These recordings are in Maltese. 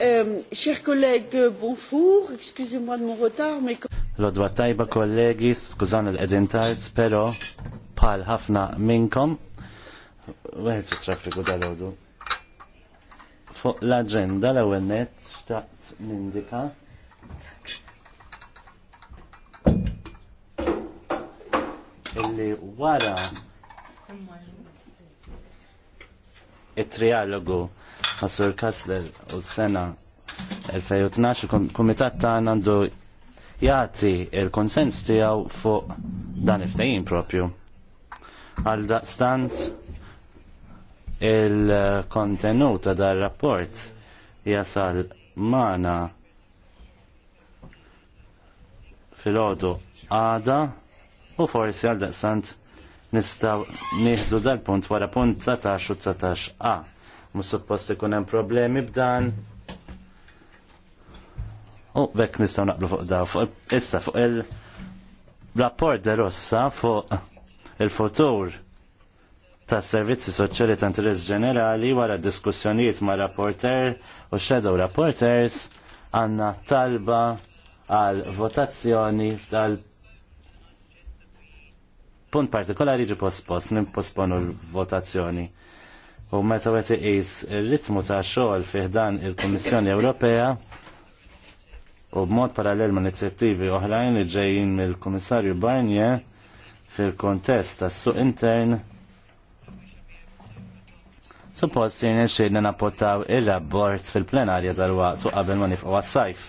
Euh, chers collègues, bonjour. Excusez-moi de mon retard, mais... Lodwa tajba kollegi, skużan l-edin tajt, pero pal ħafna minkom. Weħed su traffiku dal-għodu. Fuq l-agenda l-ewel net, xtaqt nindika. Illi wara it-trialogu għasur Kassler u s-sena 2012 il-komitat ta' għandu jati il-konsens tijaw fuq dan iftajin propju. Għal daqstant il-kontenut ta' dar rapport jasal mana fil-ħodu għada u forsi għal daqstant nistaw nieħdu dal-punt wara punt 19 u 19 a. Mus suppost ikun hemm problemi b'dan. U bekk nistgħu naqblu fuq daw fuq issa fuq il-rapport de Rossa fuq il-futur ta' servizzi soċjali ta' interess ġenerali wara diskussjonijiet ma' rapporter u shadow rapporters għanna talba għal votazzjoni tal punt partikolari ġi pospos, nimposponu l-votazzjoni. U meta għet iqis il-ritmu ta' xogħol fih dan il-Kummissjoni Ewropea u b'mod parallel ma' inizjattivi oħrajn li ġejjin mill-Kummissarju Barnier fil-kontest tas suq intern suppost jien xejna napotaw ir-rapport fil-plenarja dal-waqt u qabel ma nifqgħu għas-sajf.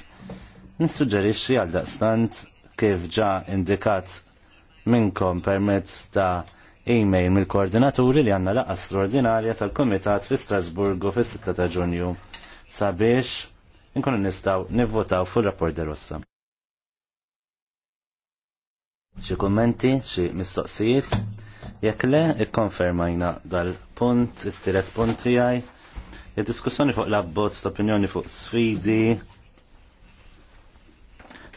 Nissuġġerixxi għal daqstant kif ġa indikat minnkom permezz ta' e-mail mill-koordinaturi li għanna laqqa straordinarja tal-Komitat fi Strasburgu fis 6 ta' Ġunju sabiex nkunu nistaw nivvotaw fuq rapport de Rossa. Xi kummenti, xi mistoqsijiet? Jekk le, ikkonfermajna dal-punt, it-tielet punt tiegħi, id-diskussjoni fuq l-abbozz, l-opinjoni fuq sfidi,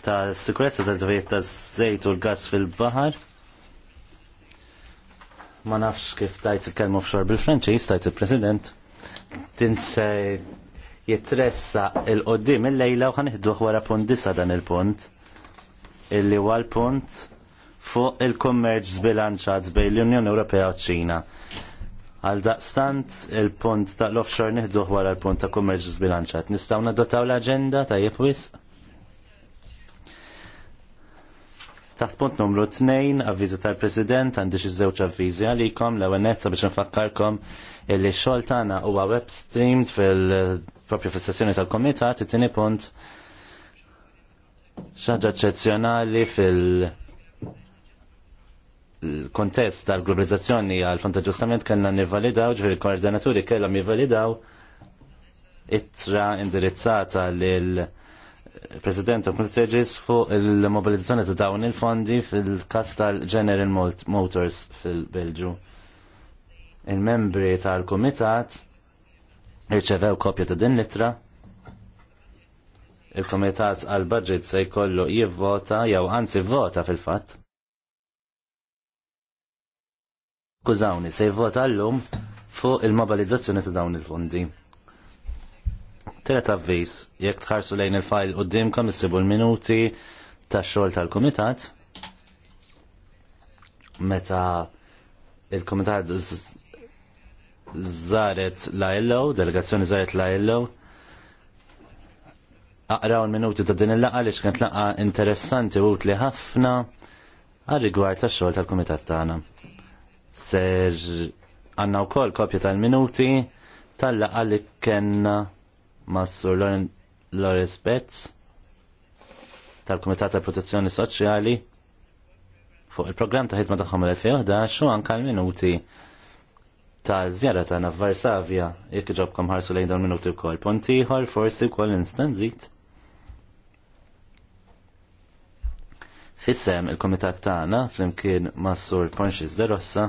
ta' sikurezza ta' żvijiet ta' żejt u l-gas fil-baħar. Ma nafx kif tajt il-kelma offshore bil-Franċiż, tajt il-President. Tinse jitressa il-qoddim il-lejla u ħanħidduħ wara punt disa dan il-punt. Illi huwa l-punt fuq il-kummerċ zbilanċat bejn l-Unjoni Ewropea u ċina Għal daqstant il-punt ta' l-offshore nieħduh wara l-punt ta' kummerġ zbilanċat. Nistgħu dotaw l-aġenda ta' jibwis? Taħt punt numru 2, avviżi tal-President, għandi xi żewġ avviżi għalikom l-ewwel netta biex nfakkarkom illi x-xogħol tagħna huwa web streamed fil-propju fis-sessjoni tal-Komitat, it-tieni punt xaġa eċċezzjonali fil- kontest tal-globalizzazzjoni għal fond aġġustament kellna nivvalidaw, il koordinaturi kellhom jivvalidaw tra indirizzata lil President t-teġis fuq il-mobilizzazzjoni ta' dawn il-fondi fil-kas tal-General Motors fil-Belġu. Il-membri tal-Komitat irċevew kopja ta' din litra il-Komitat għal-Budget se jkollu jivvota jew anzi vota fil-fatt. Kużawni, se jivvota l-lum fuq il-mobilizzazzjoni ta' dawn il-fondi. Telet avviż, jekk tħarsu lejn il-fajl s issibu l-minuti tax-xogħol tal-kumitat. Meta il-komitat zaret la illo, delegazzjoni zaret la illo. Aqraw l minuti ta' din il-laqa li xkent laqa interessanti u utli ħafna għal rigward ta' xogħol tal-komitat tagħna. Ser u kol kopja tal-minuti tal-laqa li kena Massur Loris Betz tal-Kumitat tal Protezzjoni Soċjali fuq il-programm ta' ħidma tagħhom l da' u anke l-minuti ta' żjara ta' Varsavja jekk ġobkom ħarsu lejn dawn minuti wkoll. Punt ieħor forsi wkoll instanzit. Fissem il-Komitat tagħna flimkien massur sur Ponxis de Rossa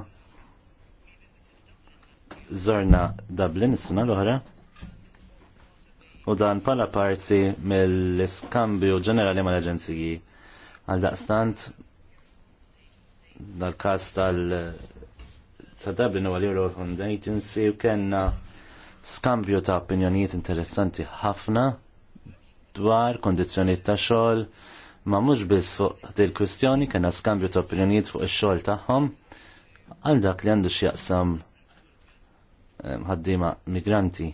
Zorna Dublin is-sena l-oħra u dan pala parti mill-iskambju ġenerali mal aġenziji Għal daqstant, dal-kas tal-Dublin u għal-Euro Agency u kena skambju ta' opinjonijiet interessanti ħafna dwar kondizjoniet ta' xogħol ma mhux biss fuq dil kwistjoni kena skambju ta' opinjonijiet fuq ix-xogħol tagħhom għal dak li għandu x'jaqsam eh, ħaddiema migranti.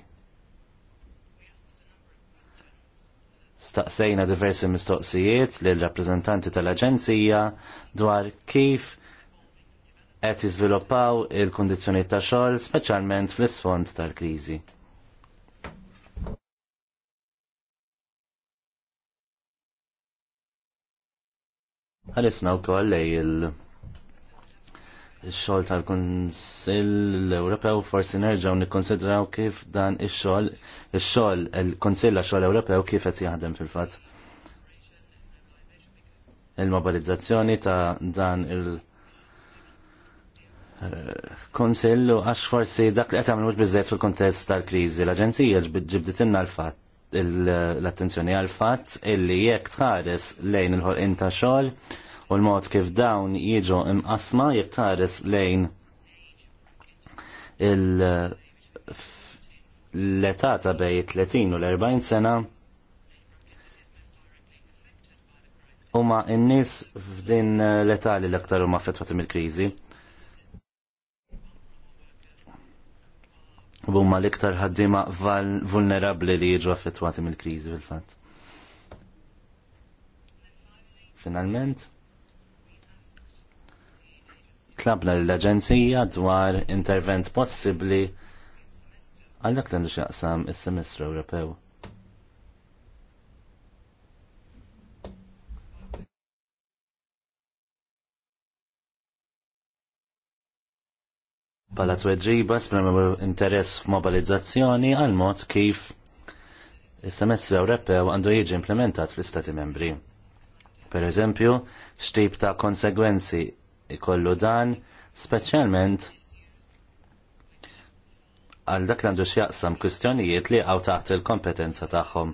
Staqsejna diversi mistoqsijiet lil rappreżentanti tal-Aġenzija dwar kif qed jiżviluppaw il-kundizzjonijiet ta' xogħol speċjalment fl-isfond tal-kriżi. Għalisna u koll il xogħol tal-Kunsill Ewropew forsi nerġaw nikkonsidraw kif dan ix-xogħol ix-xogħol il-Kunsill għax-xogħol Ewropew kif qed jaħdem fil-fatt. Il-mobilizzazzjoni ta' dan il- u għax forsi dak li qed għamlu biżżejjed fil-kontest tal-kriżi. L-Aġenzija ġibditilna l-fatt l-attenzjoni għal fatt illi jekk tħares lejn il-ħolqien ta' xogħol u l-mod kif dawn jiġu imqasma jiktares lejn l-età ta' bej 30 u l-40 sena huma n-nies f'din l-età li l-aktar huma affettwati mill-kriżi. Huma l-iktar ħaddiema vulnerabbli li jiġu affettwati mill-kriżi fil-fatt. Finalment, tlabna l-Aġenzija dwar intervent possibbli għallak l-għandu xaqsam il-semestru Ewropew. Pala tweġiba spremmu interess f'mobilizzazzjoni għal mod kif il-semestru Ewropew għandu jiġi implementat fl-Istati membri. Per eżempju, xtib ta' konsegwenzi ikollu dan speċjalment għal dak l-għandu xjaqsam kwistjonijiet li għaw taħt il-kompetenza tagħhom.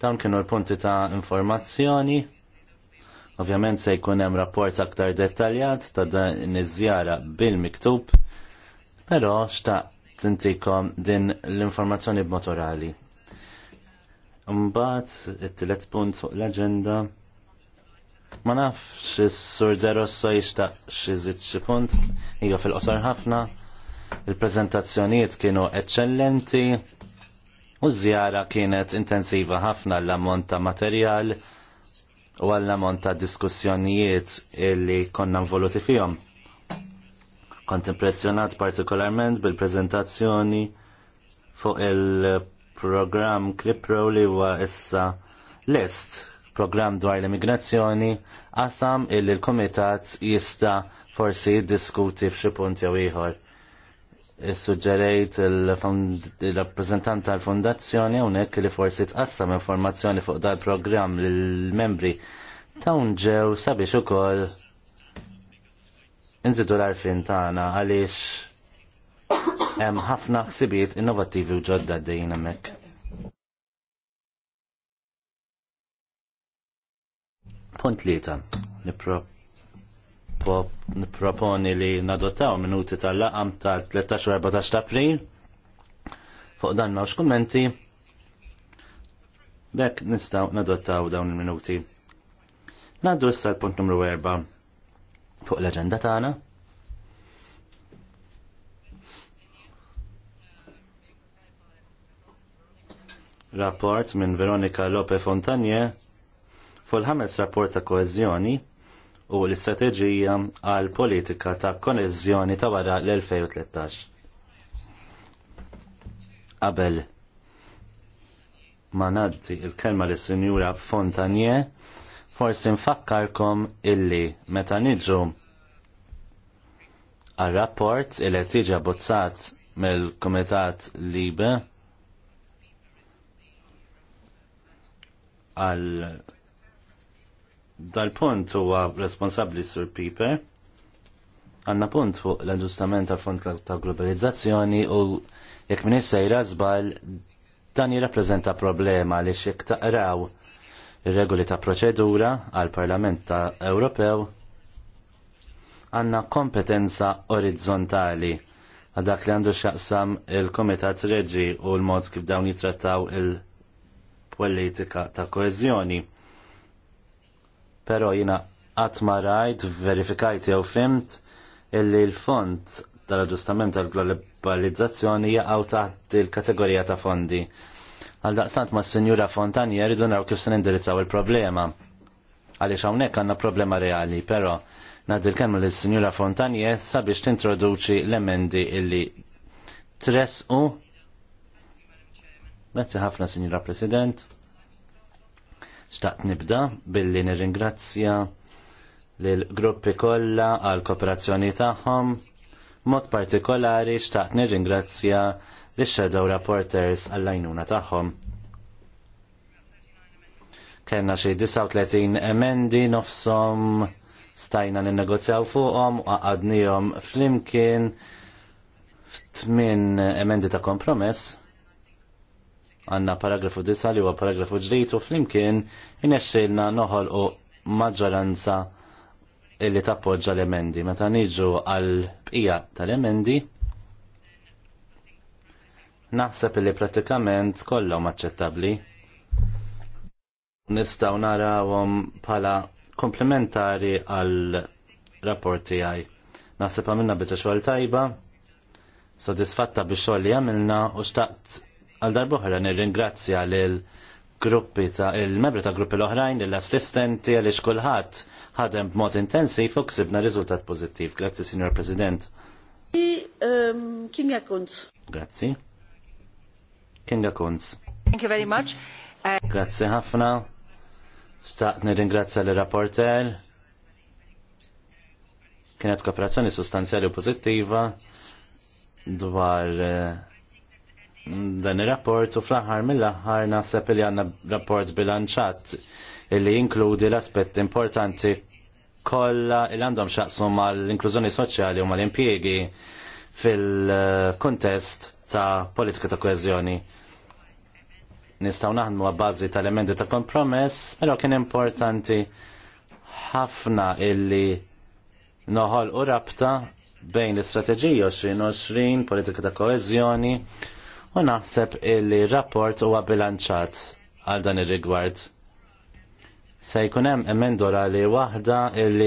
Dawn kienu l-punti ta' informazzjoni. Ovvjament se jkun hemm rapport aktar dettaljat ta' dan iż-żjara bil-miktub, però xtaq tintikom din l-informazzjoni orali. Mbagħad it-tielet punt fuq l-aġenda Ma nafx is-sur so jishtaq xi xi punt, hija fil-qosor ħafna. Il-preżentazzjonijiet kienu eċċellenti u żjara kienet intensiva ħafna l-ammont ta' materjal u għall-ammont ta' diskussjonijiet illi konna involuti fihom. Kont impressjonat partikolarment bil-preżentazzjoni fuq il-programm Clipro li huwa issa list programm dwar l-immigrazzjoni, qasam illi l-Kumitat jista forsi jiddiskuti f'xi punt jew ieħor. Issuġġerejt il-rappreżentant tal-Fundazzjoni hawnhekk li forsi tqassam informazzjoni fuq dal-programm lill-membri tawn ġew sabiex ukoll inżidu l-arfin tagħna għaliex hemm ħafna ħsibiet innovattivi u ġodda għaddejjin hemmhekk. Punt tlieta. Niproponi li nadottaw minuti tal-laqam tal-13 14 ta' april. Fuq dan mawx kummenti. Bekk nistaw nadottaw dawn il-minuti. Naddu issa l-punt numru 4 fuq l-agenda tagħna. rapport minn Veronika Lope Fontanier fil ħames rapport ta' koezjoni u l-istrateġija għal politika ta' koeżjoni ta' wara l-2013. Qabel ma naddi il-kelma lis sinjura Fontanier, forsi nfakkarkom illi meta niġu għal rapport il qed bozzat mill-Kumitat Libe għal dal-punt huwa responsabbli sur Piper. Għanna punt fuq l-aġustament tal fond ta' globalizzazzjoni u jekk minn sejra żbal dan jirrappreżenta problema li xek taqraw ir-regoli ta' proċedura għal Parlament ta' Ewropew għanna kompetenza orizzontali għal dak li għandu xaqsam il-Komitat Reġi u l-mod kif dawn jitrattaw il-politika ta' koezjoni pero jina għatma rajt, verifikajt jew fimt illi l-fond tal ġustament tal-globalizzazzjoni jaqgħu taħt il-kategorija ta' fondi. Għal daqsant ma' s-senjura Fontanier jridu naraw kif se nindirizzaw il-problema. Għaliex hawnhekk għandna problema reali, però nadil kemm lis senjura Fontanier sabiex tintroduċi l-emendi illi tresqu. Grazie ħafna, Signora President. Xtaqt nibda billi nirringrazzja l-gruppi kollha għal kooperazzjoni tagħhom. Mod partikolari xtaqt nirringrazzja l shadow Reporters għall-għajnuna tagħhom. Kenna xi 39 emendi nofsom stajna ninnegozjaw fuqhom u għaqadnihom flimkien f'tmien emendi ta' kompromess Għanna paragrafu disa li huwa paragrafu ġdijt u flimkien inexxilna noħol u maġġoranza illi tappoġġa l-emendi. Meta niġu għal bqija tal-emendi, naħseb illi pratikament kollhom aċċettabbli. Nistgħu narawhom bħala komplementari għal rapport tiegħi. Naħseb għamilna biċċa xogħol tajba, sodisfatta bix xogħol li għamilna u xtaqt Għal nir nirringrazzja l gruppi ta' il-membri ta' gruppi l-oħrajn, l-assistenti għal kulħadd ħadem b'mod intensiv u ksibna riżultat pozittiv. Grazzi, Signor President. Ehm, Kinga Kunz. Grazzi. Kinga Kunz. Thank you very much. Uh, Grazzi ħafna. Staqt nirringrazzja l-rapporter. Kienet kooperazzjoni sostanzjali u pożittiva dwar eh, dan ir-rapport u fl-aħħar mill-aħħar naħseb li għandna rapport bilanċat illi jinkludi l-aspett importanti kollha il għandhom xaqsu mal-inklużjoni soċjali u mal-impjiegi fil-kontest ta' politika ta' koezjoni. Nistgħu naħdmu għabbażi tal-emendi ta' kompromess, pero kien importanti ħafna illi noħol u rabta bejn l-istrateġija 2020, politika ta' koeżjoni, u naħseb illi rapport huwa bilanċat għal dan ir-rigward. Se jkun hemm emendora li waħda illi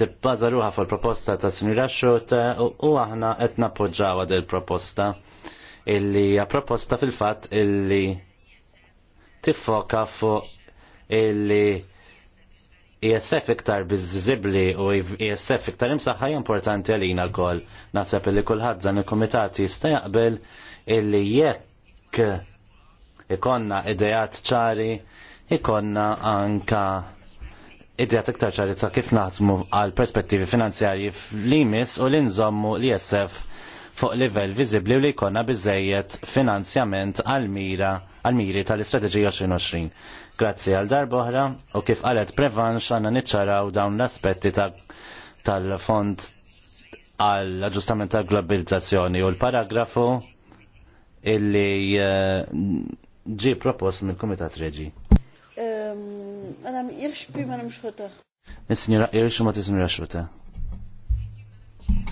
tibbaża ruħa fuq proposta ta' Sinjura Xuta u aħna qed nappoġġawha del proposta illi hija proposta fil-fatt illi tiffoka fuq illi ESF iktar bizzibli u ESF iktar imsaħħa importanti għalina kol Nasab li kullħad dan il-komitat jista' illi jekk ikonna idejat ċari, ikonna anka idejat iktar ċari ta' kif naħdmu għal perspettivi finanzjarji fl-imis u l-inżommu l-ESF fuq livell viżibbli u li jkollna biżejjed finanzjament għal-mira għal-miri tal-Istrateġija 2020. Grazzi għal darba oħra u kif qalet prevanx għanna niċċaraw dawn l-aspetti tal-fond għall aġġustament tal globalizzazzjoni u l-paragrafu illi eh, ġi propost mill-Kumitat Reġi. Għanam ehm, irx prima namxħota. Is-Sinjora eh, irx u ma t-Sinjora xħota.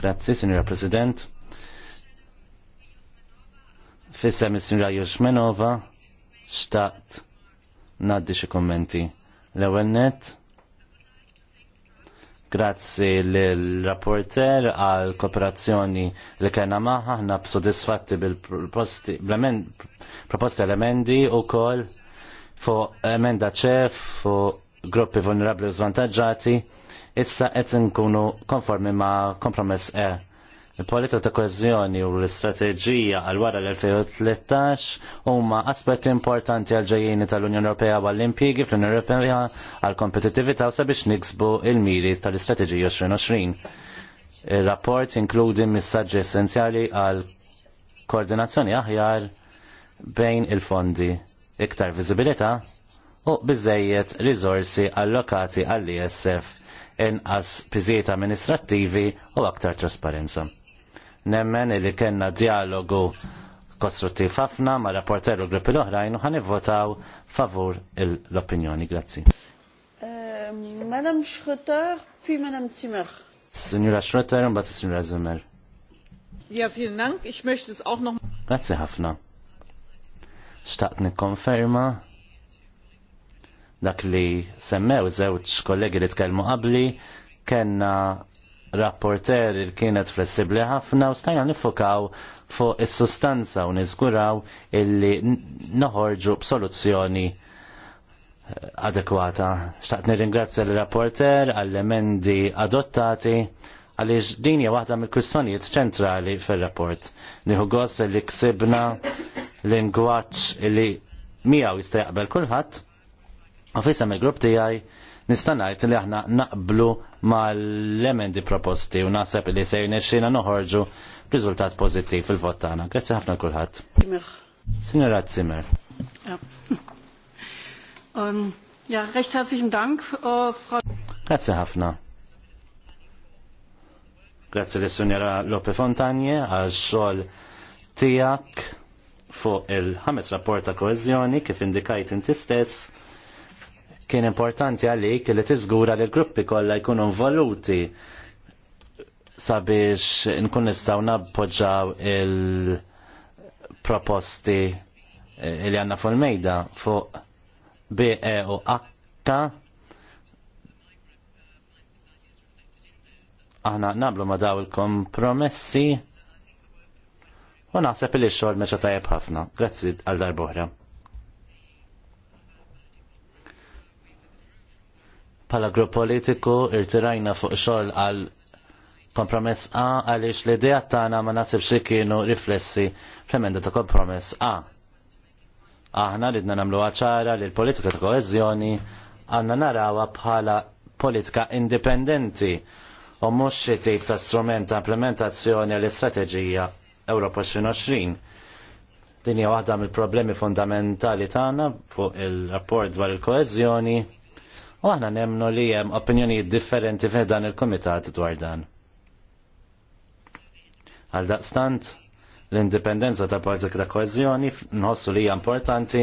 Grazzi, Signora President. Fissem is-Sinjora Juxmenova xtaqt naddi xi kommenti. L-ewwel net. Grazzi l-rapporter għal kooperazzjoni li kena maħħa, ħna b'sodisfatti bil-proposti elementi u kol fuq emenda ċef fuq gruppi vulnerabli u zvantagġati, issa qed nkunu konformi ma' kompromess E Il-politika ta' koezjoni u l-istrateġija għal wara l-2013 huma aspetti importanti għal ġejjini tal-Unjoni Ewropea għall impjiegi fl-Unjoni Ewropea għal kompetittività u sabiex niksbu il-miri tal-istrateġija 2020. Il-rapport inkludi missaġġi essenzjali għal koordinazzjoni aħjar bejn il-fondi, iktar viżibilità u biżejjed risorsi allokati għall-ISF inqas piżijiet amministrattivi u aktar trasparenza. Nemmen li kena dialogu kostruttiv ħafna ma' rapporteru gruppi l-oħrajn u ħanivvotaw favur l-opinjoni. Grazzi. Madam Schröter, fi Madam Zimmer. Signora Schröter, un bat Signora Zimmer. Ja, vielen Dank. Ich möchte es auch noch... Grazzi ħafna. Xtaqt nikkonferma dak li semmew żewġ kollegi li tkellmu qabli kena rapporter il kienet flessibli ħafna u stajna nifokaw fuq is-sustanza u niżguraw illi noħorġu b'soluzzjoni eh, adekwata. Xtaqt nirringrazzja l-rapporter għall-emendi adottati għaliex din hija waħda mill-kwistjonijiet ċentrali fir-rapport. Nieħu gost li ksibna lingwaġġ li miegħu jista' jaqbel kulħadd u fisem il-grupp tiegħi nista' ngħid li aħna naqblu mal-emendi proposti u naħseb li se jnexxina noħorġu rizultat pozittiv fil-vot tagħna. Grazzi ħafna kulħadd. Signora Zimmer. Ähm, ja. recht herzlichen Dank, äh, Frau. Grazie ħafna. Grazie li sunjera Lope Fontanje għal Xol Tijak fuq il-ħames rapport ta' koezjoni kif indikajt inti stess kien importanti għalik li tiżgura li l-gruppi kollha jkunu involuti sabiex nkun nistgħu nappoġġaw il-proposti eh, li għandna fuq il-mejda fuq BE u akka aħna nablu ma daw il-kompromessi u naħseb li x-xogħol meċa tajjeb ħafna. Grazzi għal darbohra. Pala grupp politiku irtirajna fuq xogħol għal kompromess A għaliex l-idea tagħna ma nasibx li kienu riflessi fl-emenda ta' kompromess A. Aħna ridna nagħmlu ċara li l-politika ta' koeżjoni għandna narawha bħala politika indipendenti u mhux xi tip ta' strument ta' implementazzjoni għall istrateġija Ewropa 2020. Din hija waħda mill-problemi fundamentali tagħna fuq il-rapport dwar il-koeżjoni U aħna nemnu li hemm opinjonijiet differenti fejn dan il komitat dwar dan. Għal daqstant, l-indipendenza ta' politika ta' koezjoni nħossu li hija importanti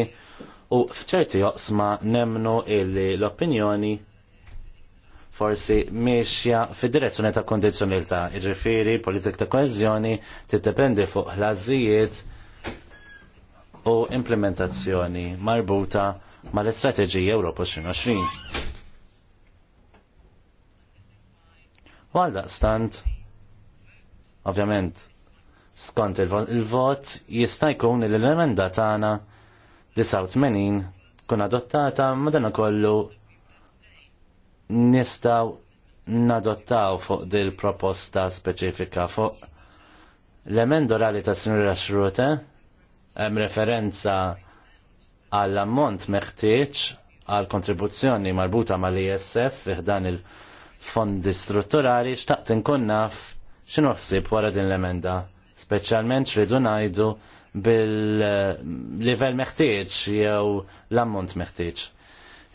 u fċerti joqsma nemnu illi l-opinjoni forsi miexja fid-direzzjoni ta' ta' iġifiri politika ta' koezjoni tiddependi fuq ħlażijiet u implementazzjoni marbuta mal-Istrateġija Ewropa 2020. Għalda, stant, ovvjament, skont il-vot jista' jkun li l-emenda tagħna 89 kun adottata madana kollu nistaw nadottaw fuq dil proposta speċifika fuq l-emenda rali ta' Sinura Xrute hemm referenza għall ammont meħtieġ għal kontribuzzjoni marbuta mal-ISF fiħdan il- fondi strutturali xtaqt inkun naf x'inhu ħsieb wara din l-emenda, speċjalment xridu ngħidu bil-livell meħtieġ jew l-ammont meħtieġ.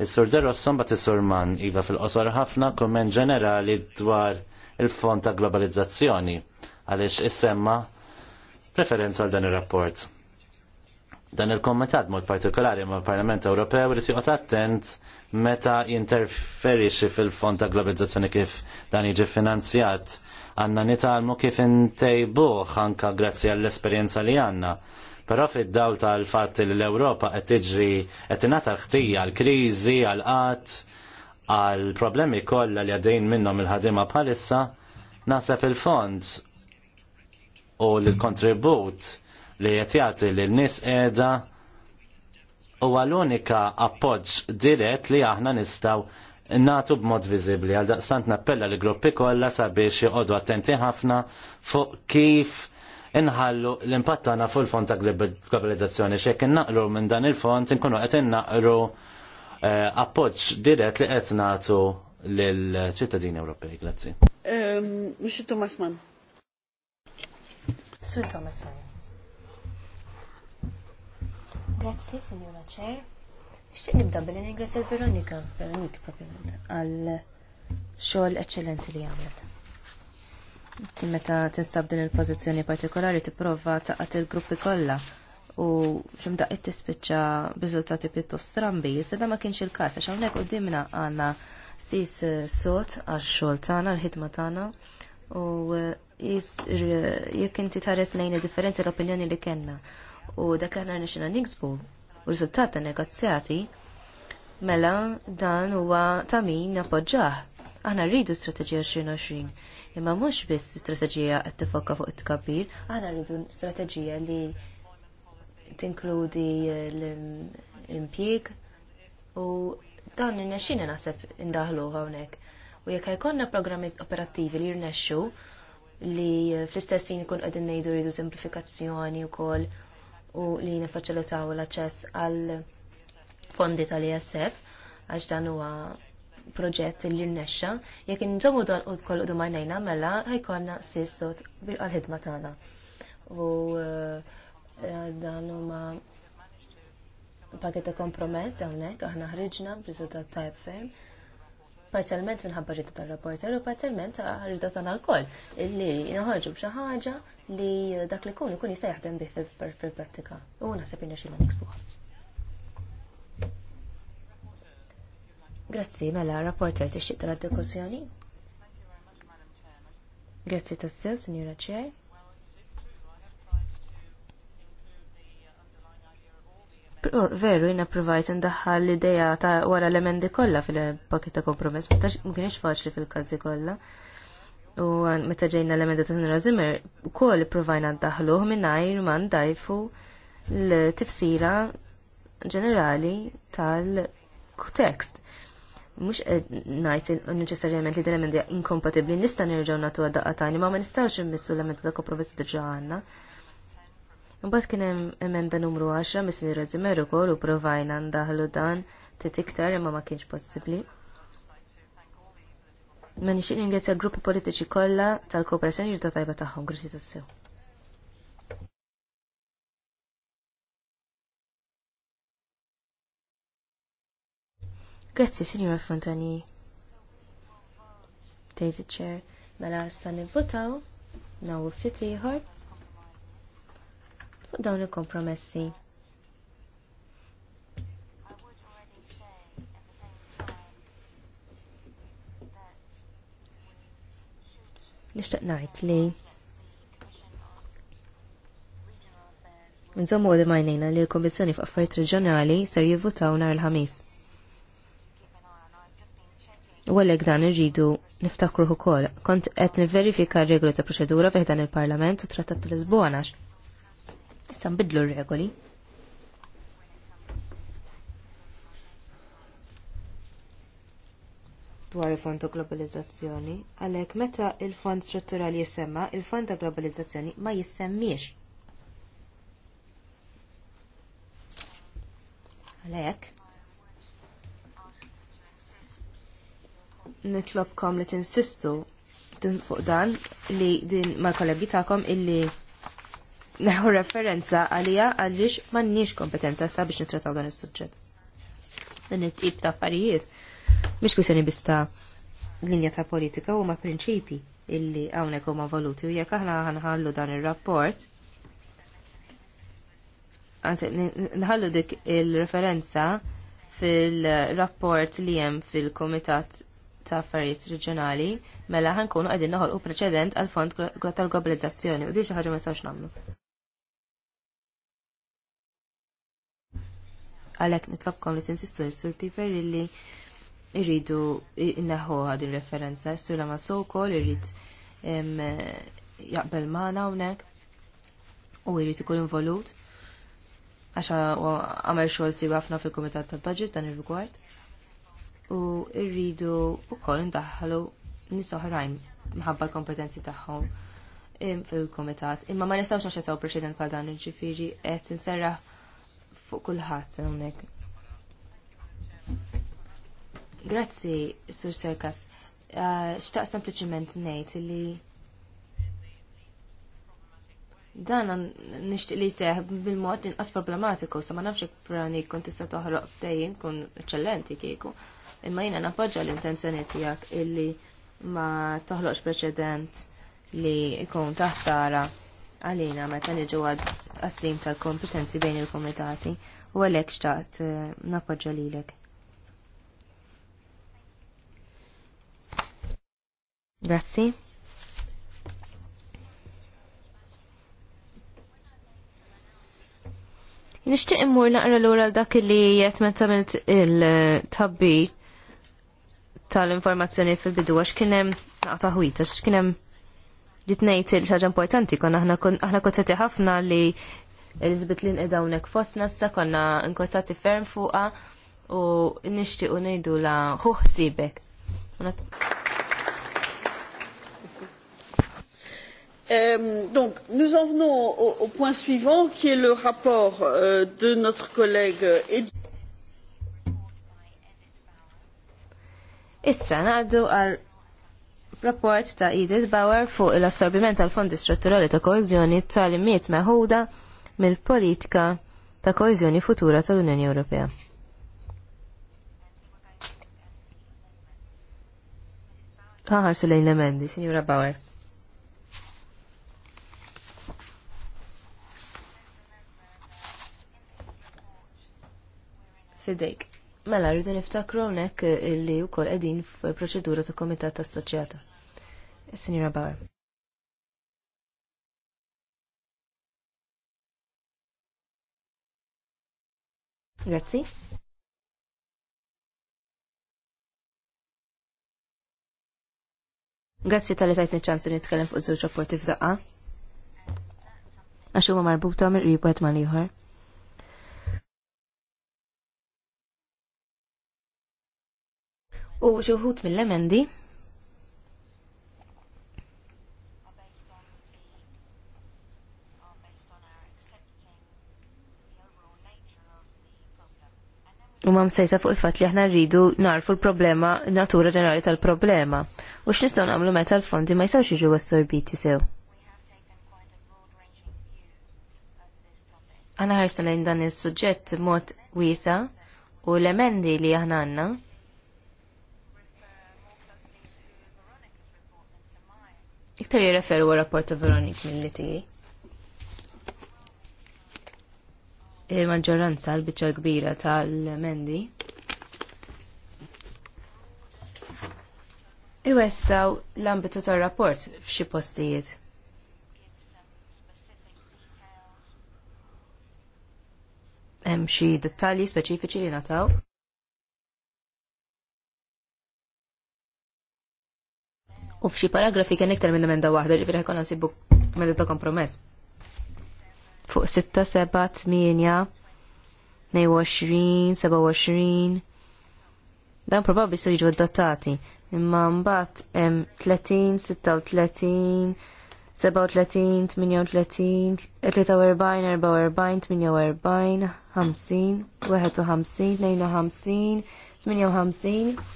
Is-sur Derosson bat is-sur Man iva fil-qosor ħafna kumment ġenerali dwar il-fond ta' globalizzazzjoni għaliex issemma preferenza għal dan ir-rapport. Dan il-kommentat mod partikolari mal parlament Ewropew irid tiqgħod attent meta jinterferixi fil-fond ta' globalizzazzjoni kif dan jiġi finanzjat għanna nitalmu kif intejbuħ anka grazzi għall-esperienza li għanna. Però fid-dawl tal-fatt li l-Ewropa qed tiġri qed tingħata ħtija għal kriżi għal qatt għal problemi kollha li għaddejn minnhom il-ħadima bħalissa, naħseb il-fond u l-kontribut li qed jagħti lil nies qiegħda huwa l-unika appoġġ dirett li aħna nistgħu natu b'mod viżibli. għal daqstant nappella li gruppi kollha sabiex joqogħdu attenti ħafna fuq kif inħallu l-impatt tagħna fuq il-fond ta' globalizzazzjoni x'hekk innaqlu minn dan il-fond inkunu qed innaqru eh, appoġġ dirett li qed nagħtu lill-ċittadini Ewropej. Grazzi. Mr. Thomas Mann. Sur Thomas Mann. Grazzi, Signora Cher. Xtieq nibda billi ningrazzja Veronika, Veronika propjament, għal xogħol eċċellenti li għamlet. Meta tinstab din il-pożizzjoni partikolari tipprova taqgħet il-gruppi kollha u ximdaq it-tispiċċa riżultati pjuttost strambi, iżda ma kienx il-każ għax hawnhekk qudiemna għandna sis eh, sot għax-xogħol tagħna, l-ħidma tagħna u eh, jekk inti tħares lejn differenzi l-opinjoni li kellna u dak li nixina nixbu u riżultat ta' negozjati mela dan huwa ta' min appoġġah. Aħna rridu strateġija 2020, imma mhux biss strateġija qed tifokka fuq it-tkabbir, aħna rridu strateġija li tinkludi l-impjieg u dan in nexxina naħseb indaħlu hawnhekk. U jekk jkollna programmi operattivi li jirnexxu li fl-istessin ikun qegħdin ngħidu rridu simplifikazzjoni wkoll u li nifaċilitaw l-aċċess għal fondi tal-ISF għax dan huwa proġett li nnexxa, jekk intomu dan u tkoll u majnejna mela ħajkonna sissot għal-ħidma tagħna. U eh, dan huma paketta kompromess hawnhekk aħna ħriġna ta' tajb ferm. Parzialment minħabba rida tal-rapporter u parzialment ta' tagħna l-koll illi noħorġu b'xi ħaġa li dak li kun ikun jista' jaħdem bih fil-prattika. U naħseb inna xilna niksbuħ. Grazzi, mela, rapporter tixtieq tal diskussjoni Grazzi tassew, Signora Chair. Veru, jina provajt ndaħħal l-ideja ta' wara l-emendi kolla fil-pakket ta' kompromess, ma kienx faċli fil kazzi kolla. U meta ġejna l-emenda ta' Nura Zimmer, u kol provajna daħluħ minnajr man dajfu l-tifsira ġenerali tal kutekst Mux najt neċessarjament li d-elementi inkompatibli nista nirġaw natu għadda tani, ma ma nistawx immissu l-elementi ta' kompromessi diġa għanna. Mbaz kien hemm emenda numru 10 mis-Nura Zimmer ukoll u provajna ndaħlu dan t imma ma kienx possibbli. Ma nixin ringrazzja l-gruppi politiċi kolla tal-kooperazzjoni ġurta tajba taħħom, grazzi tassew. Grazzi, Signora Fontani. Tejti ċer Mela s issa nivvotaw, nawu ftit ieħor fuq dawn il-kompromessi. nishtaq ngħid li Nżommu għadu majnejna li l-Komissjoni f'Affarijiet Reġjonali ser jivvutaw nhar il-ħamis. U għalhekk dan irridu niftakru ukoll. Kont qed nivverifika r-regoli ta' proċedura fih dan il-Parlament u trattat l-Lisbona. Issa nbidlu r-regoli. dwar il-fond ta' globalizzazzjoni, għalhekk meta l fond strutturali jissemma, il-fond ta' globalizzazzjoni ma jissemmiex. Għalhekk nitlobkom li tinsistu fuq dan li din mal-kollegi tagħkom illi neħu referenza għalija għaliex m'għandniex kompetenza sabiex nitrataw dan is-suġġett. Din it-tip ta' affarijiet Mish kwissjoni biss ta' linja ta' politika huma prinċipi illi hawnhekk huma valuti u jekk aħna ħanħallu dan ir-rapport nħallu dik il-referenza fil-rapport li hemm fil-Kumitat ta' Affarijiet Reġjonali mela ħankunu qegħdin u preċedent għal fond tal-globalizzazzjoni u di xi ħaġa ma sawx nagħmlu. Għalhekk nitlobkom li tinsistu l-Sur Piper illi irridu neħu din referenza, s-sula ma li irrid jaqbel maħna unek u irrid ikun involut għaxa għamel xogħol si għafna fil-Komitat tal-Budget dan ir-rigward u irridu wkoll koll ndaħħalu nisoħrajn mħabba kompetenzi tagħhom fil-Komitat. Imma ma nistawx naċċettaw preċedent bħal dan, il-ġifiri, qed inserraħ fuq kulħadd hawnhekk Grazzi, Sur Serkas. Uh, xtaq sempliciment nejt li dan nishtiq li seħ bil-mod inqas problematiku, sa ma nafx prani kun tista' toħloq ftejjin kun eċċellenti kieku. Imma jiena nappoġġa l-intenzjoni tiegħek illi ma toħloqx preċedent li jkun taħtara għalina meta niġu għad tal-kompetenzi bejn il-komitati u għalhekk xtaqt eh, nappoġġa lilek. Grazzi. Nishtiq immur naqra l-ura dak li jett meta tamilt il-tabbi tal-informazzjoni fil-bidu għax kienem naqta ħwita, għax kienem jitnejt il-ħagġa importanti, konna aħna kottati ħafna li Elizabeth Lin edawnek fosna sa konna nkottati ferm fuqa u nishtiq u nejdu la ħuħsibek. Euh, donc, nous en venons au, au point suivant, qui est le rapport euh, de notre collègue euh, Edith. Issa naħdu għal rapport ta' Edith Bauer fuq l-assorbiment tal-Fondi Strutturali ta' Koezjoni tal-imiet meħuda mill-politika ta' koezjoni futura tal-Unjoni Ewropea. Ħaħarsu lejn l-emendi, Signora Bauer. fidejk. Mela, rridu niftakru hawnhekk eh, li wkoll qegħdin fil-proċedura ta' komitat assoċjata. Sinjura Bauer. Grazzi. Grazzi tal-li neċan ċansi nitkellem fuq żewġ rapporti f'daqqa. Għax huma marbuta mill-qrib għed ma' u xuħut mill-emendi U ma msejsa fuq il-fat li aħna rridu narfu l-problema, natura ġenerali tal-problema. U x'nistgħu nagħmlu meta l-fondi ma jsawx jiġu assorbiti sew. Aħna ħarsna lejn dan is-suġġett mod wiesa u l-emendi li aħna għandna Iktar jirreferu għal rapport ta' Veronik mill-li tijie. Il-maġġoranza l-biċċa kbira tal-Mendi Iwessaw l-ambitu tar-rapport f'xi postijiet. Hemm xi dettalji speċifiċi li nataw. U f'xi paragrafi kien iktar minn emenda waħda ġifir ħekon nsibu emenda ta' kompromess. Fuq 6, 7, 8, 22, 27. Dan probabbli se jiġu adattati. Imma mbagħad hemm 30, 36, 37, 38, 43, 44, 48, 51, 52, 58,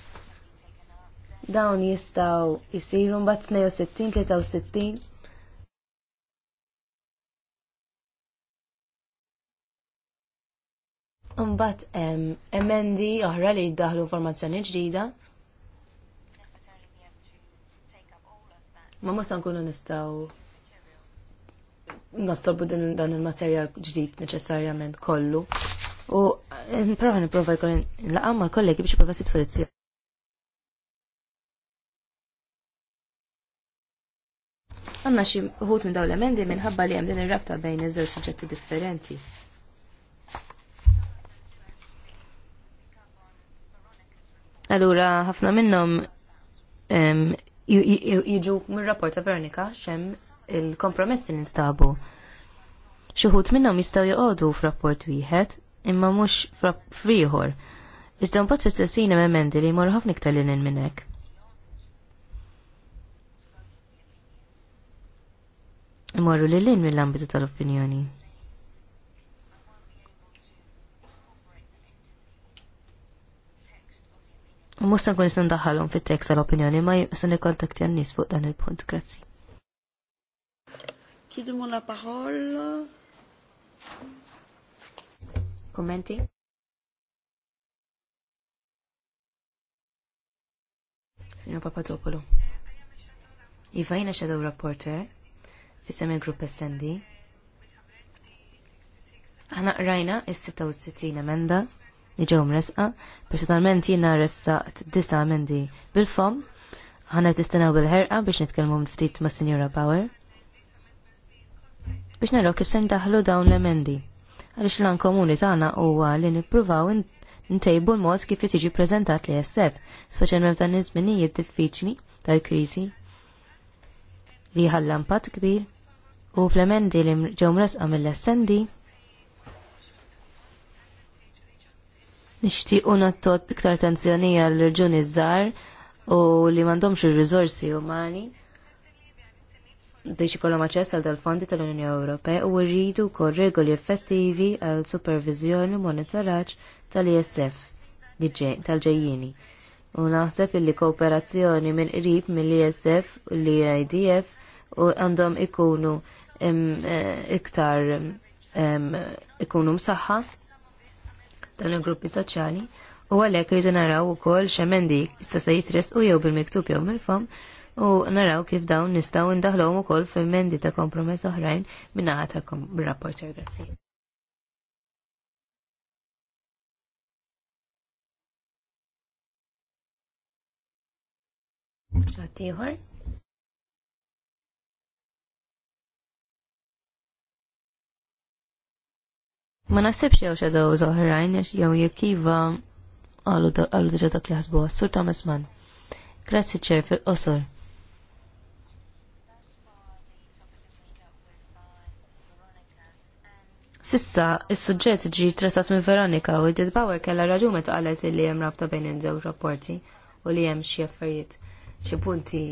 dawn jistaw jisiru mbagħad 62 63 Umbat emendi oħra li jiddaħlu formazzjoni ġdida. Ma musa nkunu nistaw nastobu dan il-materjal ġdid neċessarjament kollu. U eh, nipprova nipprova jkun laqgħa mal-kollegi biex s sib solizzjoni. Għanna xi ħut minn dawn l-emendi minħabba li hemm din ir-rabta bejn iż-żewġ suġġetti differenti. Allura ħafna minnhom jiġu mir-rapport ta' Veronika xemm il-kompromessi li nstabu. Xi ħut minnhom jistgħu joqogħdu f'rapport wieħed imma mhux f'ieħor. Iżda mbagħad fis-sessin emendi li jmorru ħafna iktar li minn hekk. imorru li l mill-ambitu tal-opinjoni. Musta nkun nisan daħalhom fit-tekst tal-opinjoni ma se nikkontakti għan nies fuq dan il-punt, grazzi. Kidumu la parola. Kommenti? Signor Papatopolo. Iva jina xedaw rapporter. Eh? fissem il-grupp SND. Aħna qrajna is-66 emenda li ġew mresqa, personalment jiena ressaqt disa' emendi bil-fom, ħana tistenaw bil-ħerqa biex nitkellmu ftit ma' Sinjura Power biex naraw kif se ndaħlu dawn l-emendi. Għaliex l-an komuni tagħna huwa li nippruvaw ntejbu l-mod kif jiġi ppreżentat li jessef, speċjalment f'dan iż-żminijiet diffiċli tal-kriżi li ħallan pat kbir u fl-emendi li ġew mresqa mill-essendi nixtiequ nattot iktar tensjoni għal reġuni żgħar u li m'għandhomx ir-riżorsi umani biex ikollhom aċċess għal dal-fondi tal-Unjoni Ewropea u rridu wkoll regoli effettivi għal supervizjoni u monitoraġġ tal-ISF tal-ġejjini u naħseb li kooperazzjoni minn qrib mill-ISF u l-IDF u għandhom ikunu eh, iktar ikunu msaħħa dan il-gruppi soċjali u għalhekk irridu naraw ukoll x'emendi jista' se u jew bil-miktub jew mill-fom u naraw kif dawn nistgħu ndaħlhom ukoll f'emendi ta' kompromess oħrajn min-naħa ta' rapporter grazzi. Mm. Ċatiħor? Ma nasibx jew xedaw zoħrajn jew jekk iva għalu diġà dak li ħasbu għas-sur Thomas Mann. Grazzi ċer fil-qosor. Sissa, il-sujġet ġi trattat minn Veronika u id Bauer kella raġun meta qalet li hemm rabta bejn il żewġ rapporti u li hemm xi affarijiet xi punti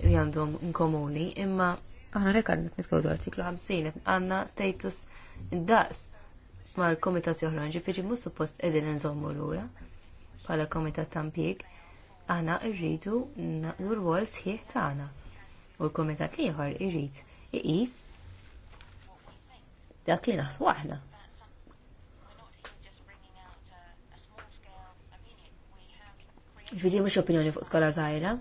li għandhom inkomuni, imma aħna rek għandna nitkellmu dwar artiklu 50 għandna status daqs mal komitat oħra ġifieri mu suppost edin nżommu l-ura bħala komitat tampik aħna rridu naqdu r wol sħiħ taħna u l-komitat liħor irid iqis dak li naħsbu aħna. Ġifieri mux opinjoni fuq skola zaħira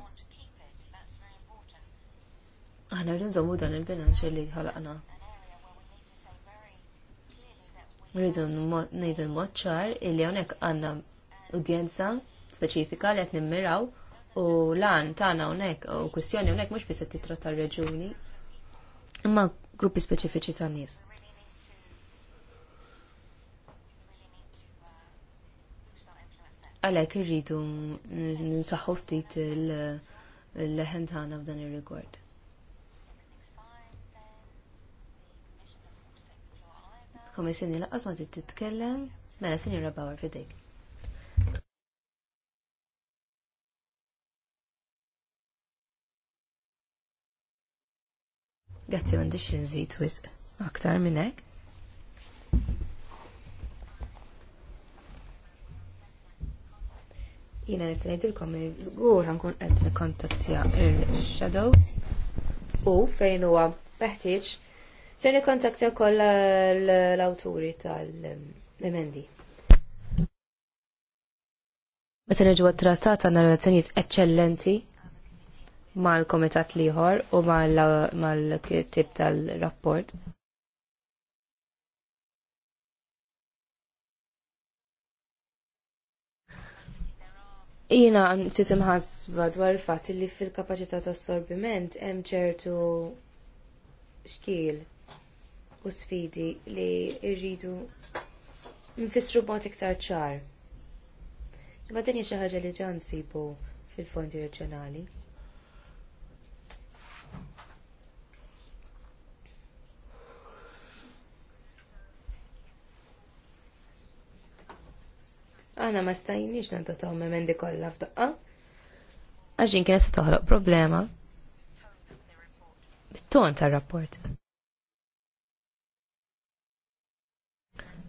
Aħna rridu nżommu dan il-bilanċ li ħalaqna rridu ngħidu mod ċar illi hawnhekk għandna udjenza speċifika li qed nimmiraw u lan tagħna hawnhekk u kwistjoni hawnhekk mhux biss qed titratta r-reġuni imma gruppi speċifiċi ta' nies. Għalhekk irridu nsaħħu ftit l leħen tagħna f'dan ir-rigward. Komissjoni laqqas ma titkellem, mela Sinjura Bauer fidejk. Grazzi m'għandix nżid wisq aktar minn hekk. Jiena nista' ngħidilkom li żgur nkun qed nikkontattja il-shadows u fejn huwa meħtieġ Ser nikkontaktja koll l-awturi tal-emendi. Meta neġu għat-trattat għandna relazzjonijiet eċċellenti mal-komitat liħor u mal-tip tal-rapport. Jina titim ħasba dwar il-fat li fil-kapacità ta' assorbiment hemm ċertu xkiel u sfidi li rridu nfissru b'mod iktar ċar. Imma din hija xi ħaġa li ġan nsibu fil-fondi reġjonali. Għana ma stajniex nanta taħom memendi kolla f'daqqa. Għaxin kienet toħloq problema. Bit-ton tar-rapport.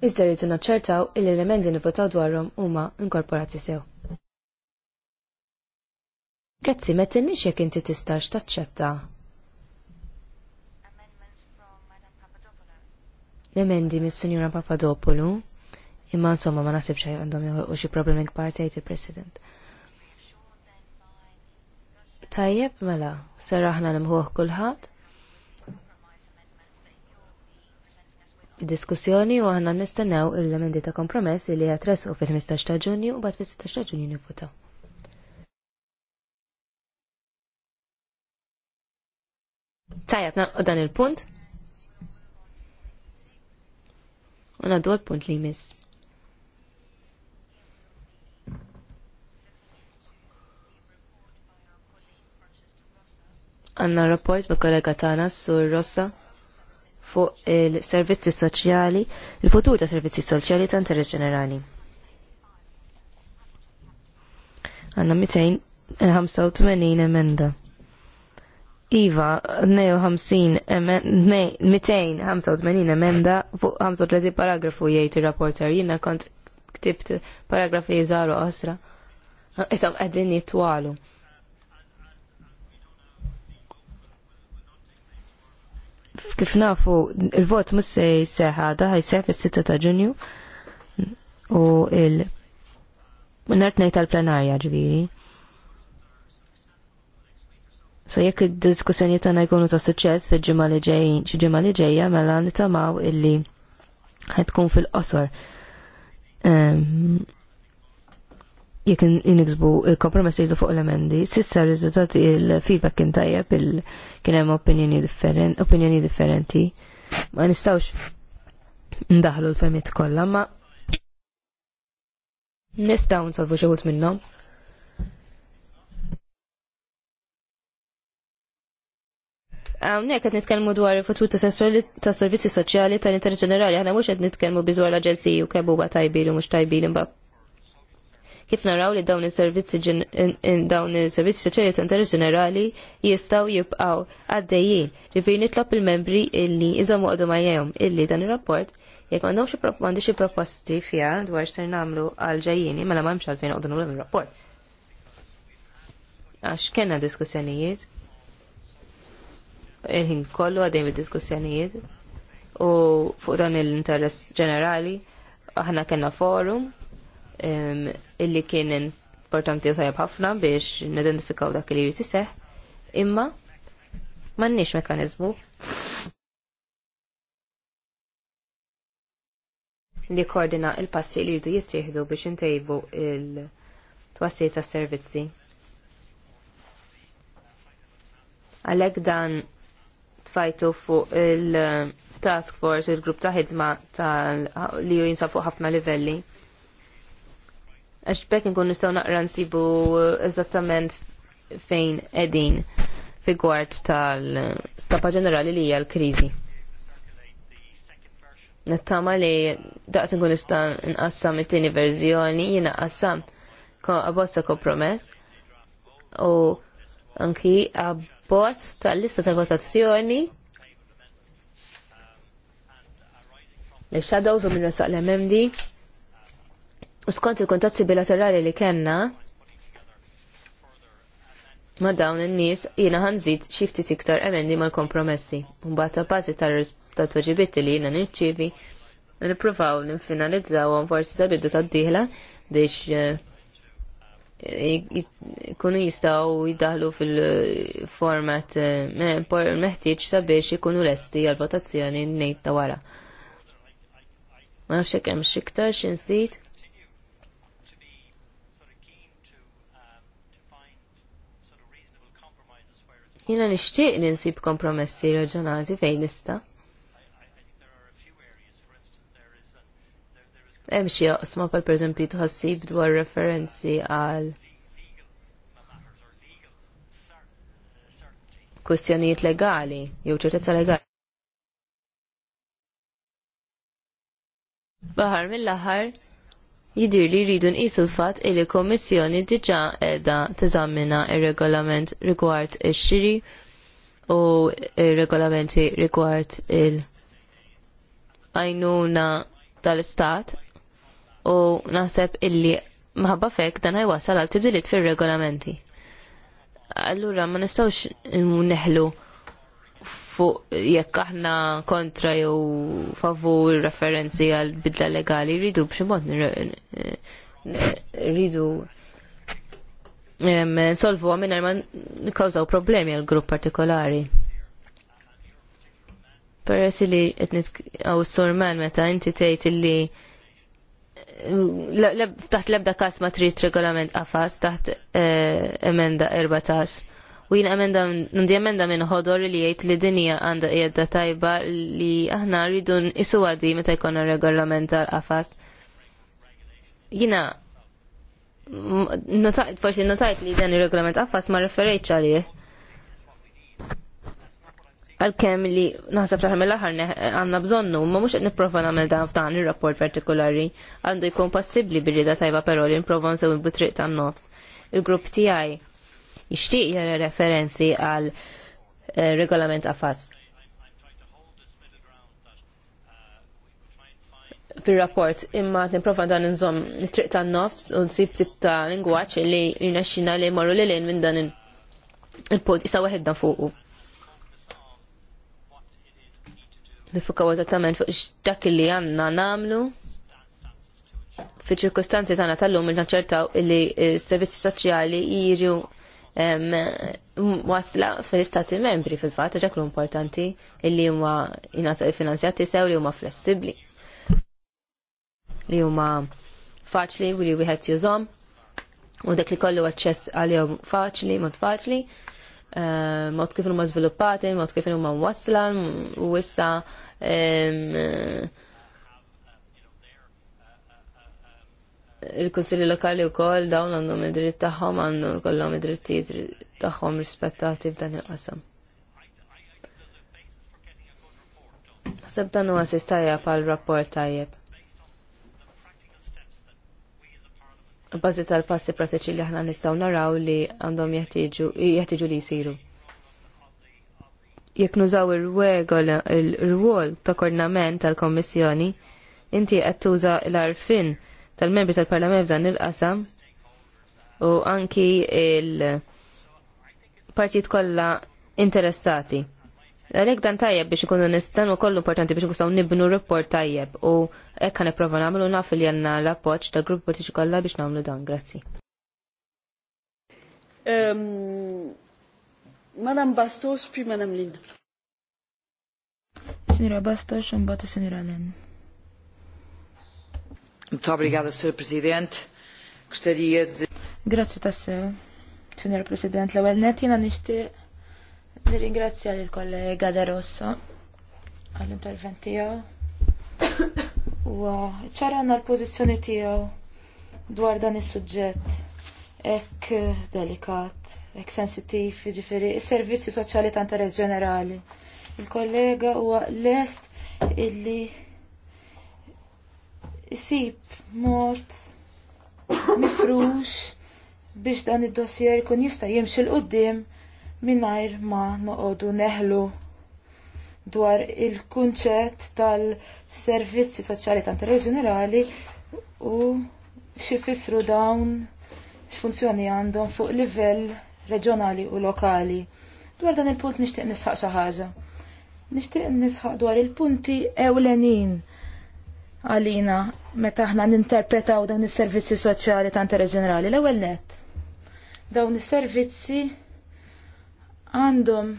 iżda rridu naċċertaw il elementi nivvotaw dwarhom huma inkorporati sew. Grazzi, ma tinnix jekk inti tistax taċċetta. L-emendi mis-Sinjura Papadopoulou, imma insomma ma nasibx għandhom u xi problemi kbar tgħid il-President. Tajjeb, mela, serraħna nimħuħ kulħadd diskussjoni u aħna nistennew il lemendi ta' kompromess li għatresu fil-15 ta' ġunju u bat fil-16 ta' ġunju nifuta. Tajab, u dan il-punt. U naddu għal-punt li mis. Għanna rapport bi kollega tana sur Rossa fuq il-servizzi soċjali, il-futur ta' servizzi soċjali ta' interess ġenerali. Għanna 285 eh, emenda. Iva, 285 emenda fuq 35 paragrafu jgħid ir-rapporter. Jiena kont ktibt paragrafi jżaru għasra. Isam qegħdin jitwalu. kif nafu il-vot mus se jseħħa da ħajseħ fis-6 ta' Ġunju u il Nart nejt tal-plenarja ġviri. Sa jekk id-diskussjoni tagħna jkunu ta' suċċess fil-ġimgħa li ġejjin, xi ġimgħa li ġejja mela nitamaw illi ħad tkun fil-qosor jek iniksbu il-kompromess jiddu fuq l-emendi, sissa rizultat il-feedback kien tajjeb kien hemm opinjoni differenti, Ma nistawx ndaħlu l-femiet kollha, ma nistgħu nsolvu xi minnhom. Għawnek għed nitkelmu dwar il-futur ta' servizzi soċjali tal-interess ġenerali, għana mux għed nitkelmu bizwar l-agenzi u kemm huwa u mux tajbili imba kif naraw li dawn is-servizzi dawn is-servizzi soċjali ta' interess ġenerali jistgħu jibqgħu għaddejjin. Ġifieri nitlob il-membri illi iżommu għadu majjehom illi dan ir-rapport jekk m'għandhomx m'għandix proposti fiha dwar ser nagħmlu għal ġejjieni mela m'hemmx għalfejn qogħdu nagħmlu rapport. Għax kellna diskussjonijiet. Il-ħin kollu għadejn bid-diskussjonijiet u fuq dan l-interess ġenerali aħna kellna forum illi kien importanti u tajab ħafna biex nidentifikaw dak li jrid seħ, imma m'għandniex mekkaniżmu li koordina il-passi li jridu jittieħdu biex intejbu il-twassi tas servizzi. Għalhekk dan tfajtu fuq il-task force, il-grupp ta' ħidma li jinsab fuq ħafna livelli għax bekk nkun nistgħu naqra nsibu eżattament fejn qegħdin rigward tal-stapa ġenerali li hija l-kriżi. Nittama li daqt nkun nista' nqassam it-tieni verżjoni jiena qassam abbozza kompromess u anki abbozz tal-lista ta' votazzjoni il shadows u minn rasaq l-MMD U skont il-kontatti bilaterali li kena, ma dawn in-nies jiena ħanżid xi ftit iktar emendi mal-kompromessi. Mbagħad ta' bażi tat-tweġibiet li jiena n nippruvaw għan forsi ta' bidda tad-dieħla biex eh, ikunu jistgħu jiddaħlu fil-format eh, meħtieġ sabiex ikunu lesti għal votazzjoni n-nejt ta' wara. Ma nafx hekk hemm xi xi Jina nishtiq ninsib kompromessi raġonati fejn nista. Hemm xi oqsma pal pereżempju tħassib dwar referenzi għal kwestjonijiet legali jew ċertezza legali. Baħar mill-aħħar jidir li jridu nqisu l-fatt li l-Kommissjoni diġà qiegħda teżamina ir-regolament rigward ix-xiri u ir-regolamenti rigward il-għajnuna tal-Istat u naħseb illi maħabba fekk dan ħajwasal għal tibdiliet fir-regolamenti. Allura ma nistgħux neħlu fuq jekk aħna kontra jew favur referenzi għal bidla legali rridu b'xi mod rridu solvu għamina ma nkawżaw problemi għal grupp partikolari. Peress li etnit għaw s-sorman meta inti tgħid illi taħt lebda kas ma trid regolament qafas taħt eh, emenda 14 U jien emenda, nundi emenda minn ħodor li jgħid li dinja għandha qiegħda tajba li aħna rridu nqisu għaddi meta jkollna regolament tal-qafas. Jina notajt, forsi notajt li dan ir-regolament qafas ma referejtx għalih għal-kem li naħseb taħem l-aħar għanna bżonnu, ma mux niprofa namel dan f'dan il-rapport partikolari, għandu jkun possibli birrida tajba pero li nprofa nsew bitriq tan nofs. Il-grupp tijaj Ixtieq jara referenzi għal eh, regolament AFAS. fil-rapport imma t-improfa dan nżom triq ta' nofs u nsib tip ta' lingwaċ li jinaxxina li marru li l-in minn dan il-pod jisa wahed dan fuqu. Nifukaw eżattament fuq x'dak li għandna namlu fi ċirkustanzi tagħna tal-lum il li s-servizzi soċjali jiġu wasla fil-istati membri fil-fatt ġak importanti li huma jingħata finanzjati sew li huma flessibbli. Li huma faċli u li wieħed jużom u dak li kollu aċċess għalihom faċli, mod faċli, eh, mod kif huma żviluppati, mod kif huma wasla u issa il kunsilli Lokali wkoll dawn għandhom id-dritt tagħhom għandhom kollhom id-drittijiet tagħhom rispettati f'dan il-qasam. Naħseb dan huwa sistajja pal rapport tajjeb. Bażi tal-passi pratiċi li aħna nistgħu naraw li għandhom jeħtieġu li jsiru. Jekk nużaw ir-rwol ta' kornament tal-Kommissjoni, inti qed tuża l-arfin tal-membri tal-Parlament f'dan il-qasam u anki il-partijiet kollha interessati. Għalek dan tajjeb biex ikunu nistan u kollu importanti biex nistgħu nibnu report tajjeb u ekkan kan nipprova nagħmlu naf li għandna l-appoġġ ta' grupp politiċi kollha biex nagħmlu dan. Grazzi. Ehm, Madam Bastos, prima Madam Signora Bastos, un bata Signora Lin. Grazie tassew, Signor President. L-ewel net jina nishti nirringrazzja l kollega De Rosso għall-intervent tiegħu. U ċarana l-pożizzjoni tiegħu dwar dan is-suġġett hekk delikat, hekk sensitif, jiġifieri is-servizzi soċjali ta' interess ġenerali. Il-kollega huwa lest illi isib mod mifrux biex dan id-dossier kun jista' jimxi l qoddim mingħajr ma noqogħdu neħlu dwar il-kunċett tal-servizzi soċjali tan ġenerali u xifissru dawn x'funzjoni għandhom fuq livell reġjonali u lokali. Dwar dan il-punt nixtieq nisħaq xaħġa. ħaġa. Nixtieq nisħaq dwar il-punti ewlenin għalina meta aħna ninterpretaw dawn is-servizzi soċjali ta' interess ġenerali. L-ewwel nett. Dawn is-servizzi għandhom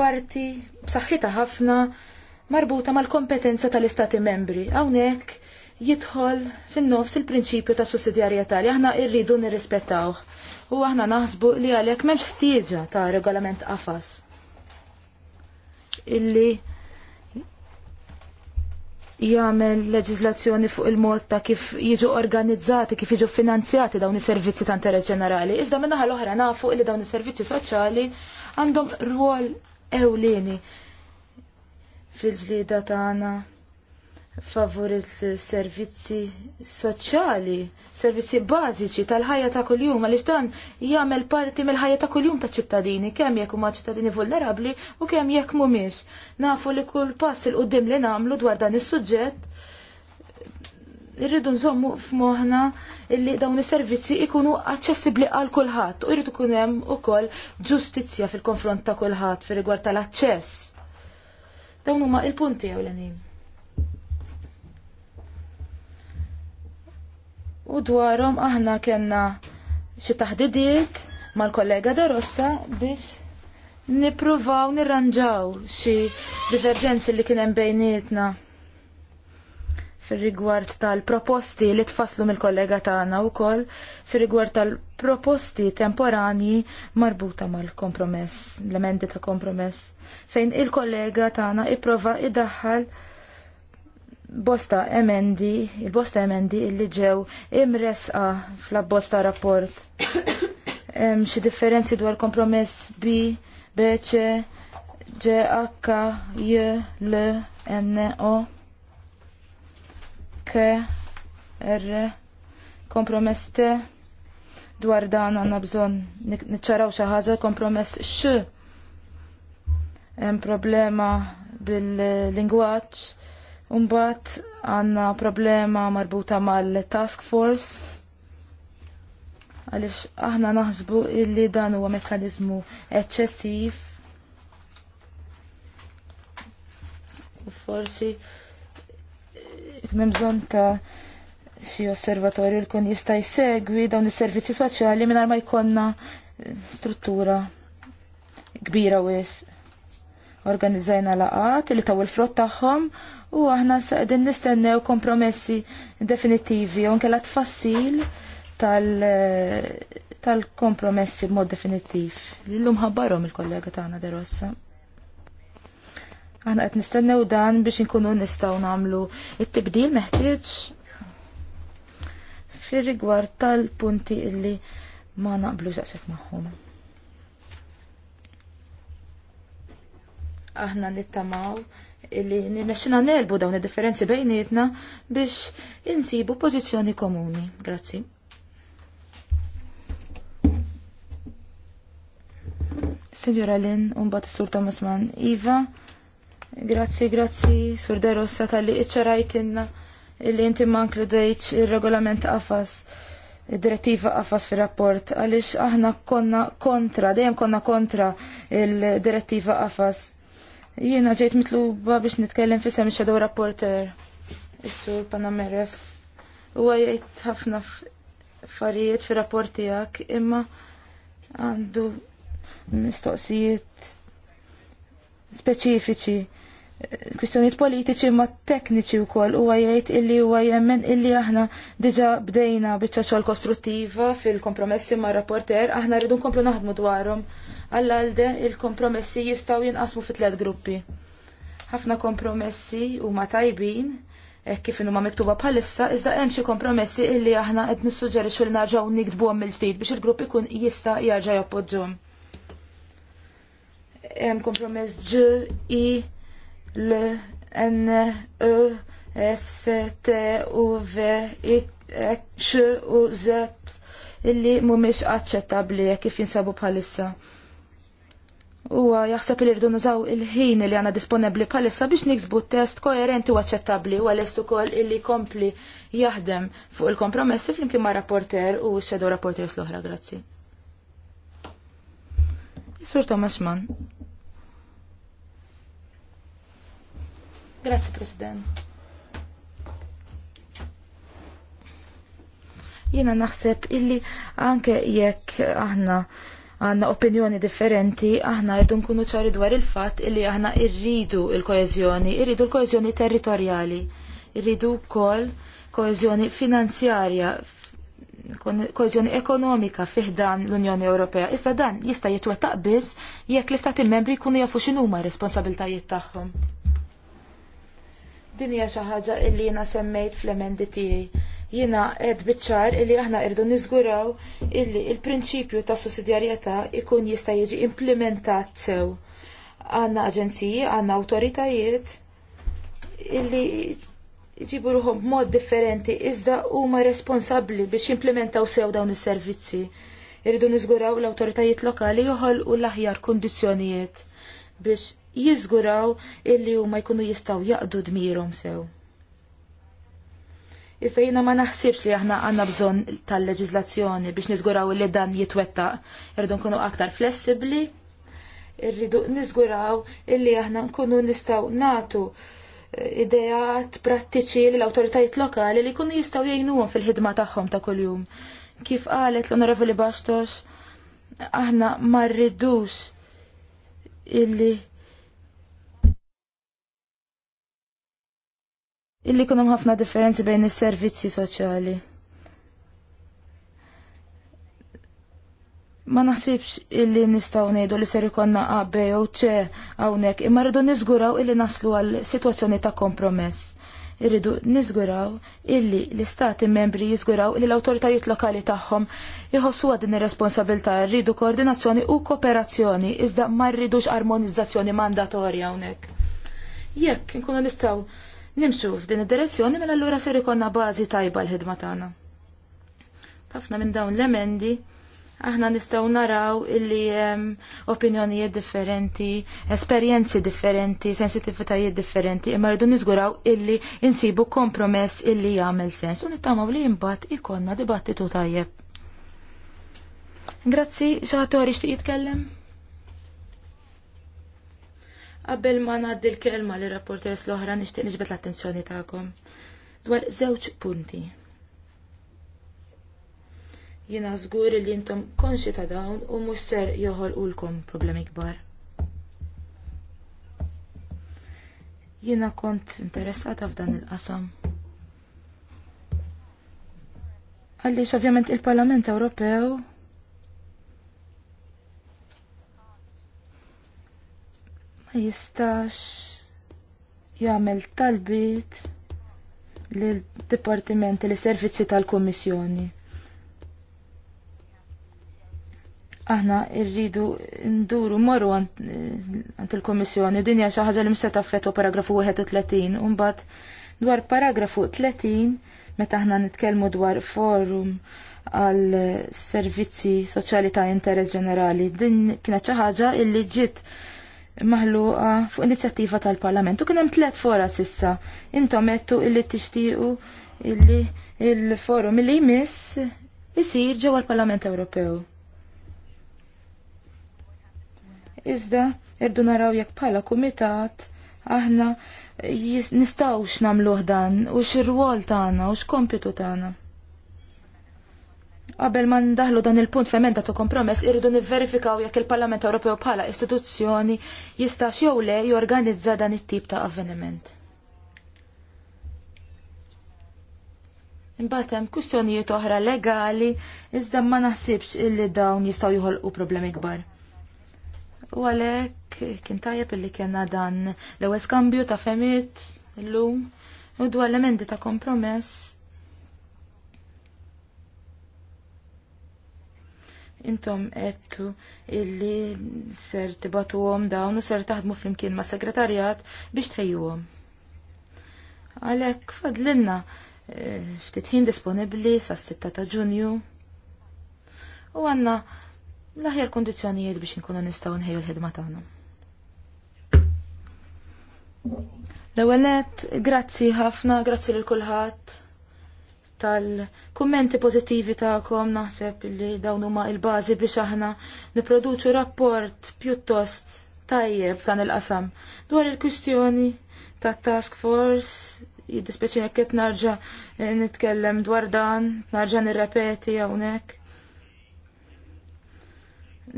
parti b'saħħita ħafna marbuta mal-kompetenza tal-istati membri. Hawnhekk jidħol fin-nofs il-prinċipju ta' sussidjarjetà li aħna rridu nirrispettawh u aħna naħsbu li għalhekk m'hemmx ħtieġa ta' regolament qafas illi jagħmel leġiżlazzjoni fuq il-mod ta' kif jiġu organizzati, kif jiġu finanzjati dawn is-servizzi ta' interess ġenerali. Iżda min-naħa l-oħra nafu li dawn is-servizzi soċjali għandhom rwol ewlieni fil-ġlieda tagħna favur il-servizzi soċjali, servizzi bażiċi tal-ħajja ta' kuljum, għaliex dan jagħmel parti mill-ħajja ta' kuljum ta' ċittadini, kemm jekk huma ċittadini vulnerabbli u kemm jekk mhumiex. Nafu li kull pass il qudiem li nagħmlu dwar dan is-suġġett irridu nżommu f'moħħna li dawn is-servizzi ikunu aċċessibbli għal kulħadd u jrid ikun hemm ukoll ġustizzja fil-konfront ta' kulħadd fir-rigward tal-aċċess. Dawn huma il-punti ewlenin. u dwarhom aħna kellna xi taħdidiet mal-kollega da Rossa biex nippruvaw nirranġaw xi diverġenzi li kien hemm bejnietna fir-rigward tal-proposti li tfasslu mill-kollega tagħna wkoll fir-rigward tal-proposti temporani marbuta mal-kompromess, l-emendi ta' kompromess fejn il-kollega tagħna ipprova idaħħal id bosta emendi, il-bosta emendi illi ġew imresqa fl-bosta rapport. xi differenzi dwar kompromess B, BC, GH, J, L, N, O, K, R, kompromess T, dwar dan għanna bżon nċaraw xi ħaġa kompromess x. Hemm problema bil-lingwaġġ Umbat għanna problema marbuta mal-task force għalix aħna naħsbu illi dan huwa mekkanizmu eċċessiv. Forsi nemżon ta' xi osservatorju li kun jista' jsegwi dawn is-servizzi soċjali mingħajr ma jkollna struttura kbira wis. Organizzajna laqat li taw il-frott tagħhom u aħna saqdin nistennew kompromessi definittivi u la tfassil tal-kompromessi tal b'mod definitiv. L-lum ħabbarhom il-kollega tagħna Derossa. Aħna qed nistennew dan biex inkunu nistgħu nagħmlu it-tibdil meħtieġ fir-rigward tal-punti illi ma naqblu zaqset magħhom. Aħna nittamaw illi nirnexxina nelbu dawn id-differenzi bejnietna biex insibu pożizzjoni komuni. Grazzi. Signora Lin, unbat Sur Thomas Mann. Iva, grazzi, grazzi, Sur Derossa tal-li iċċarajtinna illi inti mankludejċ il-regolament għafas, il-direttiva għafas fil rapport għalix aħna konna kontra, dejjem konna kontra il-direttiva għafas. Jiena ġejt mitluba biex nitkellem fisem shadow rapporter is-sur Panameras, Huwa jgħid ħafna affarijiet fir rapport tiegħek imma għandu mistoqsijiet speċifiċi kwistjoniet politiċi ma tekniċi u koll u għajajt illi u għajemmen illi aħna diġa bdejna bieċa xol kostruttiva fil-kompromessi ma' rapporter, aħna rridu nkomplu naħdmu dwarom. Għall-għalde il-kompromessi jistaw jinqasmu fit tlet gruppi. ħafna kompromessi u ma tajbin, e kif inhu ma miktuba bħalissa, iżda hemm xi kompromessi illi aħna qed nissuġġerixxu li narġgħu nikdbuhom mill-ġdid biex il-grupp ikun jista' jarġa' jappoġġhom. Hemm kompromess ġ i l-N-E-S-T u V X u Z illi mhumiex aċċettabbli jekk kif jinsabu bħalissa. Huwa jaħseb li rridu nużaw il-ħin li għandna disponibbli bħalissa biex niksbu test koerenti u aċċettabbli u għalest ukoll illi kompli jaħdem fuq il-kompromessi flimkien ma' rapporter u shadow rapporters l-oħra, grazzi. Sur Thomas Mann. Grazie, President. Jiena naħseb illi anke jekk aħna għanna opinjoni differenti, aħna jdu nkunu ċari dwar il-fat illi aħna irridu il-koezjoni, irridu l-koezjoni territorjali, irridu kol koezjoni finanzjarja, koezjoni ekonomika fiħdan l-Unjoni Ewropea. Iżda dan jista' jitwettaq biss jekk l-istati membri jkunu jafu x'inhuma r-responsabiltajiet tagħhom. Din hija xi ħaġa li jiena semmejt fl-emendi tiegħi. Jiena qed biċ-ċar illi aħna rridu niżguraw illi l prinċipju ta' sussidjarjetà ikun jista' jiġi implementat sew. Għandna aġenziji, għandna awtoritajiet illi jġibu ruħom b'mod differenti iżda huma responsabbli biex jimplementaw sew dawn is-servizzi. Irridu niżguraw l-awtoritajiet lokali joħolqu l-aħjar kundizzjonijiet biex jiżguraw illi huma jkunu jistgħu jaqdu dmirom sew. Issa jina ma naħsibx li aħna għanna bżon tal-leġizlazzjoni biex nizguraw li dan jitwetta. Irridu nkunu aktar flessibli, irridu nizguraw illi aħna nkunu nistaw natu eh, idejat prattiċi l autoritajiet lokali li kunu jistaw jgħinuhom fil-ħidma tagħhom ta' kuljum. Kif qalet l-Onorevoli Bastos, aħna ma rridux illi illi kunem ħafna differenzi bejn is-servizzi soċjali. Ma naħsibx illi nistaw nejdu li ser ikonna A, B u C hawnhekk, imma rridu niżguraw illi naslu għal sitwazzjoni ta' kompromess irridu nizguraw illi l-istati membri jizguraw illi l-autoritajiet lokali tagħhom jħossu din ir-responsabilità rridu koordinazzjoni u kooperazzjoni iżda ma rridux armonizzazzjoni mandatorja hawnhekk. Jekk inkunu nistgħu nimxu f'din id-direzzjoni mela allura ser ikonna bażi tajba l-ħidma tagħna. Ħafna minn dawn l-emendi aħna nistgħu naraw illi hemm opinjonijiet differenti, esperjenzi differenti, sensitivitajiet differenti, imma rridu niżguraw illi insibu kompromess illi jagħmel sens u nittamaw li imbagħad ikonna dibattitu tajjeb. Grazzi, xi ħadd ti jitkellem? Qabel ma ngħaddi l-kelma li rapporters l-oħra nixtieq niġbed l-attenzjoni tagħkom dwar żewġ punti. Jiena żgur li intom konxi ta' dawn u mhux ser joħolqulkom problemi kbar. Jiena kont interessata f'dan il-qasam. Għaliex ovvjament il-Parlament Ewropew ma jistax jagħmel talbit lil dipartimenti li servizzi tal-Kummissjoni. Aħna rridu nduru morru għand il-Kummissjoni din hija xi ħaġa li mista taffetu paragrafu 31 u mbagħad dwar paragrafu 30 meta aħna nitkellmu dwar forum għal servizzi soċjali ta' interess ġenerali. Din kienet xi ħaġa illi ġiet maħluqa fuq inizjattiva tal-Parlament. U kien hemm tliet fora sissa. Intom għedtu illi tixtiequ illi il-forum illi jmiss isir ġewwa l-Parlament Ewropew. Iżda, irdu naraw jekk bħala kumitat, aħna nistawx nagħmluh dan, u x-rwol tagħna, u x-kompitu tagħna. Qabel ma ndaħlu dan il-punt femenda ta' kompromess, irridu nivverifikaw jekk il-Parlament Ewropew bħala istituzzjoni jistax jew le jorganizza dan it-tip ta' avveniment. Imbagħad hemm kwistjonijiet oħra legali iżda ma naħsibx illi dawn jistgħu joħolqu problemi kbar. U għalhekk kien tajjeb illi kellna dan l-ewwel skambju ta' femiet illum u dwar l-emendi ta' kompromess intom għettu illi ser tibatu għom dawn u ser taħdmu flimkien ma' segretarjat biex tħejju għom. Għalek fadlinna eh, ftit ħin disponibli sa' 6 ta' ġunju u għanna l-aħjar kondizjonijiet biex nkunu nistaw nħejju l-ħidma tagħna. L-ewelet, grazzi ħafna, grazzi lil kulħadd tal-kummenti pozittivi ta'kom naħseb li dawn huma il-bażi biex aħna niproduċu rapport pjuttost tajjeb f'dan il-qasam dwar il-kwistjoni ta' task force jiddispeċin jekk narġa nitkellem dwar dan, narġa nirrepeti hawnhekk.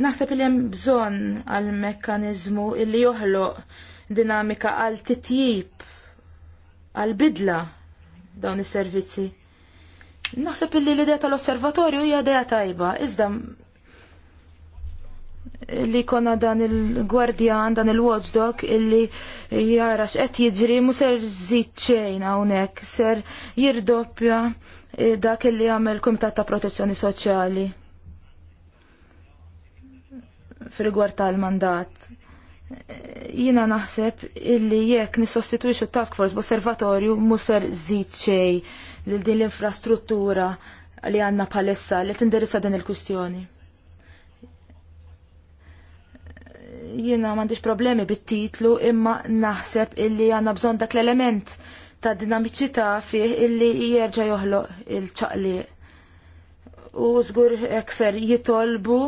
Naħseb li hemm bżonn għal mekkaniżmu illi joħloq dinamika għal titjib għal bidla dawn is-servizzi. Naħseb illi l-idea tal-osservatorju hija idea tajba, iżda li konna dan il-gwardjan, dan il-watchdog illi jara x'qed jiġri mu ser żid xejn hawnhekk, ser jirdoppja eh, dak illi għamel Kumitat ta' Protezzjoni Soċjali fil-rigward tal-mandat. Jina naħseb illi jekk nissostitwixu task force b'osservatorju mu ser żid xejn lil din l-infrastruttura li għanna palessa li tindirissa din il-kustjoni. Jiena m'għandix problemi bit-titlu imma naħseb illi għandna bżonn dak l-element ta' dinamiċità fih illi jerġa' joħloq il-ċaqli. U żgur ekser jitolbu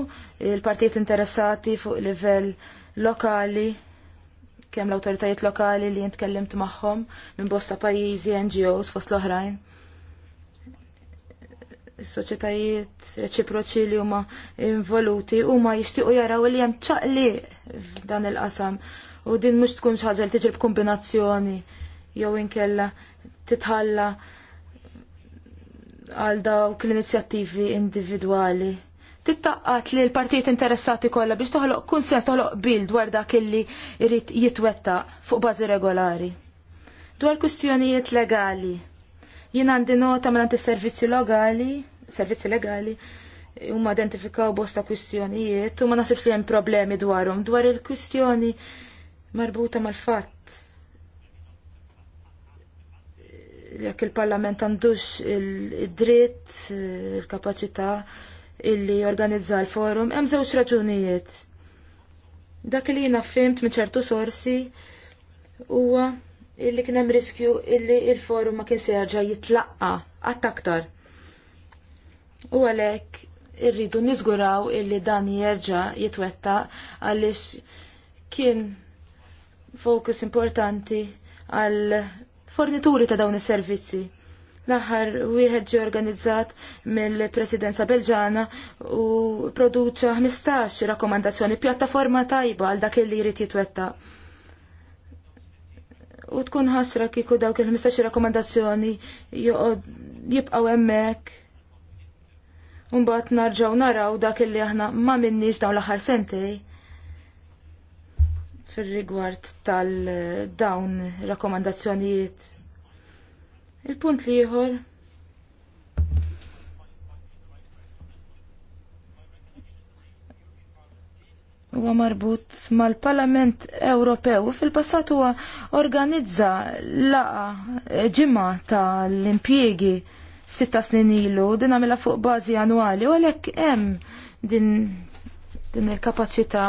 il-partijiet interessati fuq livell lokali kemm l-awtoritajiet lokali li jintkellimt magħhom minn bosta pajjiżi, NGOs fost l-oħrajn soċjetajiet reċiproċi li huma involuti huma jixtiequ jaraw li hemm ċaqli f'dan il-qasam u din mhux tkun xi ħaġa li tiġi b'kombinazzjoni jew inkella titħalla għal dawk l-inizjattivi individwali. Tittaqqat li l-partijiet interessati kollha biex toħloq kunsens toħloq bil dwar dak illi jrid jitwettaq fuq bażi regolari. Dwar kwistjonijiet legali Jien għandi nota ma għanti servizzi legali, servizzi legali, huma identifikaw bosta kwistjonijiet u ma nasibx li hemm problemi dwarhom dwar il-kwistjoni marbuta mal-fatt jekk il-Parlament għandux il-dritt, il-kapacità illi jorganizza l-forum, hemm żewġ raġunijiet. Dak li jiena fimt minn ċertu sorsi huwa illi kien hemm riskju illi il-forum ma kien serġa jitlaqqa għat aktar. U għalhekk irridu niżguraw illi dan jerġa' jitwetta għaliex kien fokus importanti għal fornituri ta' dawn is-servizzi. L-aħħar wieħed ġie organizzat mill-Presidenza Belġana u produċa 15 rakkomandazzjoni pjattaforma tajba għal dak li jrid jitwettaq U tkun ħasra kieku dawk il-15 rakkomandazzjoni jibqgħu hemmhekk. Unbat narġaw naraw dak li aħna ma minniġ dawn l-aħħar sentej fil-rigward tal-dawn rakkomandazzjonijiet. Il-punt liħor huwa marbut mal-Parlament Ewropew u fil-passat huwa organizza laqa eh, ġimgħa tal-impjiegi ftit ta' snin ilu din għamilha fuq bażi annwali u għalhekk hemm din din il-kapaċità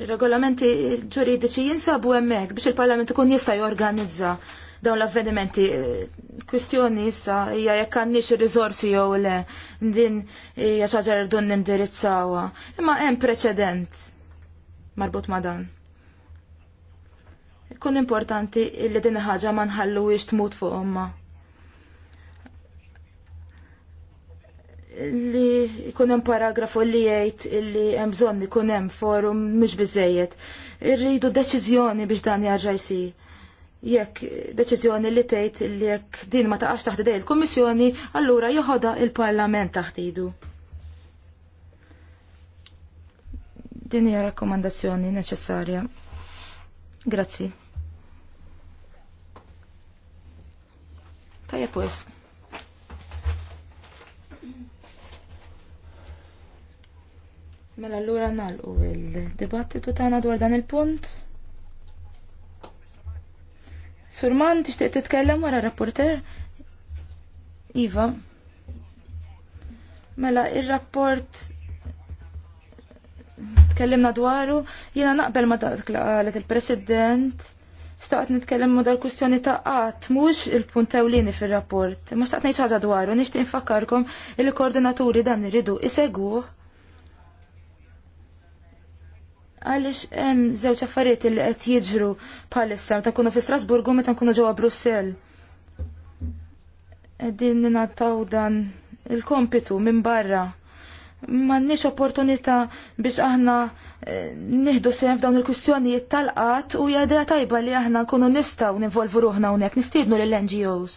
Il-regolamenti ġuridiċi jinsabu hemmhekk biex il-Parlament ikun jista' jorganizza dawn l-avvenimenti. Eh, kwistjoni issa hija jekk għandniex ir-riżorsi jew le din hija xi ħaġa rdu nindirizzawha. Imma hemm preċedent marbut ma' dan. Kun importanti li din ħaġa ma nħalluwiex tmut fuq omma. li ikun hemm paragrafu li jgħid li hemm bżonn ikun hemm forum mhux biżejjed. Irridu deċiżjoni biex dan jarġa jsir jekk deċiżjoni li tgħid li jekk din ma taqax taħt idej il-Kummissjoni, allura joħodha il-Parlament taħt idu. Din hija rakkomandazzjoni neċessarja. Grazzi. Tajja pues. Mela allura nagħlqu il-dibattitu tagħna dwar dan il-punt. Surman, tixtieq titkellem wara rapporter? Iva. Mela, ir-rapport tkellimna dwaru, jiena naqbel ma dak li qalet il-President. Staqt nitkellem ma dal-kustjoni ta' qatt mhux il-punt ewlieni fir-rapport. Ma staqt ngħid ħaġa dwaru, nixtieq infakkarkom il-koordinaturi dan iridu iseguh Għalix hemm żewġ affarijiet li qed jiġru palissa, ta' nkunu fi Strasburgu meta nkunu ġewwa Brussell. Qegħdin ningħataw dan il-kompitu minn barra. M'għandniex opportunità biex aħna eh, nieħdu sehem f'dawn il-kwistjonijiet tal u hija tajba li aħna nkunu nistgħu nivolvu ruħna hawnhekk, nistiednu lill-NGOs.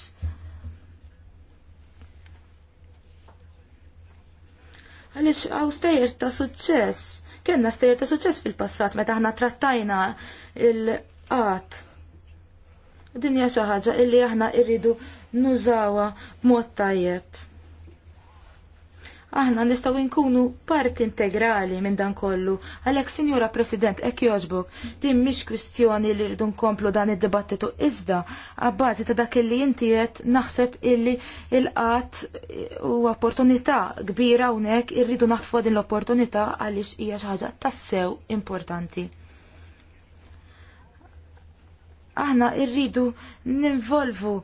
Għaliex għaw stajr ta' suċċess Kienna stejjer ta' suċċess fil-passat meta aħna trattajna il-qat. Din hija xi ħaġa illi aħna rridu nużawha b'mod tajjeb aħna nistgħu nkunu parti integrali minn dan kollu. Għalhekk, sinjora President, hekk jogħġbok, din mhix kwistjoni li rridu nkomplu dan id-dibattitu iżda għabbażi ta' dak li inti qed naħseb illi il-qatt u opportunità kbira hawnhekk irridu naħtfu din l-opportunità għaliex hija xi ħaġa tassew importanti aħna irridu ninvolvu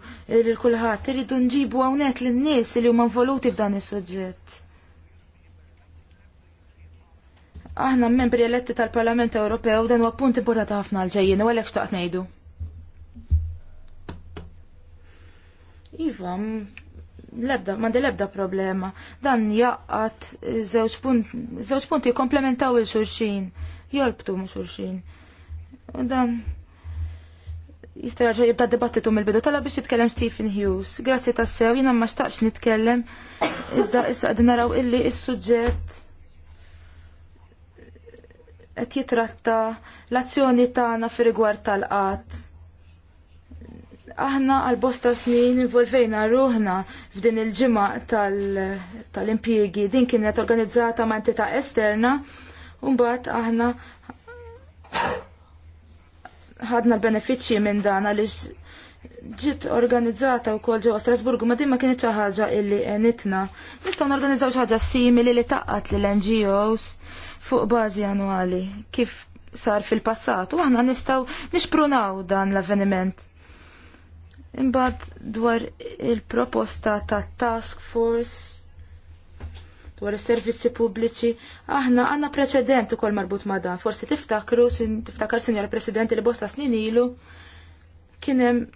l-kulħat, irridu nġibu għawnek l nies li huma involuti f'dan is-suġġett. aħna membri eletti tal-Parlament Ewropew dan huwa punt importanti ħafna għal-ġejjin, u għalhekk xtaqt ngħidu. Iva, lebda, l lebda problema. Dan jaqqat żewġ punt, punti komplementaw il-xurxin, jolbtu mhux xurxin. U dan jista' jarġa' jibda dibattitu mill-bidu tala biex jitkellem Stephen Hughes. Grazzi tassew, jiena ma xtaqx nitkellem, iżda issa qegħdin naraw illi is-suġġett qed jitratta l-azzjoni tagħna fi rigward tal-qatt. Aħna għal bosta snin involvejna ruħna f'din il-ġimgħa tal-impjiegi din kienet organizzata ma' entità esterna u mbagħad aħna ħadna l-benefiċċji minn dan għaliex ġiet organizzata wkoll ġewwa Strasburgu ma din ma kienet xi ħaġa illi għenitna. Nistgħu norganizzaw xi ħaġa simili li taqgħat lill NGOs fuq bażi annwali kif sar fil-passat u aħna nistgħu nixprunaw dan l-avveniment. Imbagħad dwar il-proposta ta' task force dwar is-servizzi pubbliċi, aħna għandna preċedent kol marbut ma' dan. Forsi tiftakru, sin, tiftakar Sinjor Presidenti li bosta snin ilu kien hemm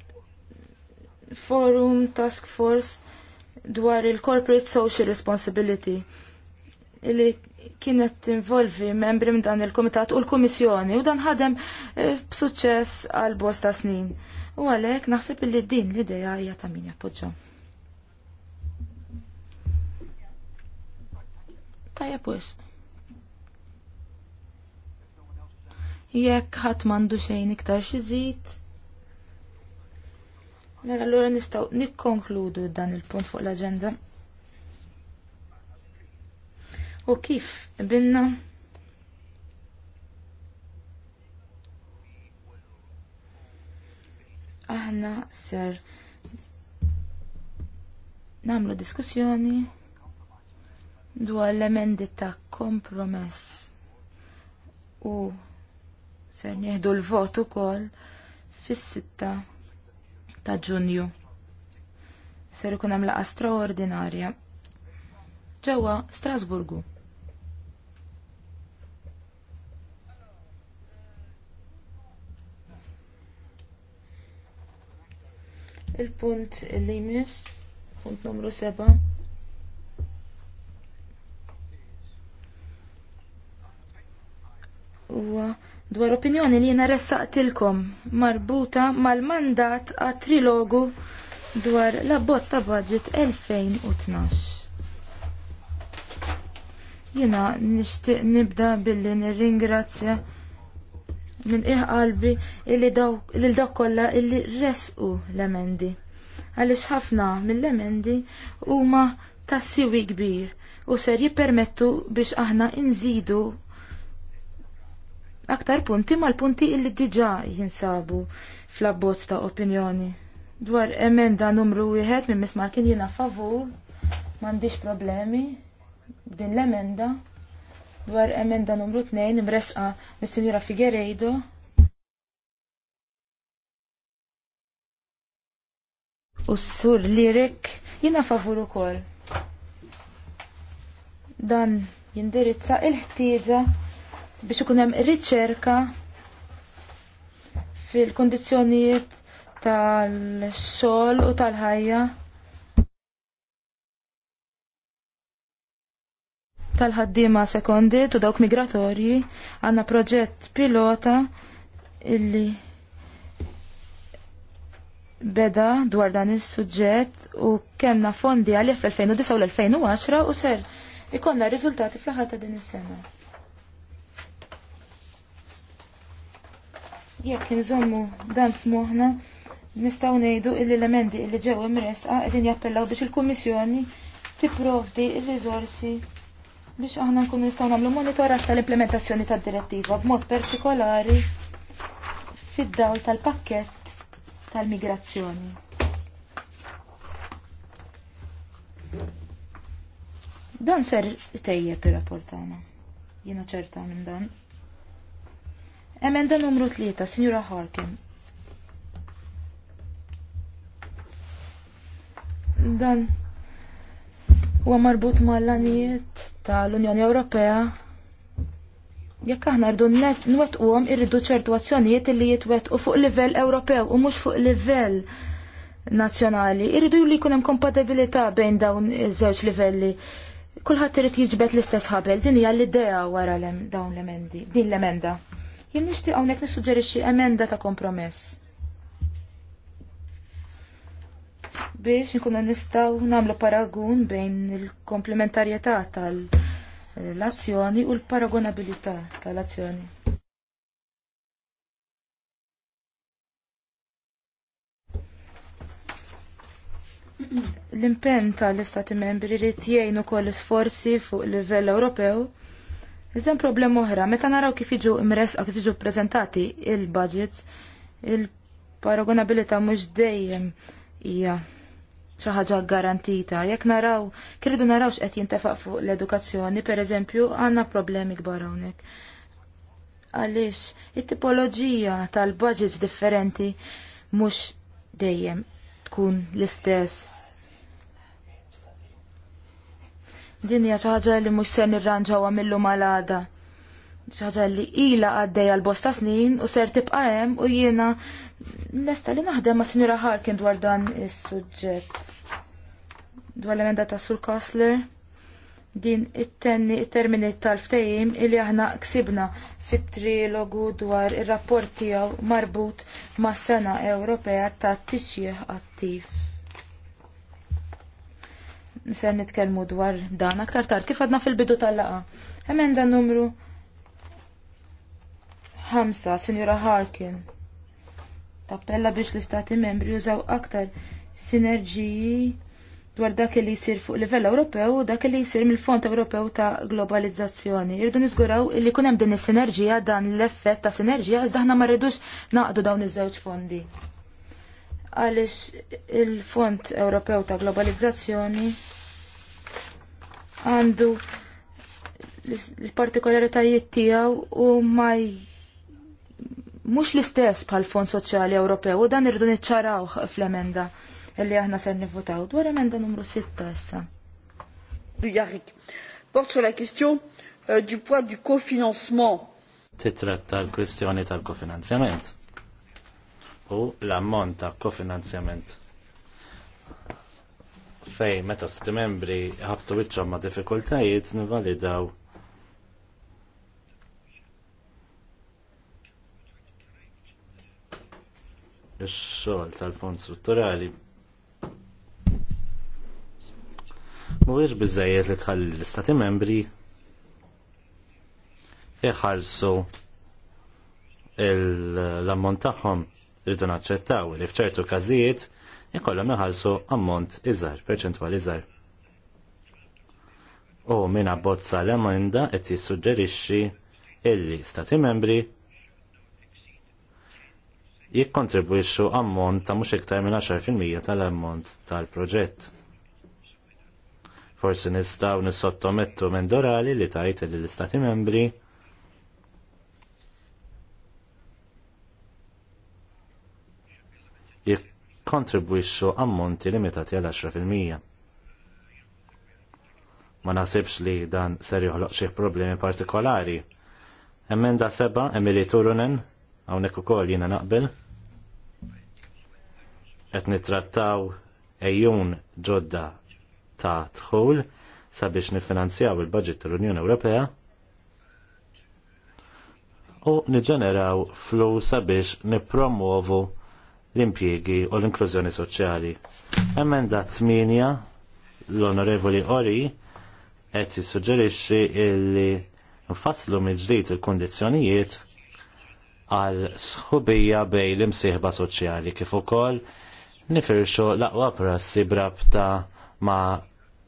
forum task force dwar il-corporate social responsibility li kienet tinvolvi membri minn dan il-Komitat u l-Komissjoni u dan ħadem eh, b'suċċess għal bosta snin. U għalhekk naħseb li din l-idea hija ta' min jappoġġa. Tajja pues. Jekk ħadd m'għandu xejn iktar xi żid. Mela allura nistgħu nikkonkludu dan il-punt fuq l-aġenda u kif binna aħna ser namlu diskussjoni dwar l-emendi ta' kompromess u ser nieħdu l-vot ukoll fis-sitta ta' Ġunju. Ser ikun hemm laqgħa straordinarja ġewwa Strasburgu. Il-punt li jmiss, punt numru 7. Huwa dwar opinjoni li jiena ressaqtilkom marbuta mal-mandat għat trilogu dwar l-abbozz ta' budget 2012. Jiena nixtieq nibda billi nirringrazzja Ninqih qalbi illi lil dawk kollha illi resqu l-emendi. Għaliex ħafna mill-emendi huma tassiwi kbir u ser jippermettu biex aħna inżidu aktar punti mal-punti illi diġa jinsabu fl-abbozz ta' opinjoni. Dwar emenda numru wieħed minn mismar kien jiena favur, m'għandix problemi din l-emenda dwar emenda numru 2 imresqa mis-Sinjura Figueiredo. U s-sur lirik jina favur ukoll. Dan jindirizza il-ħtieġa biex ikun hemm riċerka fil-kondizzjonijiet tal-xogħol u tal-ħajja. tal-ħaddiema sekondi u dawk migratorji għandna proġett pilota illi beda dwar dan is-suġġett u kellna fondi għalih fl-2009 u l-2010 u ser ikonna riżultati fl ħar ta' din is-sena. Jekk nżommu dan f'moħħna, nistgħu ngħidu l elementi li ġew imresqa qegħdin jappellaw biex il-Kummissjoni tipprovdi r-riżorsi il biex aħna nkunu nistgħu nagħmlu monitoraġġ tal-implementazzjoni tad-direttiva b'mod partikolari fid-dawl tal-pakkett tal-migrazzjoni. Dan ser tejjeb ir-rapport tagħna. Jiena ċerta minn dan. Emenda numru 3, Sinjura Harkin. Dan huwa marbut mal-lanijiet tal-Unjoni Ewropea jekk aħna rridu nwettquhom irridu ċertu azzjonijiet li jitwettqu fuq livell Ewropew u mhux fuq livell nazzjonali. Irridu li jkun hemm kompatibilità bejn dawn iż-żewġ livelli. Kulħadd irid jiġbed l-istess ħabel, din hija l-idea wara dawn l-emendi, din l-emenda. Jien nixtieq hawnhekk nissuġġerixxi emenda ta' kompromess. biex nkunu nistaw namlu paragun bejn il-komplementarjetà tal-azzjoni u l-paragonabilità tal-azzjoni. L-impenn tal-Istati membri li tjejnu ukoll sforzi fuq livell Ewropew Iżda problem oħra, meta naraw kif jiġu imres kif iġu prezentati il-budgets, il-paragonabilità mhux dejjem hija xi ħaġa garantita. Jekk naraw, kridu naraw x'qed jintefaq fuq l-edukazzjoni, pereżempju, għandna problemi kbar hawnhekk. Għaliex it-tipoloġija tal-budgets differenti mhux dejjem tkun l-istess. Din hija xi ħaġa li mhux se nirranġawha millu malada ħaġa li ila għaddejja għal bosta snin u ser tibqa' hemm u jiena nesta li naħdem ma' Sinjura Harkin dwar dan is-suġġett. Dwar l-emenda ta' Sur Kosler din it-tenni it-termini tal-ftejim illi aħna ksibna fit-trilogu dwar ir-rapport tiegħu marbut mas sena Ewropea ta' tixjih attiv. Ser nitkellmu dwar dan aktar tard kif għadna fil-bidu tal-laqa. Emenda numru ħamsa, Sinjura Harkin. Tappella biex l-Istati membri jużaw aktar sinerġiji dwar dak li jsir fuq livell Ewropew u dak li jsir mill-Fond Ewropew ta' Globalizzazzjoni. Irdu niżguraw li kun hemm din is-sinerġija dan l-effett ta' sinerġija iżda aħna ma rridux naqdu dawn iż-żewġ fondi. Għaliex il-Fond Ewropew ta' Globalizzazzjoni għandu l-partikolaritajiet tiegħu u ma mhux l-istess bħal Fond Soċjali Ewropew u dan irridu niċċarawh fl-emenda illi aħna ser nivvotaw dwar emenda numru 6 issa. Jarik, port sur la question euh, du poids du cofinancement. Titret tal kwestjoni tal-kofinanzjament u l-ammont ta' kofinanzjament fej meta stati membri ħabtu wiċċhom ma' diffikultajiet nivalidaw ix-xogħol tal-fond strutturali mhuwiex bizzajiet li tħalli l-istati membri iħalsu l-ammont tagħhom rridu naċċettaw li f'ċertu każijiet ikollhom iħalsu ammont iżgħar, perċentwali iżgħar. U minn abbozza l-emenda qed jissuġġerixxi illi stati membri jikkontribwixxu ammont ta' mhux iktar minn 10% tal-ammont tal-proġett. Forsi nistgħu nissottomettu minn dorali li tajt lill istati membri jikkontribwixxu ammonti limitati għal 10%. Ma nasibx li dan ser joħloq xi problemi partikolari. Emenda seba' Emily Turunen, hawnhekk ukoll jiena naqbel qed nittrattaw ejjun ġodda ta' dħul sabiex nifinanzjaw il-budget tal-Unjoni Ewropea u niġġeneraw flus sabiex nippromovu l-impjiegi u l-inklużjoni soċjali. Emenda 8 l-Onorevoli Ori qed jissuġġerixxi li nfasslu mill-ġdid il-kundizzjonijiet għal sħubija bej l-imsieħba soċjali kif ukoll nifirxu laqwa prassi brabta ma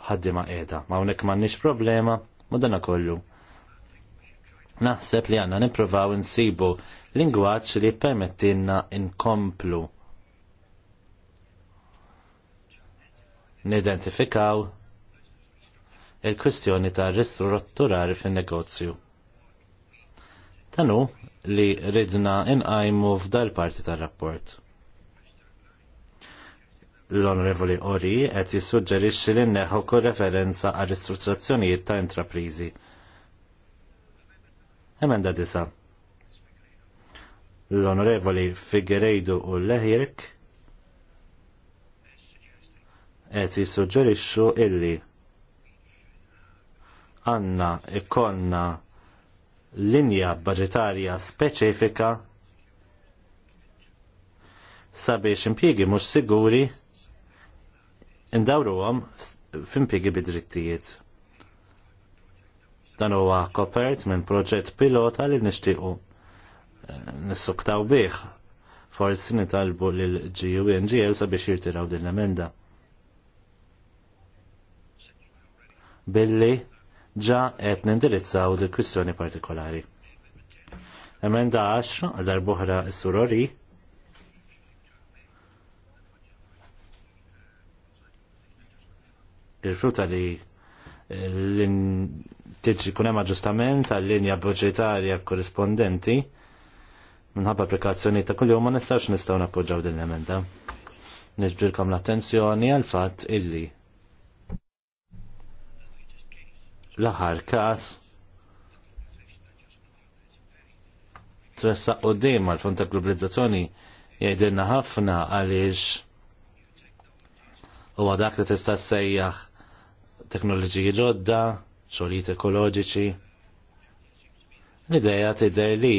ħaddima qiegħda. Ma hawnhekk m'għandniex problema ma dana kollu. Naħseb li għanna niprovaw insibu lingwaġġ li permettinna inkomplu. Nidentifikaw il-kwistjoni ta' ristrutturari fin-negozju. Tanu li ridna inqajmu f'dal parti tar-rapport l-Onorevoli Ori qed jissuġġerixxi li nneħħu kull referenza għal ristrutturazzjonijiet ta' intrapriżi. Emenda disa. L-Onorevoli Figueiredo u Leħirk qed jissuġġerixxu illi għanna ikonna linja budgetarja speċifika sabiex impjiegi mhux siguri indawruhom f'impjiegi bid bidrittijiet. Dan huwa kopert minn proġett pilota li nixtiequ eh, nissuktaw bih forsi nitalbu lil GUNGL sabiex jirtiraw din l-emenda. Billi ġa qed nindirizzaw di kwistjoni partikolari. Emenda 10 għal darbohra s-surori il-fruta li eh, tiġi kunem aġustament għall-linja budgetarja korrispondenti minħabba applikazzjoni ta' kull ma nistax nistaw nappoġġaw din l-emenda. Nġbirkom l-attenzjoni għal fatt illi l kas tressa u dim għal fond ta' globalizzazzjoni jgħidilna ħafna għaliex u għadak li tista' sejjaħ teknoloġiji ġodda, xogħlijiet ekoloġiċi. L-idea tidher li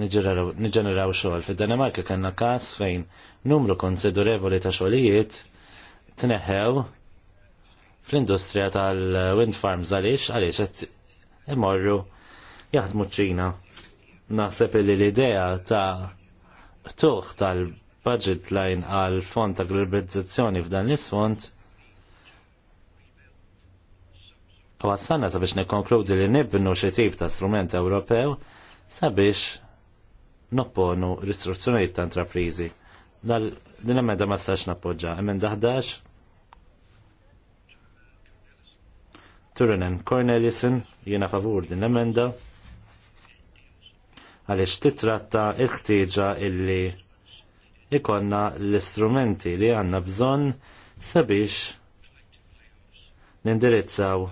niġġeneraw xogħol. fid danemarka kellna każ fejn numru konsiderevoli ta' xogħlijiet tneħew fl-industrija tal-wind farms għaliex għaliex qed imorru jaħdmu ċina. Naħseb li l-idea ta' tuħ tal budget line għal fond ta' globalizzazzjoni f'dan l-isfond għassana sabiex nekonkludi li nibnu xi tip ta' strument Ewropew sabiex nopponu ristruzzjonijiet ta' intraprizi. Dal din emenda ma stax nappoġġa. Emenda 11 Turinen Cornelison jiena favur din l-emenda għaliex titratta il-ħtieġa illi ikonna l-istrumenti li għanna bżon sabiex nindirizzaw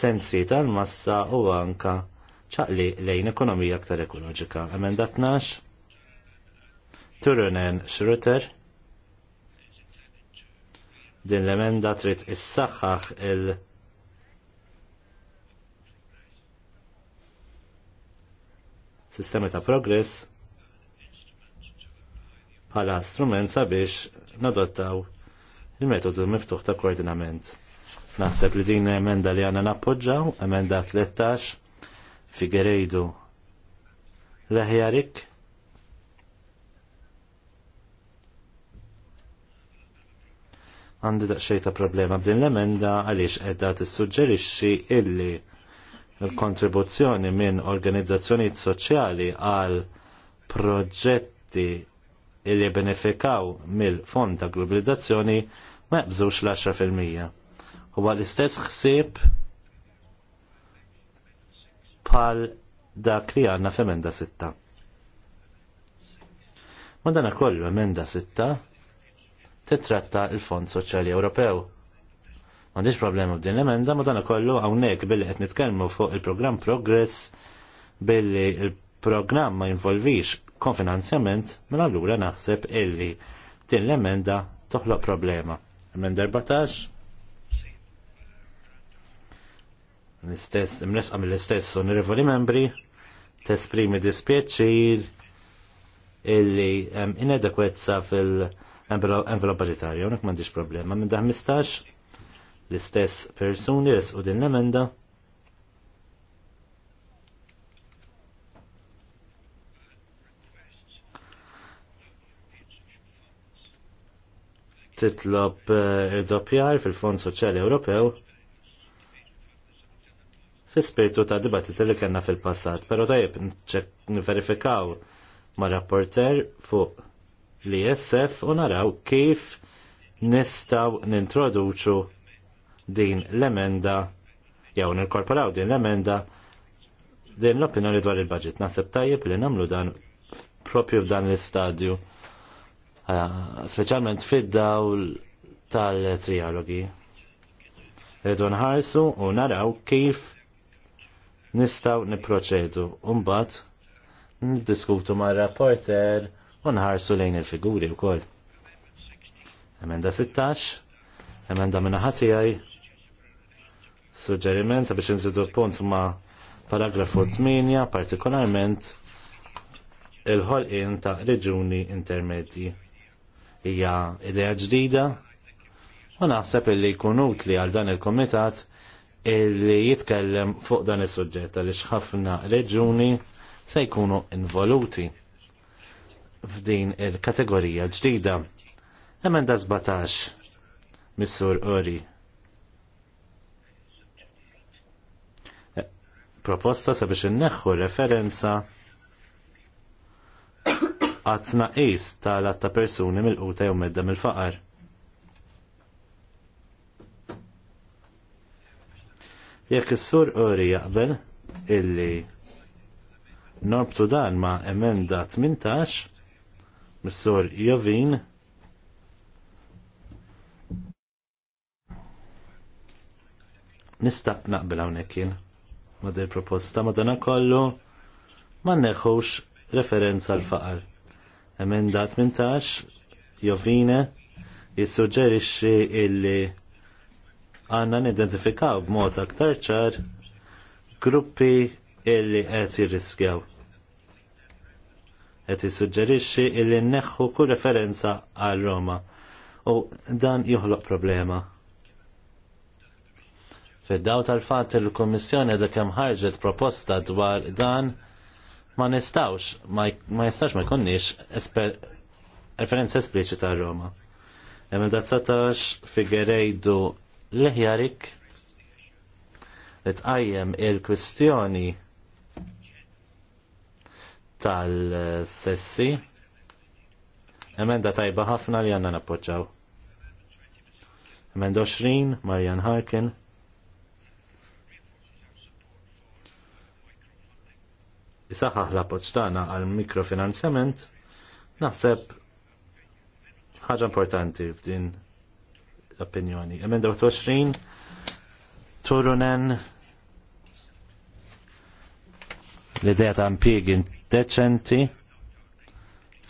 sensi tal-massa u anka ċaqli lejn ekonomija aktar ekoloġika. Emenda 12, Turunen Schruter, din l-emenda trid issaħħaħ il- sistema ta' progress bħala strument sabiex nadottaw il-metodu miftuħ ta' koordinament. Naħseb li din emenda li għana nappoġġaw, emenda 13, Figueiredo Leħjarik, għandi daqxej ta' problema b'din l-emenda għaliex edda tissuġġerixxi illi l-kontribuzzjoni minn organizzazzjonijiet soċjali għal proġetti li benefikaw mill-fond ta' globalizzazzjoni ma jabżux l-10%. Huwa l-istess ħsieb bħal dak li għanna f'emenda sitta. Madana kollu emenda sitta titratta il-Fond Soċjali Ewropew. M'għandix problema b'din l-emenda, madana kollu hawnhekk billi qed nitkellmu fuq il-programm Progress billi il-programm ma jinvolvix konfinanzjament, mela allura naħseb illi din l-emenda toħloq problema. Emenda 14 l-istess, mill-istess onorevoli membri, tesprimi dispieċir illi um, fil-envelop budgetarju, unik mandiġ problema. Minn 15 l-istess persuni resqu din l-emenda, titlob eh, il doppjar fil-Fond Soċjali Ewropew fil-spirtu ta' dibattiti li kellna fil-passat, pero tajjeb verifikaw ma' rapporter fuq li jessef u naraw kif nistaw nintroduċu din l-emenda jew nirkorporaw din l-emenda din l-opinjoni dwar il-budget. Naħseb tajjeb li namlu dan propju f'dan l-istadju Ah, speċjalment fid-dawl tal-trialogi. Rridu nħarsu u naraw kif nistaw niproċedu. Umbat, diskutu ma' rapporter u nħarsu lejn il-figuri u koll. Emenda 16, emenda minna ħatijaj, suġġeriment biex nżidu punt ma' paragrafu 8, partikolarment il-ħolqin ta' reġuni intermedji hija idea ġdida u naħseb illi jkun utli għal dan il-komitat illi jitkellem fuq dan is-suġġett għaliex ħafna reġuni se jkunu involuti f'din il-kategorija ġdida. Emenda 17, Missur Uri. Eh, proposta sabiex inneħħu referenza Qatt naqis tal-għatta persuni mill-quta jew medda mill-faqar. Jekk is-sur qori jaqbel illi norbtu dan ma' emenda 18 mis-sur Jovin nista' naqbel hawnhekk jien ma' proposta ma' dan kollu ma' neħux referenza l-faqar. Emenda 18 jovina, jissuġġerixxi illi għanna nidentifikaw b'mod aktar ċar gruppi illi qed jirriskjaw. Qed jissuġġerixxi illi nneħħu kull referenza għal Roma u dan joħloq problema. Fid-daw tal-fatt il-Kummissjoni da kemm ħarġet proposta dwar dan ma nistawx, ma jistax ma jkonniex referenza esplicita Roma. Emenda 19 figurejdu liħjarik. li tqajjem il-kwistjoni tal-sessi emenda tajba ħafna li għanna nappoġġaw. Emenda 20 Marian Harkin jisaxħaħ l-appoġġ tagħna għal mikrofinanzjament naħseb ħaġa importanti f'din l-opinjoni. Emenda 20 Turunen l-idea ta' impjiegi deċenti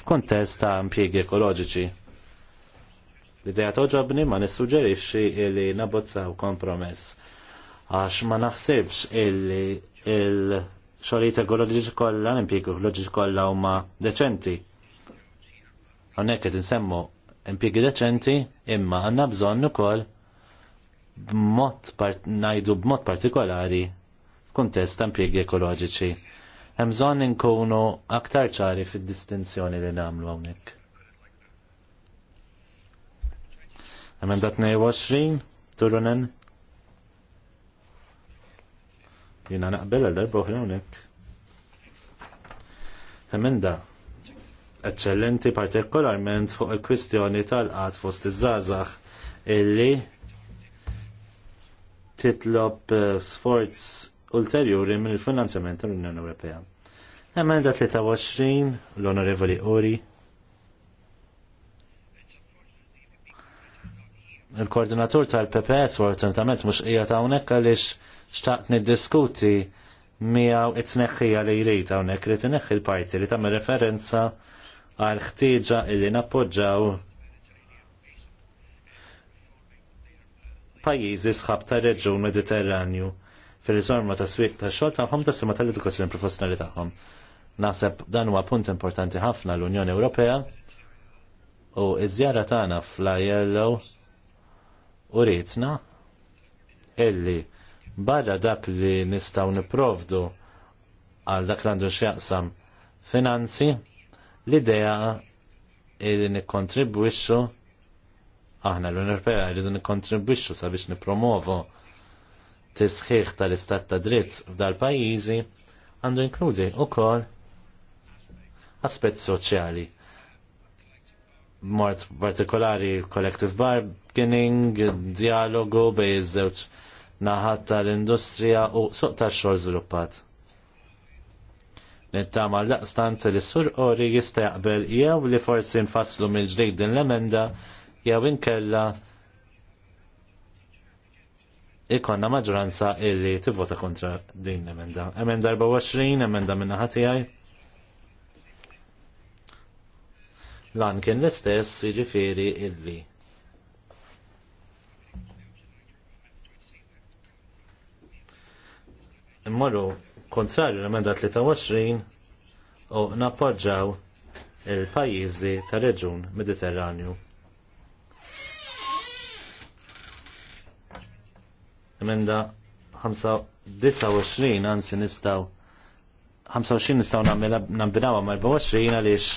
f'kuntest ta' impjiegi ekoloġiċi. L-idea toġobni ma nissuġġerixxi li nabbozzaw kompromess għax ma naħsibx illi il xogħlijiet ekoloġiċi kollha, impjegi ekoloġiċi kollha huma deċenti. Hawnhekk qed insemmu impjiegi deċenti imma għandna bżonn ukoll b'mod ngħidu b'mod partikolari f'kuntest ta' impjiegi ekoloġiċi. Hemm bżonn inkunu aktar ċari fid-distinzjoni li nagħmlu hawnhekk. Emendat 22, Turunen, Jina naqbel għal darba uħra unek. Emenda, eccellenti partikolarment fuq il-kwistjoni tal-qat fost iż-żazax illi titlob eh, sforz ulterjuri minn il-finanzjament tal-Unjoni Ewropea. Emenda 23, l-Onorevoli Uri. Il-koordinatur tal-PPS fortunatament mhux ta' hawnhekk għaliex xtaqt niddiskuti miegħu it-tneħħija li jrid hawnhekk li tneħħi l-parti li tagħmel referenza għal ħtieġa illi nappoġġaw pajjiżi sħab tar reġjun Mediterranju fil-riżorma ta' swieq ta' xogħol tagħhom ta' sema tal-edukazzjoni professjonali tagħhom. Naħseb dan huwa punt importanti ħafna l-Unjoni Ewropea u iż-żjara tagħna fl-ILO u rietna illi barra dak li nistaw niprovdu għal dak l-għandu xjaqsam finanzi, l-idea li nikkontribwixxu aħna l-Unjoni Ewropea rridu nikkontribwixxu sabiex nipromovu tisħiħ tal-istat ta' dritt f'dal-pajjiżi għandu inkludi wkoll aspett soċjali. Mort partikolari collective bargaining, dialogu bej iż-żewġ naħat tal-industrija u suq tax-xogħol żviluppat. Nittama daqstant li sur ori jista' jaqbel jew li forsi nfasslu mill-ġdejt din l-emenda jew inkella ikonna maġranza illi tivvota kontra din l-emenda. Emenda 24, emenda minna ħatijaj. Lan kien l-istess jiġifieri illi immorru kontrarju l-emenda 23 u nappoġġaw il-pajjiżi tar reġun Mediterranju. Emenda 29 anzi nistaw 25 nistaw nambinawa ma' 24 għaliex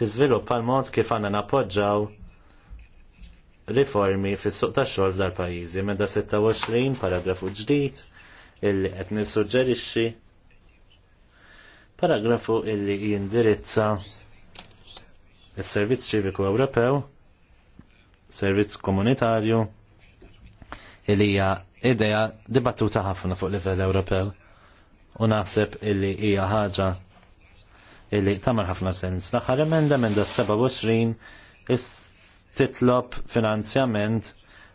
tiżvilupp pal mod kif għanna nappoġġaw riformi fis suq tax xogħol f'dar pajjiżi. Emenda 26 paragrafu ġdid illi qed nissuġġerixxi paragrafu illi jindirizza is-Servizz Ċiviku Ewropew, servizz komunitarju illi hija idea dibattuta ħafna fuq livell Ewropew u naħseb illi hija ħaġa illi tamar ħafna sens. L-aħħar emenda minn 27 titlob finanzjament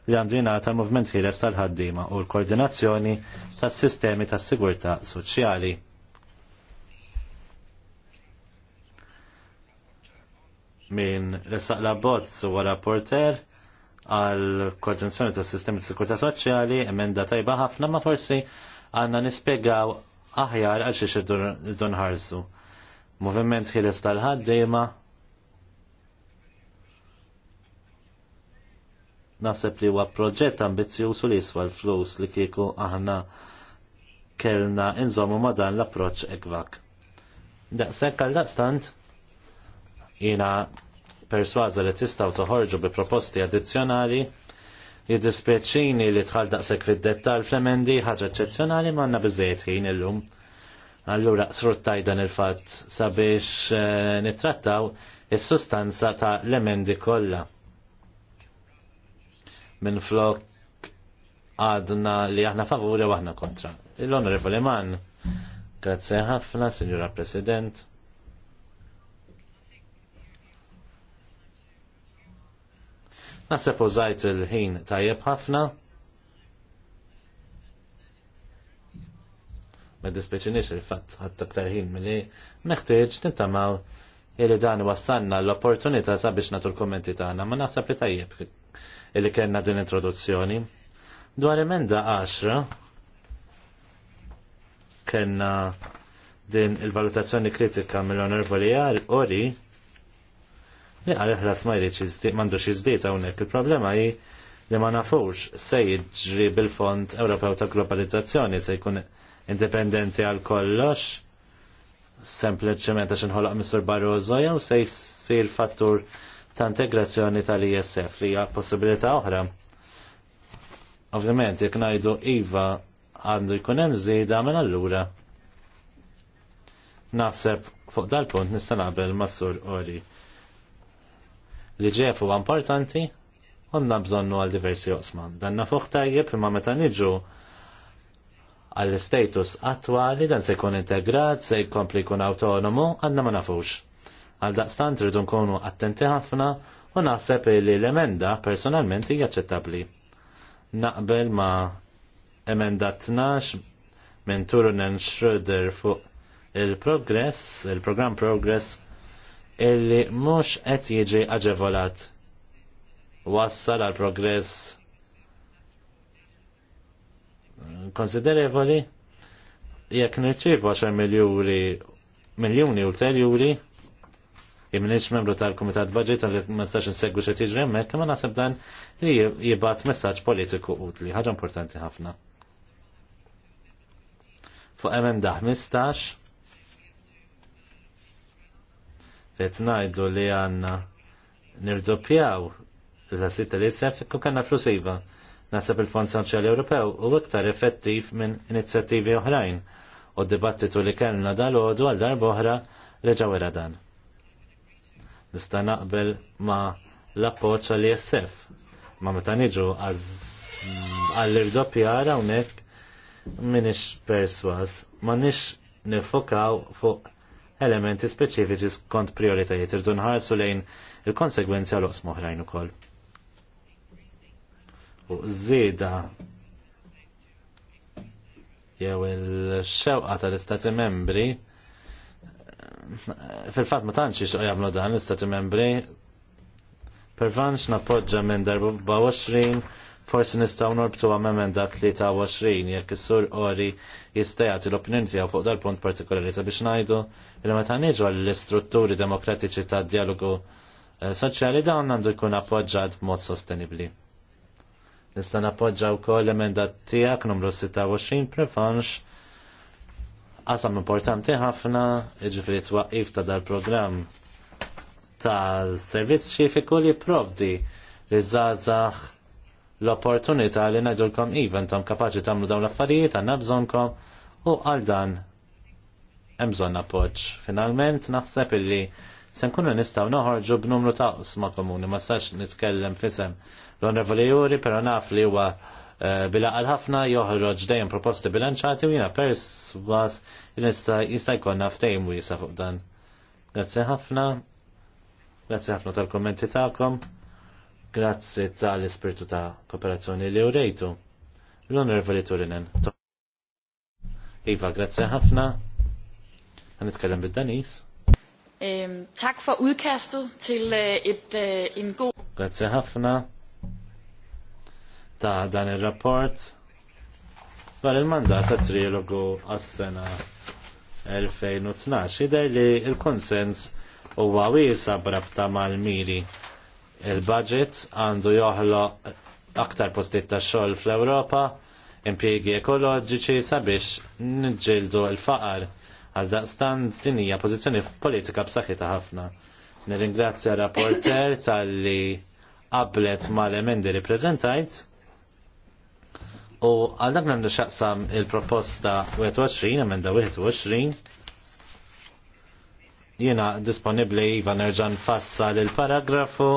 li għandu jingħata movement ħieles tal ħaddima u l-koordinazzjoni tas-sistemi tas-sigurtà soċjali. Min ressaq la bozz u rapporter għal koordinazzjoni tas-sistemi tas-sigurtà soċjali emenda tajba ħafna ma forsi għandna nispjegaw aħjar għal xiex id-dunħarsu. Moviment ħieles tal-ħaddiema Naħseb li huwa proġett ambizzjuż li jiswa l-flus li kieku aħna kellna inżommu ma dan l-approċċ ekvak. Daqshekk għal daqstant jiena persważa li tistgħu toħorġu bi proposti addizzjonali dispjaċini li tħal daqshekk fid dettall fl-emendi ħaġa eċċezzjonali m'għandna biżejjed ħin illum. Allura sruttaj dan il-fatt sabiex eh, nittrattaw is-sustanza ta' l-emendi kollha minn flok għadna li aħna favuri u aħna kontra. L-Onorevoli Mann, grazie ħafna, Signora President. Nasib użajt il-ħin tajjeb ħafna. Ma dispeċinix il-fatt ħatta ktar ħin mill-li neħtieġ il li dan wassanna l-opportunità sabiex natu l-kommenti tagħna ma naħseb li tajjeb illi kellna din introduzzjoni. Dwar emenda 10 kellna din il-valutazzjoni kritika mill-onorvoli ori li għal ħlas ma jrid m'għandux jiżdied hawnhekk. Il-problema hi li ma nafux se jiġri bil-Fond Ewropew ta' Globalizzazzjoni se jkun indipendenti għal kollox sempliċement għax inħoloq Mr. Barroso jew se jsir fattur ta' integrazzjoni tal-ISF li hija possibilità oħra. Ovvjament, jekk ngħidu iva għandu jkun hemm żieda minn mela allura. Naħseb fuq dal-punt nista' naqbel mas-sur Ori. Li ġef huwa importanti, għandna bżonnu għal diversi oqsma. Danna fuq tajjeb imma meta niġu għall status attwali dan se jkun integrat, se jkompli jkun autonomu, għandna ma nafux. Għal daqstant rridu nkunu attenti ħafna u naħseb li l-emenda personalment hija aċċettabbli. Naqbel ma emenda 12 minn Turunen Schröder fuq il-progress, il-program progress, illi mhux qed jiġi aġevolat. Wassal għal progress konsiderevoli jekk nirċievu 10 miljuni miljuni ulterjuri jimniex membru tal-Komitat Budget għalli ma nistax insegwu xe tiġri hemmhekk, imma nasib dan li jibgħat messaġġ politiku utli, ħaġa importanti ħafna. Fuq emenda 15 qed ngħidu li għandna nirdoppjaw l-assitta li kuk għanna flusiva. Nasab il-Fond Sanċjali Ewropew u iktar effettiv minn inizjattivi oħrajn u d-dibattitu li kellna dal-ħodu għal darba oħra reġawera dan nista' naqbel ma' l-appoġġ għal ISF. Ma meta niġu għall irdoppjar hawnhekk m'iniex perswas, ma nix nifokaw fuq elementi speċifiċi skont prioritajiet irdu nħarsu lejn il-konsegwenzi l oqsmu oħrajn ukoll. U żieda jew il-xewqa tal-Istati membri fil-fat ma tantx ix jagħmlu dan l-istati membri pervanx nappoġġa minn darba 20 forsi nistgħu norbtu għamemmen dak li ta' 20 jekk is-sur qori jistajat l-opinjoni tiegħu fuq dal-punt partikolari sabiex ngħidu li meta niġu għall-istrutturi demokratiċi ta' dialogu eh, soċjali dawn għandu jkun appoġġat b'mod sostenibbli. Nista' nappoġġa wkoll emenda tiegħek numru 26 prefanx qasam importanti ħafna, jiġifieri waqif ta' dal-programm ta' servizz xifiku li jiprovdi li l-opportunità li ngħidulkom even iva, intom kapaċi tagħmlu dawn l-affarijiet għanna bżonkom u għal dan hemm bżonn appoġġ. Finalment naħseb illi se nkunu nistgħu noħorġu b'numru ta' osma komuni, ma sax nitkellem fisem l onrevoli juri, pero naf li huwa Eh, bilaqal ħafna joħroġ dejjem proposti bilanċati u jina pers was jista' jkollna ftejm u jisa fuq dan. Grazie ħafna, Grazie ħafna tal-kommenti ta'kom. Grazie tal-ispirtu ta' kooperazzjoni li urejtu. L-onorevoli Turinen. Iva, grazie ħafna. Għanitkellem bid-Danis. Tak for udkastet til eh, et, en eh, god... Grazie ħafna ta' dan il-rapport dwar il-mandat ta' trilogu għas-sena 2012 jidher li il-konsens huwa wiesa brabta mal-miri. Il-budget għandu joħloq aktar postiet ta' xogħol fl-Ewropa, impjiegi ekoloġiċi sabiex nġildu l-faqar għal daqstant din hija pożizzjoni politika b'saħħitha ħafna. Nirringrazzja rapporter tal-li qablet mal-emendi li preżentajt U għal dak nandu xaqsam il-proposta 21, emenda 21, jiena disponibli iva nerġan fassa l-paragrafu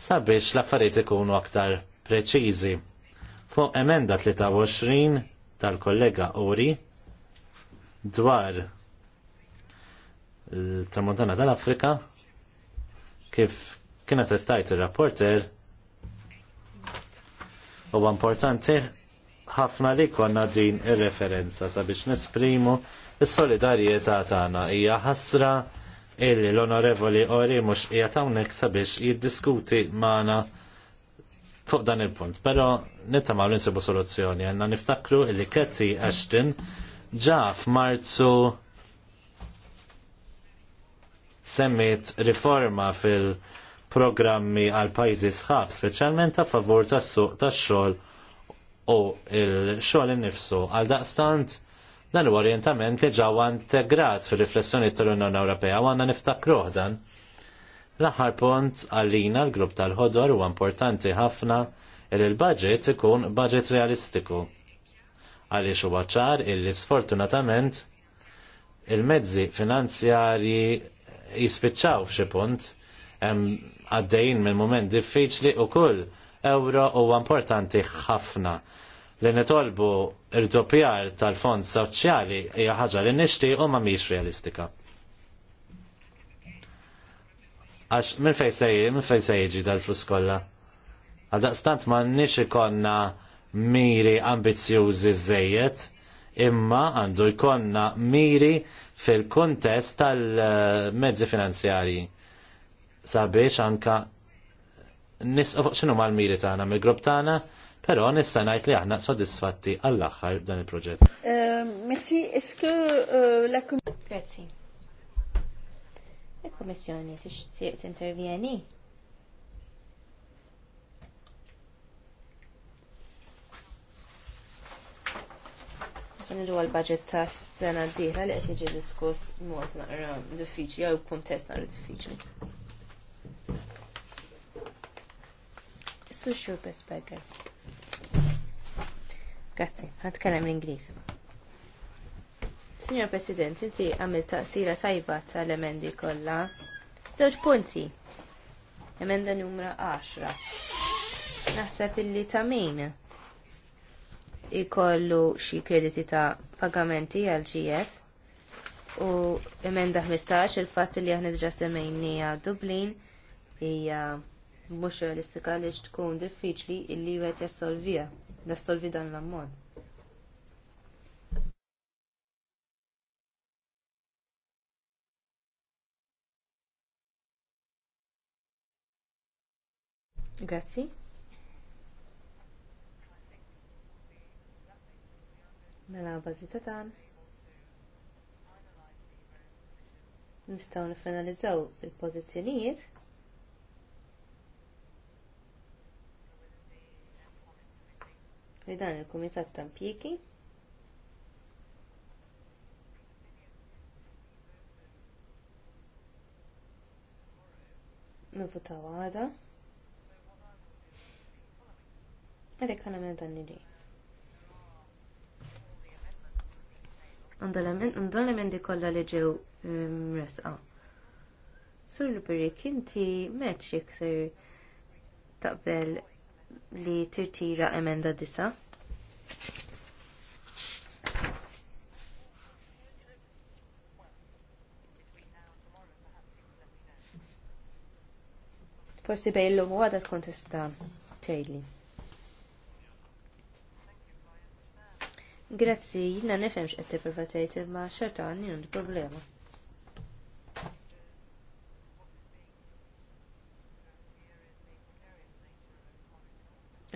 sabiex l-affarijiet ikunu aktar preċiżi. Fuq emenda 23 tal-kollega Uri dwar il tramontana tal-Afrika kif kienet tajt il-rapporter huwa importanti ħafna li konna din ir-referenza sabiex nesprimu il solidarjetà tagħna hija ħasra illi l-onorevoli Ori mux qiegħed hawnhekk sabiex jiddiskuti mana fuq dan il-punt. Però nittama' l-insibu soluzzjoni għanna niftakru illi Ketty Ashton ġa f'Marzu semmiet riforma fil-programmi għal pajjiżi sħab, speċjalment ta' favur tas-suq tax-xogħol u il-xogħol innifsu għal daqstant dan huwa orientament li ġawa integrat fir-riflessjoni tal-Unjoni Ewropea u għandna niftakruh dan. L-aħħar punt għallina l-grupp tal-ħodor huwa importanti ħafna il il-budget ikun budget realistiku. Għaliex huwa ċar illi sfortunatament il-mezzi finanzjarji jispiċċaw f'xi punt hemm għaddejjin minn mument diffiċli u euro huwa importanti ħafna. Li netolbu irdopjar tal-fond soċjali hija ħaġa li u ma mhix realistika. Għax minn fejn se minn fejn jiġi dal-flus kollha. Għaldaqstant ma nix ikonna miri ambizjużi żejjed, imma għandu jkollna miri fil-kontest tal-mezzi eh, finanzjarji sabiex anka nisqafuq xinu mal-miri tagħna mill-grupp tagħna, però nista' ngħid li aħna sodisfatti għall-aħħar dan il-proġett. Eh, merci, eske eh, la Grazzi. Il-Kummissjoni tixtieq tintervjeni? Nidu għal-budget ta' s-sena d-dihra li għet jġi diskuss mod naqra diffiċli, għaw kuntest naqra diffiċli. Grazzi, għad kellem l-Inglis. Signor President, inti għamil taqsira tajba tal-emendi kollha. Żewġ punti. Emenda numra 10. Naħseb illi ta' min ikollu xi krediti ta' pagamenti għal GF u emenda 15 il fat li aħna diġa għal Dublin hija uh, mhux realistika li tkun diffiċli illi wieħed jassolvija, nassolvi dan l-ammont. Grazzi. Mela bażita tan. Nistgħu nifinalizzaw il-pożizzjonijiet. li dan il-Kumitat ta' Impjiegi nivutaw għada. Għalek għana minn dan nidi. Għandal emendi kolla li ġew mresqa. Ehm, Sur li birri kinti meċ jikser taqbel li tirtira emenda disa. Forsi bej l-lum u għadat kontesta tejli. Grazzi, jina nefemx għed t privatajt ma xertan jina problema.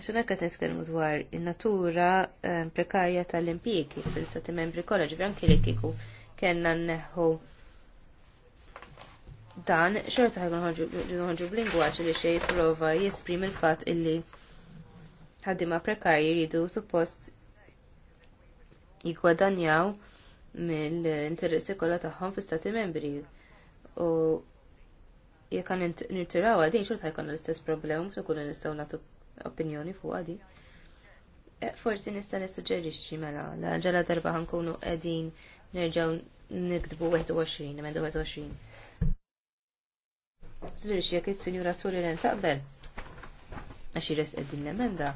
Għaxan ekka t-eskelmu dwar natura ehm, prekarja tal-impjegi fil-stati membri kolla ġivjanki li kiku kena neħu dan xorta ħagħu lingwaċ li xej prova jesprim il-fat illi ħaddima prekarji jridu suppost jikwadanjaw mill-interessi kollha tagħhom fl-istati membri. U jekk nirtiraw għadin din xorta jkollna l-istess problem mhux ikunu nistgħu nagħtu opinjoni fuq għadi. E, forsi nista nissuġġerixxi mela, la ġala darba ħankunu qegħdin nerġgħu nikdbu 21, emenda 21. Suġġerixxi jekk it-Sinjura Turi len taqbel għax jires qegħdin l-emenda.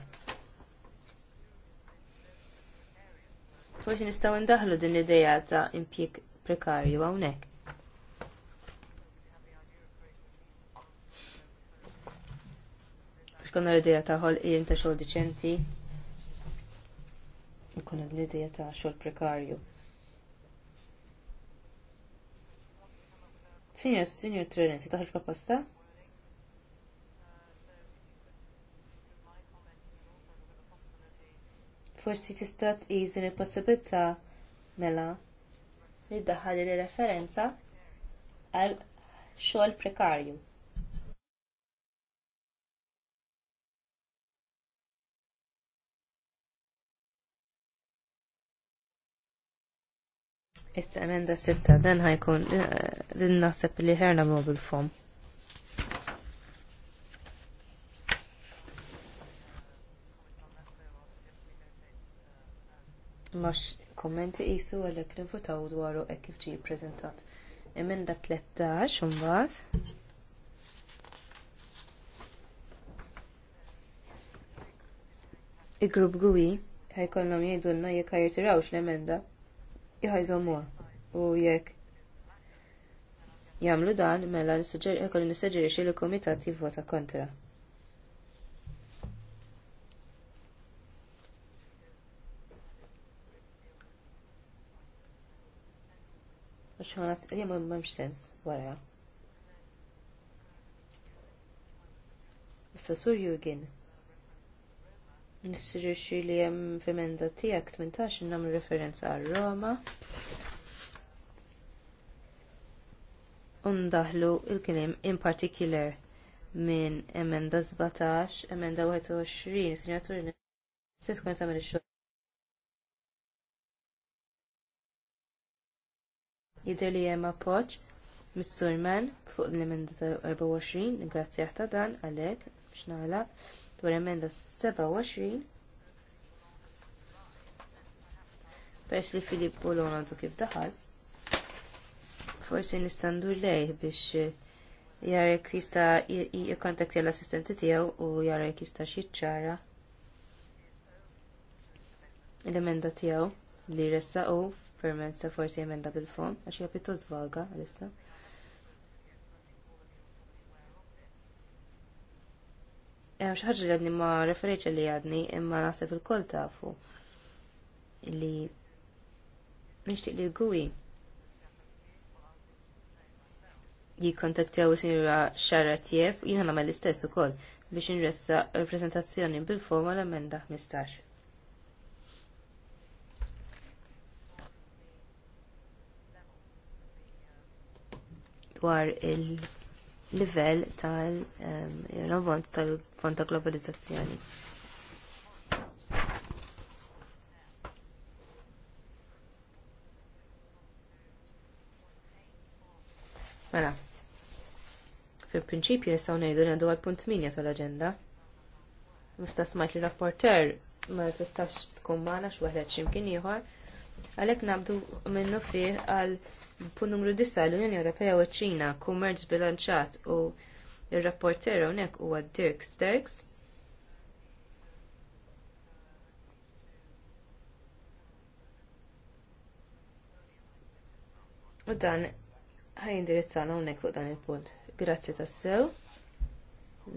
Forsi nistgħu ndaħlu din l-idea ta' impjieg prekarju hawnhekk. Xkonna l-ideja ta' ħol jinta xol diċenti, ikun l-ideja ta' xol prekarju. Signor, signor Trenin, ti taħħġ proposta? Forsi tista' tqisi il-possibilità mela li daħħal referenza għal xogħol prekarju. Issa emenda sitta, dan ħajkun, eh, din naħseb li ħerna mu bil-fom. Max kommenti jisu għalek nifutaw dwaru ekkif kif ġi prezentat. Emenda 13, unbat. Il-grupp gwi ħajkollom jgħidulna jekk ħajrtirawx l-emenda jħajżomuha u jekk jagħmlu dan mela jkollu nissuġġerixxi li l-kumitat jivvota kontra. Għax m'hemmx sens wara. Issa Sur Jurgen. Nisġirxi li jem f'emenda tijak 18 nam referenza għal Roma. Undaħlu il-kelim in particular minn emenda 17, emenda 21, signor Turin, s kun tamil il-xol. Jider li jem appoċ, Mr. Man, fuq l-emenda 24, grazzi ta' dan, għalek, xnaħla dwar emenda 27 Pers li Filippo Lona tu kif daħal forsi nistandur lej biex eh, jarek jista jikontaktja l-assistenti tiegħu u jarek jista xitċara l-emenda tiegħu li ressa u permenza forsi emenda bil-fond għax hija pjuttost għalissa. issa. Eh, xaħġa li għadni ma refereċa li għadni imma nasib il-kol tafu li nishtiq li għuwi jikontaktjaw sinjura Xaratjev jina nama l-istess u kol biex nressa reprezentazzjoni bil-forma l-emenda 15. dwar il- livell tal-ravant ehm, tal-fond ta' globalizzazzjoni. Mela, fil-prinċipju nistgħu ngħidu ngħidu għal punt minja tal-aġenda. Nista' smajt li rapporter ma tistax tkun magħna waħed x'imkien ieħor. Għalhekk nabdu minnu fih għal pun numru 9 l-Unjoni Ewropea u ċ-Ċina kummerġ bilanċat u ir-rapporter hawnhekk huwa Dirk Sterks. U dan ħajindirizzana hawnhekk fuq dan il-punt. Grazzi tassew.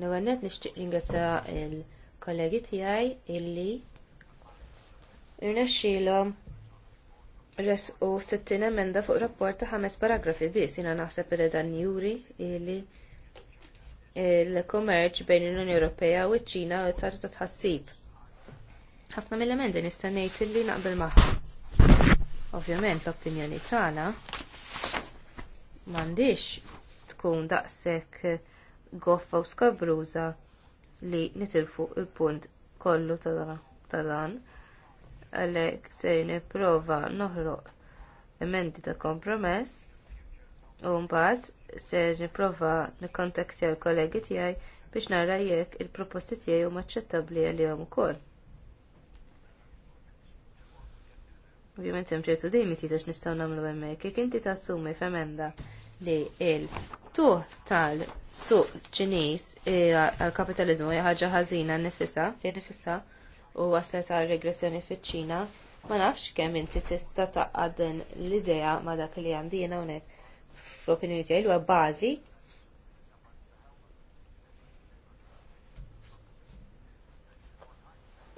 l nixtieq ringrazzja il-kollegi tiegħi illi irnexxielhom res u 60 emenda fuq rapport ta' ħames paragrafi biss jiena naħseb li dan juri li l kummerċ bejn l-Unjoni Ewropea u ċ-Ċina tagħti ta' tħassib. Ħafna mill-emendi nista' ngħid li naqbel magħha. Ovvjament l-opinjoni tagħna m'għandix tkun daqshekk goffa u skabruża li nitilfu l punt kollu ta' dan għalhekk se nipprova noħroq emendi ta' kompromess u mbagħad se nipprova nikkontakti l-kollegi tiegħi biex nara jekk il-proposti tiegħi huma aċċettabbli għalihom ukoll. Ovvjament hemm ċertu limiti għax nistgħu nagħmlu hemmhekk. Jekk inti tassumi f'emenda li il-tuħ tal-suq ċiniż eh, għall kapitaliżmu hija ħaġa ħażina nnifisha, nifisha u waslet għal regressjoni fiċ-Ċina, ma nafx kemm inti tista' taqgħad din l-idea ma dak li għandi jiena hawnhekk fl-opinjoni tiegħi huwa bażi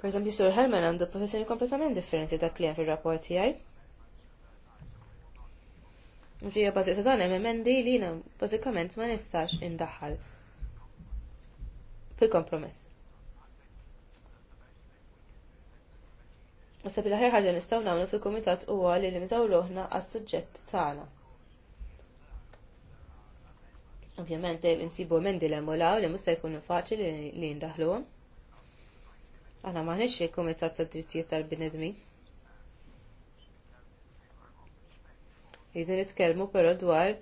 Per eżempju, Sur Herman għandu professjoni kompletament differenti dak li fil-rapport tiegħi. Ġija bażi ta' dan hemm emendi li jiena bażikament ma nistax indaħħal fil-kompromess. Nasab il ħaġa nistgħu nagħmlu fil-kumitat huwa li limitaw ruħna għas-suġġett tagħna. Ovvjament insibu emendi l law li mhux se jkunu faċli li ndaħluhom. Aħna m'aħniex il-Kumitat tad-Drittijiet tal-Bnedmi. Jidu nitkellmu però dwar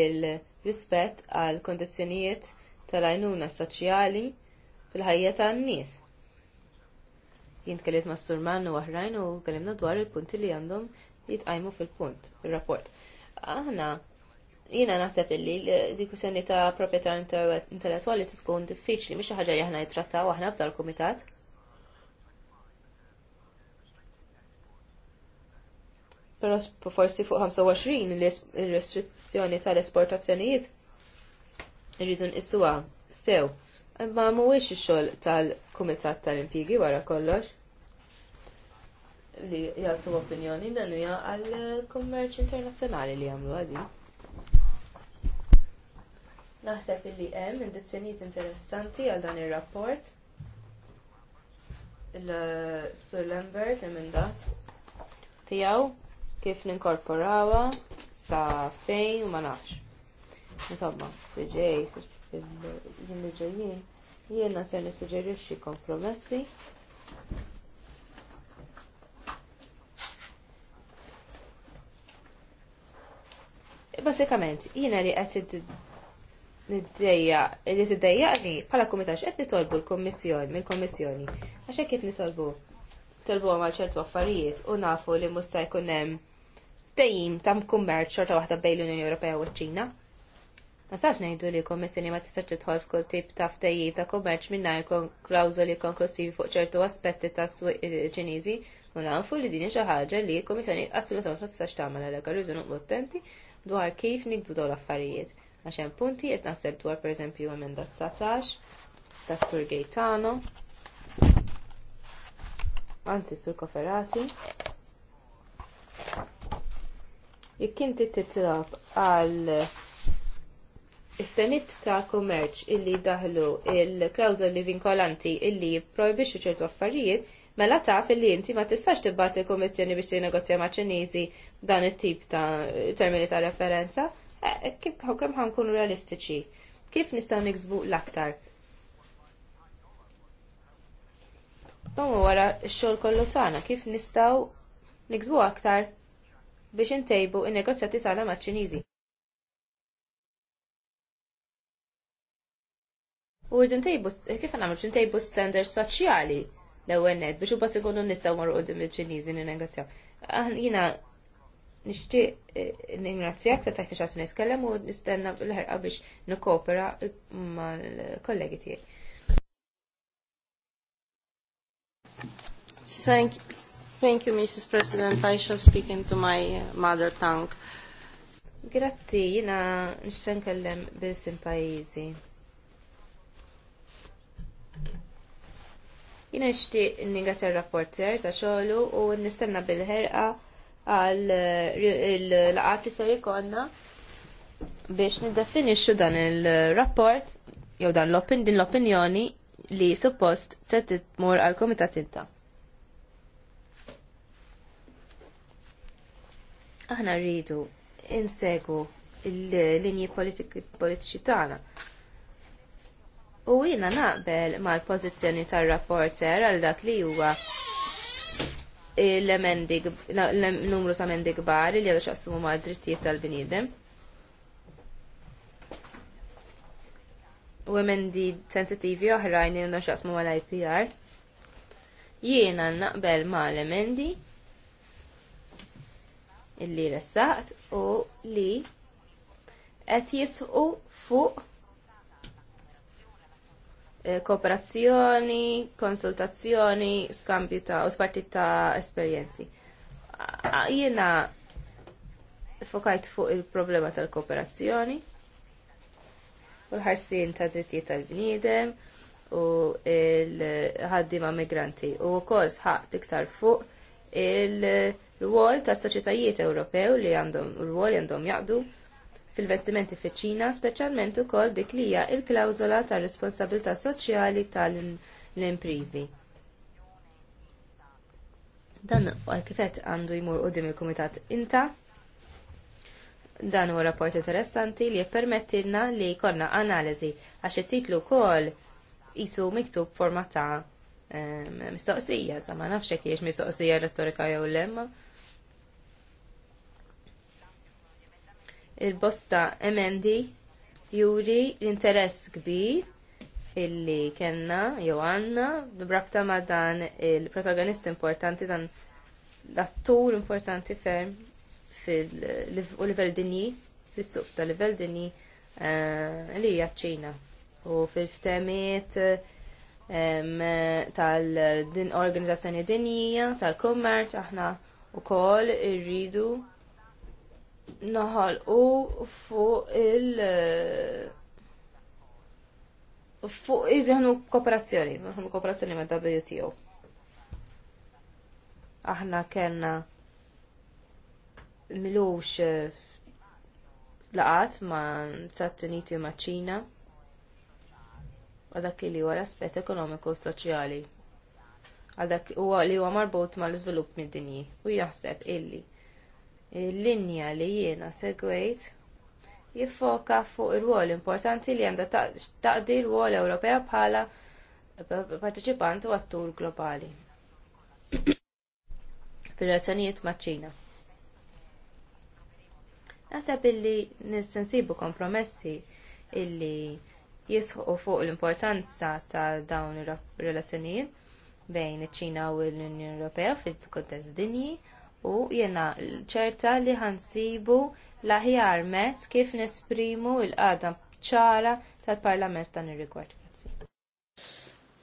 il-rispett għal kondizzjonijiet tal-għajnuna soċjali fil-ħajja tan-nies jien kellet ma' Surman u għahrajn u kellimna dwar il-punti li għandhom jitqajmu fil-punt, il-rapport. Aħna, jiena naħseb illi dik kwistjoni ta' proprjetà intellettwali tkun diffiċli mhix xi ħaġa li aħna jitrattaw aħna f'dal kumitat. Però forsi fuq 25 il-restrizzjoni tal-esportazzjonijiet irridu nqissuha sew imma mhuwiex ix-xogħol tal-Kumitat tal-Impjigi wara kollox li jgħattu opinjoni dan hija għall kummerċ internazzjonali li jagħmlu għadi. Naħseb li hemm indizzjonijiet interessanti għal dan ir-rapport. Eh, Sur Lambert dak, tiegħu kif ninkorporawha sa fejn ma nafx. Insomma, CJ, fil ġimli ġejjin, jiena se nissuġġerixxi kompromessi. Basikament, jiena li qed niddejja li tiddejjaqni bħala kumitax qed nitolbu l-kummissjoni mill-kummissjoni għax hekk kif nitolbu tolbu għal ċertu affarijiet u nafu li mhux se jkun hemm dejjim ta' kummerċ xorta waħda bejn l-Unjoni Ewropea u ċ-Ċina. Ma sax ngħidu li l-Kommissjoni ma tistax tidħol f'kull tip ta' ftehim ta' kummerċ mingħajr klawżoli konklusivi fuq ċertu aspetti tas-swieq eh, Ċiniżi u nafu li din xi ħaġa li l-Kommissjoni assolutament ma tistax tagħmel għalhekk irridu noqgħdu attenti dwar kif nikdu daw l-affarijiet. Għax hemm punti qed naħseb dwar pereżempju emenda 19 tas-Sur Gaetano anzi sur koferati. Jekk inti titlob għal il-femit ta' kummerċ illi daħlu il-klawżoli vinkolanti illi jipprojbixxu ċertu affarijiet, mela taf illi inti ma tistax tibbat il-Kummissjoni biex tinnegozja ma' Ċiniżi dan it-tip ta' termini ta' referenza, eh, eh, kif kemm ħankunu realistiċi? Kif nistgħu niksbu l-aktar? Tomu wara xol kollu tagħna, kif nistgħu niksbu aktar biex intejbu n negozjati tagħna ma' Ċiniżi? U rridu ntejbu, kif għanamlu, ntejbu standards soċjali l għennet biex u bat ikonu nistaw marru għoddim il-ċinizi n-negazzjaw. nishti n eh, ningrazzjak ta' taħt xas nitkellem u nistenna l-ħerqa biex ma' mal-kollegi tiegħi. Thank, thank you, Mrs. President. I shall speak into my eh, mother tongue. Grazzi, jina nixxan kellem bil-sim pajizi. Jina n-ningat il rapporter ta' xoħlu u nistenna bil-ħerqa għal eh, l-laqat li seri konna biex niddefinixxu dan il-rapport jew dan l din l-opinjoni li suppost se mur għal komitat inta. Aħna rridu insegu l-linji politiċi tagħna U jiena naqbel mal-pożizzjoni tar-rapporter għal dak li huwa l numru ta' mendi kbar li għadu x'assumu ma' drittijiet tal-bnidem. U mendi sensitivi oħrajn li għadu xaqsumu ma' l-IPR. Jiena naqbel ma' l-emendi illi ressaqt u li qed jisqu fuq Eh, kooperazzjoni, konsultazzjoni, skambju ta' u spartit ta' esperjenzi. Jiena fokajt fuq il-problema tal-kooperazzjoni u l-ħarsin ta' drittijiet tal-bniedem u l-ħaddima migranti u wkoll sħaq iktar fuq il-rwol tas soċjetajiet Ewropew li għandhom rwol għandhom jaqdu fil-vestimenti fiċ-Ċina, speċjalment ukoll dik li hija l-klawżola tar responsabilità soċjali tal-imprizi. Dan kifet għandu jmur qudiem il-Kumitat Inta. Dan huwa rapport interessanti li jippermettilna li jkollna analiżi għax it-titlu wkoll isu miktub forma ta' mistoqsija, sa' ma' nafxek jiex mistoqsija retorika jew lemma. il-bosta emendi juri l-interess kbir illi kellna jew għandna brabta ma' dan il-protagonist importanti dan l-attur importanti ferm fil-livell dinji, fil-suq ta' livell dinji eh, li hija U fil-ftemiet tal-organizzazzjoni dinjija, tal-kummerċ, aħna u kol irridu naħalqu fuq il- eh, fuq irriħnu kooperazzjoni, nħnu kooperazzjoni ma' WTO. Aħna kena milux eh, laqat ma' Stati Uniti u ma' Ċina għadak li huwa l-aspett ekonomiku u soċjali għadak huwa li huwa marbut mal-iżvilupp mid-dinji u jaħseb illi il-linja li jiena segwejt jiffoka fuq ir wol importanti li għandha taqdi l-wol Ewropea bħala parteċipant u għattur globali. Fir-relazzjonijiet maċ-Ċina. Naħseb illi nistensibu kompromessi illi jisħu fuq l-importanza ta' dawn ir-relazzjonijiet bejn iċ-Ċina u l-Unjoni Ewropea fil-kuntest dinji u jiena ċerta li ħansibu l-aħjar mezz kif nesprimu l-qadam ċara tal-Parlament dan ir-rigward.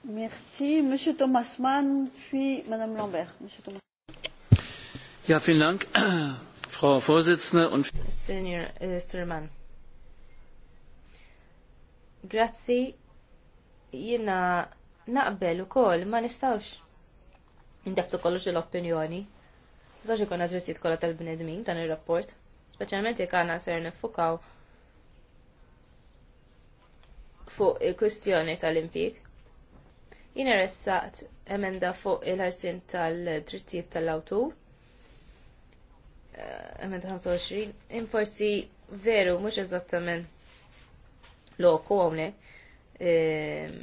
Merci, M. Thomas Mann, puis Mme Lambert. Monsieur Thomas. Ja, vielen Dank, Frau Vorsitzende und Senior äh, eh, Sirman. Grazzi, Jena naqbel u kol, ma nistawx. Indeftu kollox l-opinjoni Zax ikonna drittijiet kollha tal-bnedmin dan ir-rapport, speċjalment jekk għana ser nifukaw fuq il-kwistjoni tal impik Jien iressaqt emenda fuq il-ħarsin tal-drittijiet tal-awtur. Eh, emenda 25, inforsi veru mhux eżattament loku għomne. Ehm,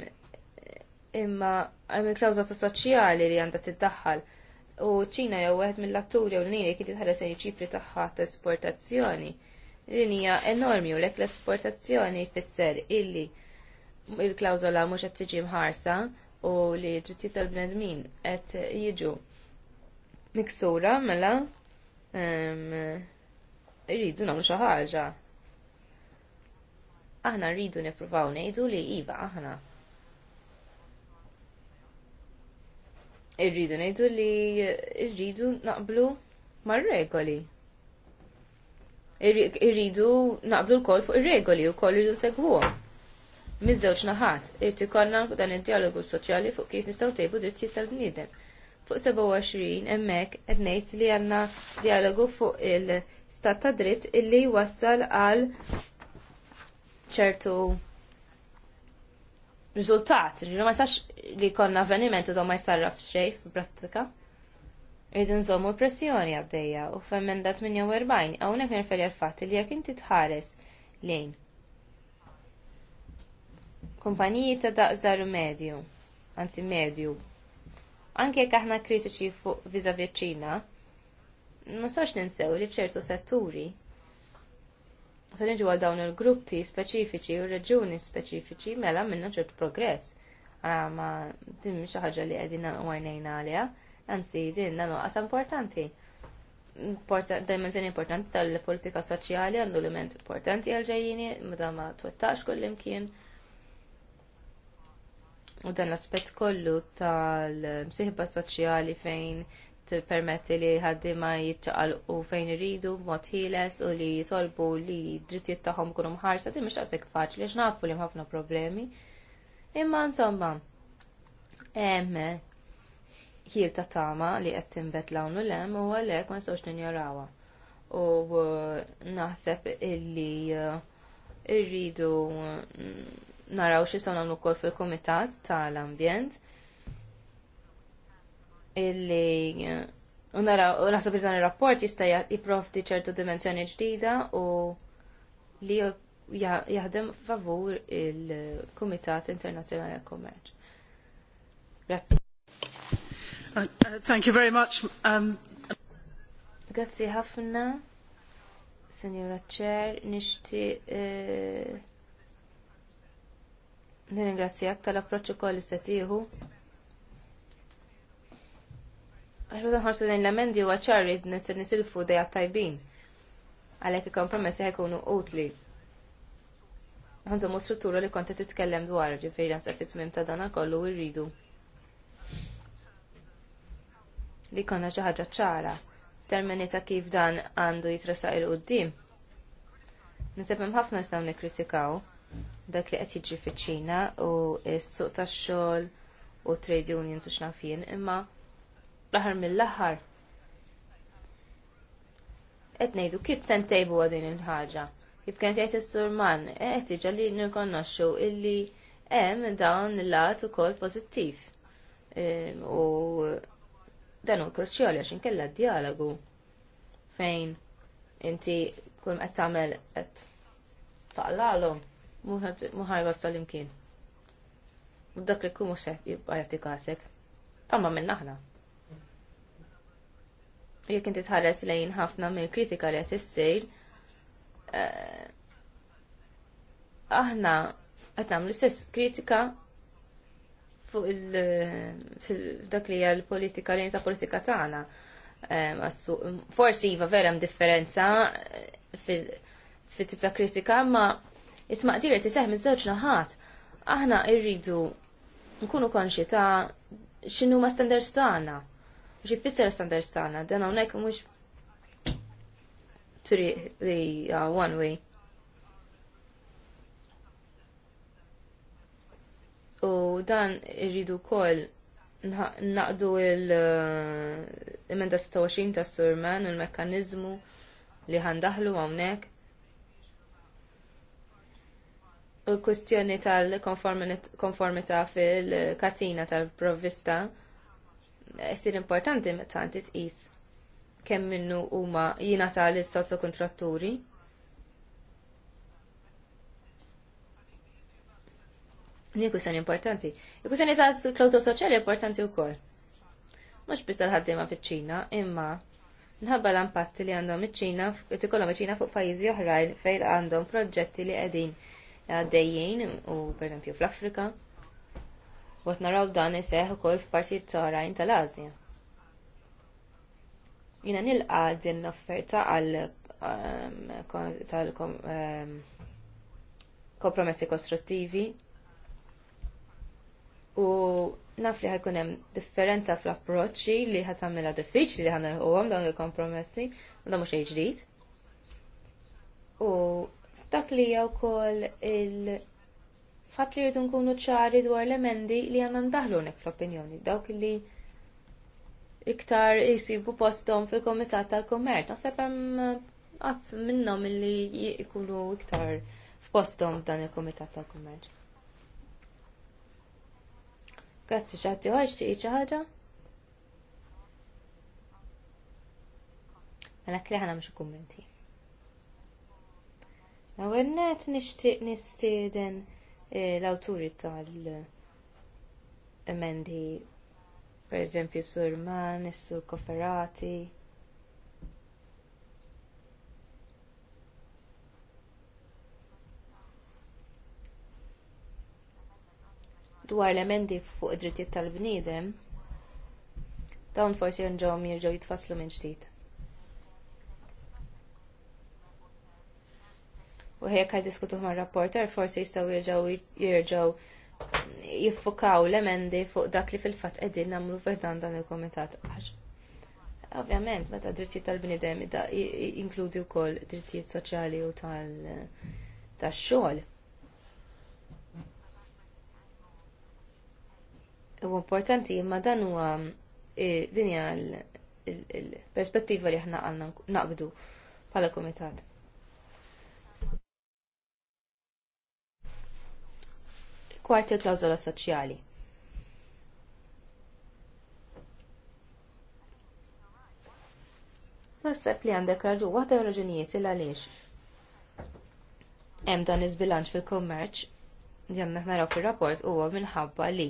imma għamil il-klawża soċjali li għandha tiddaħħal u ċina jew wieħed mill-atturi u l-nini kien titħares ċifri tagħha ta' esportazzjoni. Din hija enormi u lek l-esportazzjoni jfisser illi il klawzola mhux qed tiġi mħarsa u li drittijiet tal-bnedmin qed jiġu miksura mela irridu nagħmlu xi ħaġa. Aħna rridu nippruvaw ngħidu li iva aħna irridu ngħidu li irridu naqblu mar-regoli. Irridu naqblu l-kol fuq ir-regoli u koll irridu segwuhom. Mizzewċ żewġ naħat, irid ikollna dan id-dialogu soċjali fuq kif nistgħu tejbu dritti tal-bniedem. Fuq 27 hemmhekk qed ngħid li għandna dialogu fuq il-stat ta' dritt illi wassal għal ċertu riżultat, ma jistax li konna avveniment u ma jistarraf xej f'prattika. Irridu nżommu pressjoni għaddejja u f'emmenda 48 hawnhekk nirferi għal-fat li jekk inti tħares lejn. Kumpaniji ta' daqżar medju, anzi medju. Anke jekk aħna kritiċi fuq viża ċina, ma sax ninsew li f'ċertu setturi se nġu għal dawn il-gruppi speċifiċi u reġuni speċifiċi mela minna ċert progress. Għara ma din xi ħaġa li qegħdin u għajnejna għaliha, anzi din nagħlqu qas importanti. Dimensjoni importanti tal-politika soċjali għandu element importanti għal ġejjini meta ma twettax kullimkien. U dan l-aspett kollu tal-msiħba soċjali fejn tippermetti li ħaddiema jiċċaqalqu fejn iridu b'mod ħieles u li jitolbu li d-drittijiet tagħhom ikunu mħarsa din mhux taqsek faċli għax nafu li ħafna problemi. Imma insomma, hemm ħiel ta' tama li qed tinbet lawn u lem u għalhekk ma nistgħux ninjorawha. U uh, naħseb illi uh, irridu mm, naraw x'istgħu nagħmlu wkoll fil-kumitat tal-ambjent illi unara u naħseb dan ir-rapport jista' jipprovdi ċertu dimensjoni ġdida u li jaħdem favur il-Kumitat Internazzjonali għal kummerċ Grazzi. Uh, uh, thank you very much. Um... Grazzi ħafna, Senjora Ċer, nishti uh, eh, nirringrazzjak tal-approċċu koll istatiju Għax ma nħarsu lejn l amendi u għacċarri nitilfu dejja tajbin. Għalhekk il-kompromessi ħajkunu utli. Għanżomu struttura li konta titkellem dwar ġifieri għansab it mim ta' dana kollu irridu. Li konna xi ħaġa ċara termini ta' kif dan għandu jitrasa il-qoddim. Nisebem ħafna nistaw kritikaw dak li qed jiġri fiċ-Ċina u s-suq tax-xogħol u trade unions u x'nafien imma l-aħħar mill-aħħar. Qed ngħidu kif se ntejbu din il-ħaġa. Kif kien jgħid is-surman, qed eh, jiġa li nirkonnoxxu illi hemm dawn il-lat ukoll pożittiv. Ehm, u dan hu kruċjali għax inkella dialogu fejn inti kull qed tagħmel qed taqlalhom muħar wassal imkien. U dak li xe jibqa' jagħti kasek. Tamma minn aħna jekk inti tħares lejn ħafna mill-kritika li qed issir, eh, aħna qed nagħmlu l-istess kritika fuq dak li hija l-politika li ta' politika tagħna. Eh, forsi iva vera hemm differenza eh, fit-tip ta' kritika, ma it-maqdir li iseħħ miż-żewġ naħat. Aħna rridu nkunu konxi ta' x'inhuma standards tagħna Xi jfisser standards tagħna, dan hawnhekk mhux triq li one way. U dan irridu wkoll naqdu il-emenda eh, 26 ta' Surman u l-mekkanizmu li ħandaħlu għonek. U l-kustjoni tal-konformita fil-katina tal-provvista essir importanti meta inti tqis kemm minnu huma jingħata lis kontratturi. Ni kwistjoni importanti. il jita' ta' klawżla soċjali importanti wkoll. Mhux biss tal-ħaddiema fiċ-Ċina, imma nħabba l ampatti li għandhom iċ-Ċina, qed ikollhom iċ-Ċina fuq pajjiżi oħrajn fejn għandhom proġetti li qegħdin għaddejjin u perżempju fl-Afrika u naraw dan iseħħ ukoll f'partijiet oħrajn tal-Asja. Jiena nilqa din l-offerta għal ehm, ehm, kompromessi kostruttivi u naf li ħajkun hemm differenza fl-approċċi li ħad tagħmilha diffiċli li ħanilħuhom dawn il-kompromessi u dan mhux xejn ġdid. U f'dak li jew ukoll il- Fatt li jridu nkunu ċari dwar l-emendi li għandna ndaħlu hawnhekk fl-opinjoni, dawk li iktar jisibu posthom fil kumitat tal kommert Naħseb hemm għat eh, minnhom li jkunu iktar f'posthom f'dan il kumitat tal kommert Grazzi xatti ħarġ tiqi xi ħaġa? Mela kli ħana mhux kummenti. Ewwel net nixtieq nistieden Eh, l-awturi tal-emendi pereżempju sur Man, sur Koferati. dwar l-emendi fuq id-drittijiet tal-bniedem, dawn forsi nġom jirġgħu jitfasslu minn ġdid. u ħejja għaj diskutu ma' rapporter forsi jistaw jirġaw jirġaw jiffukaw l-emendi fuq dak li fil-fat edin namlu f'dan dan il-komitat. Ovvjament, meta drittijiet tal-bnidem inkludi wkoll drittijiet soċjali u tal-xogħol. U importanti imma dan huwa e, din hija l-perspettiva li aħna naqbdu bħala komitat. kwarti klawzola soċjali. Naħseb li għandek raġu waħda raġunijiet il għaliex. Hemm dan iż-bilanċ fil-kummerċ jgħam għandna naraw fir-rapport huwa minħabba li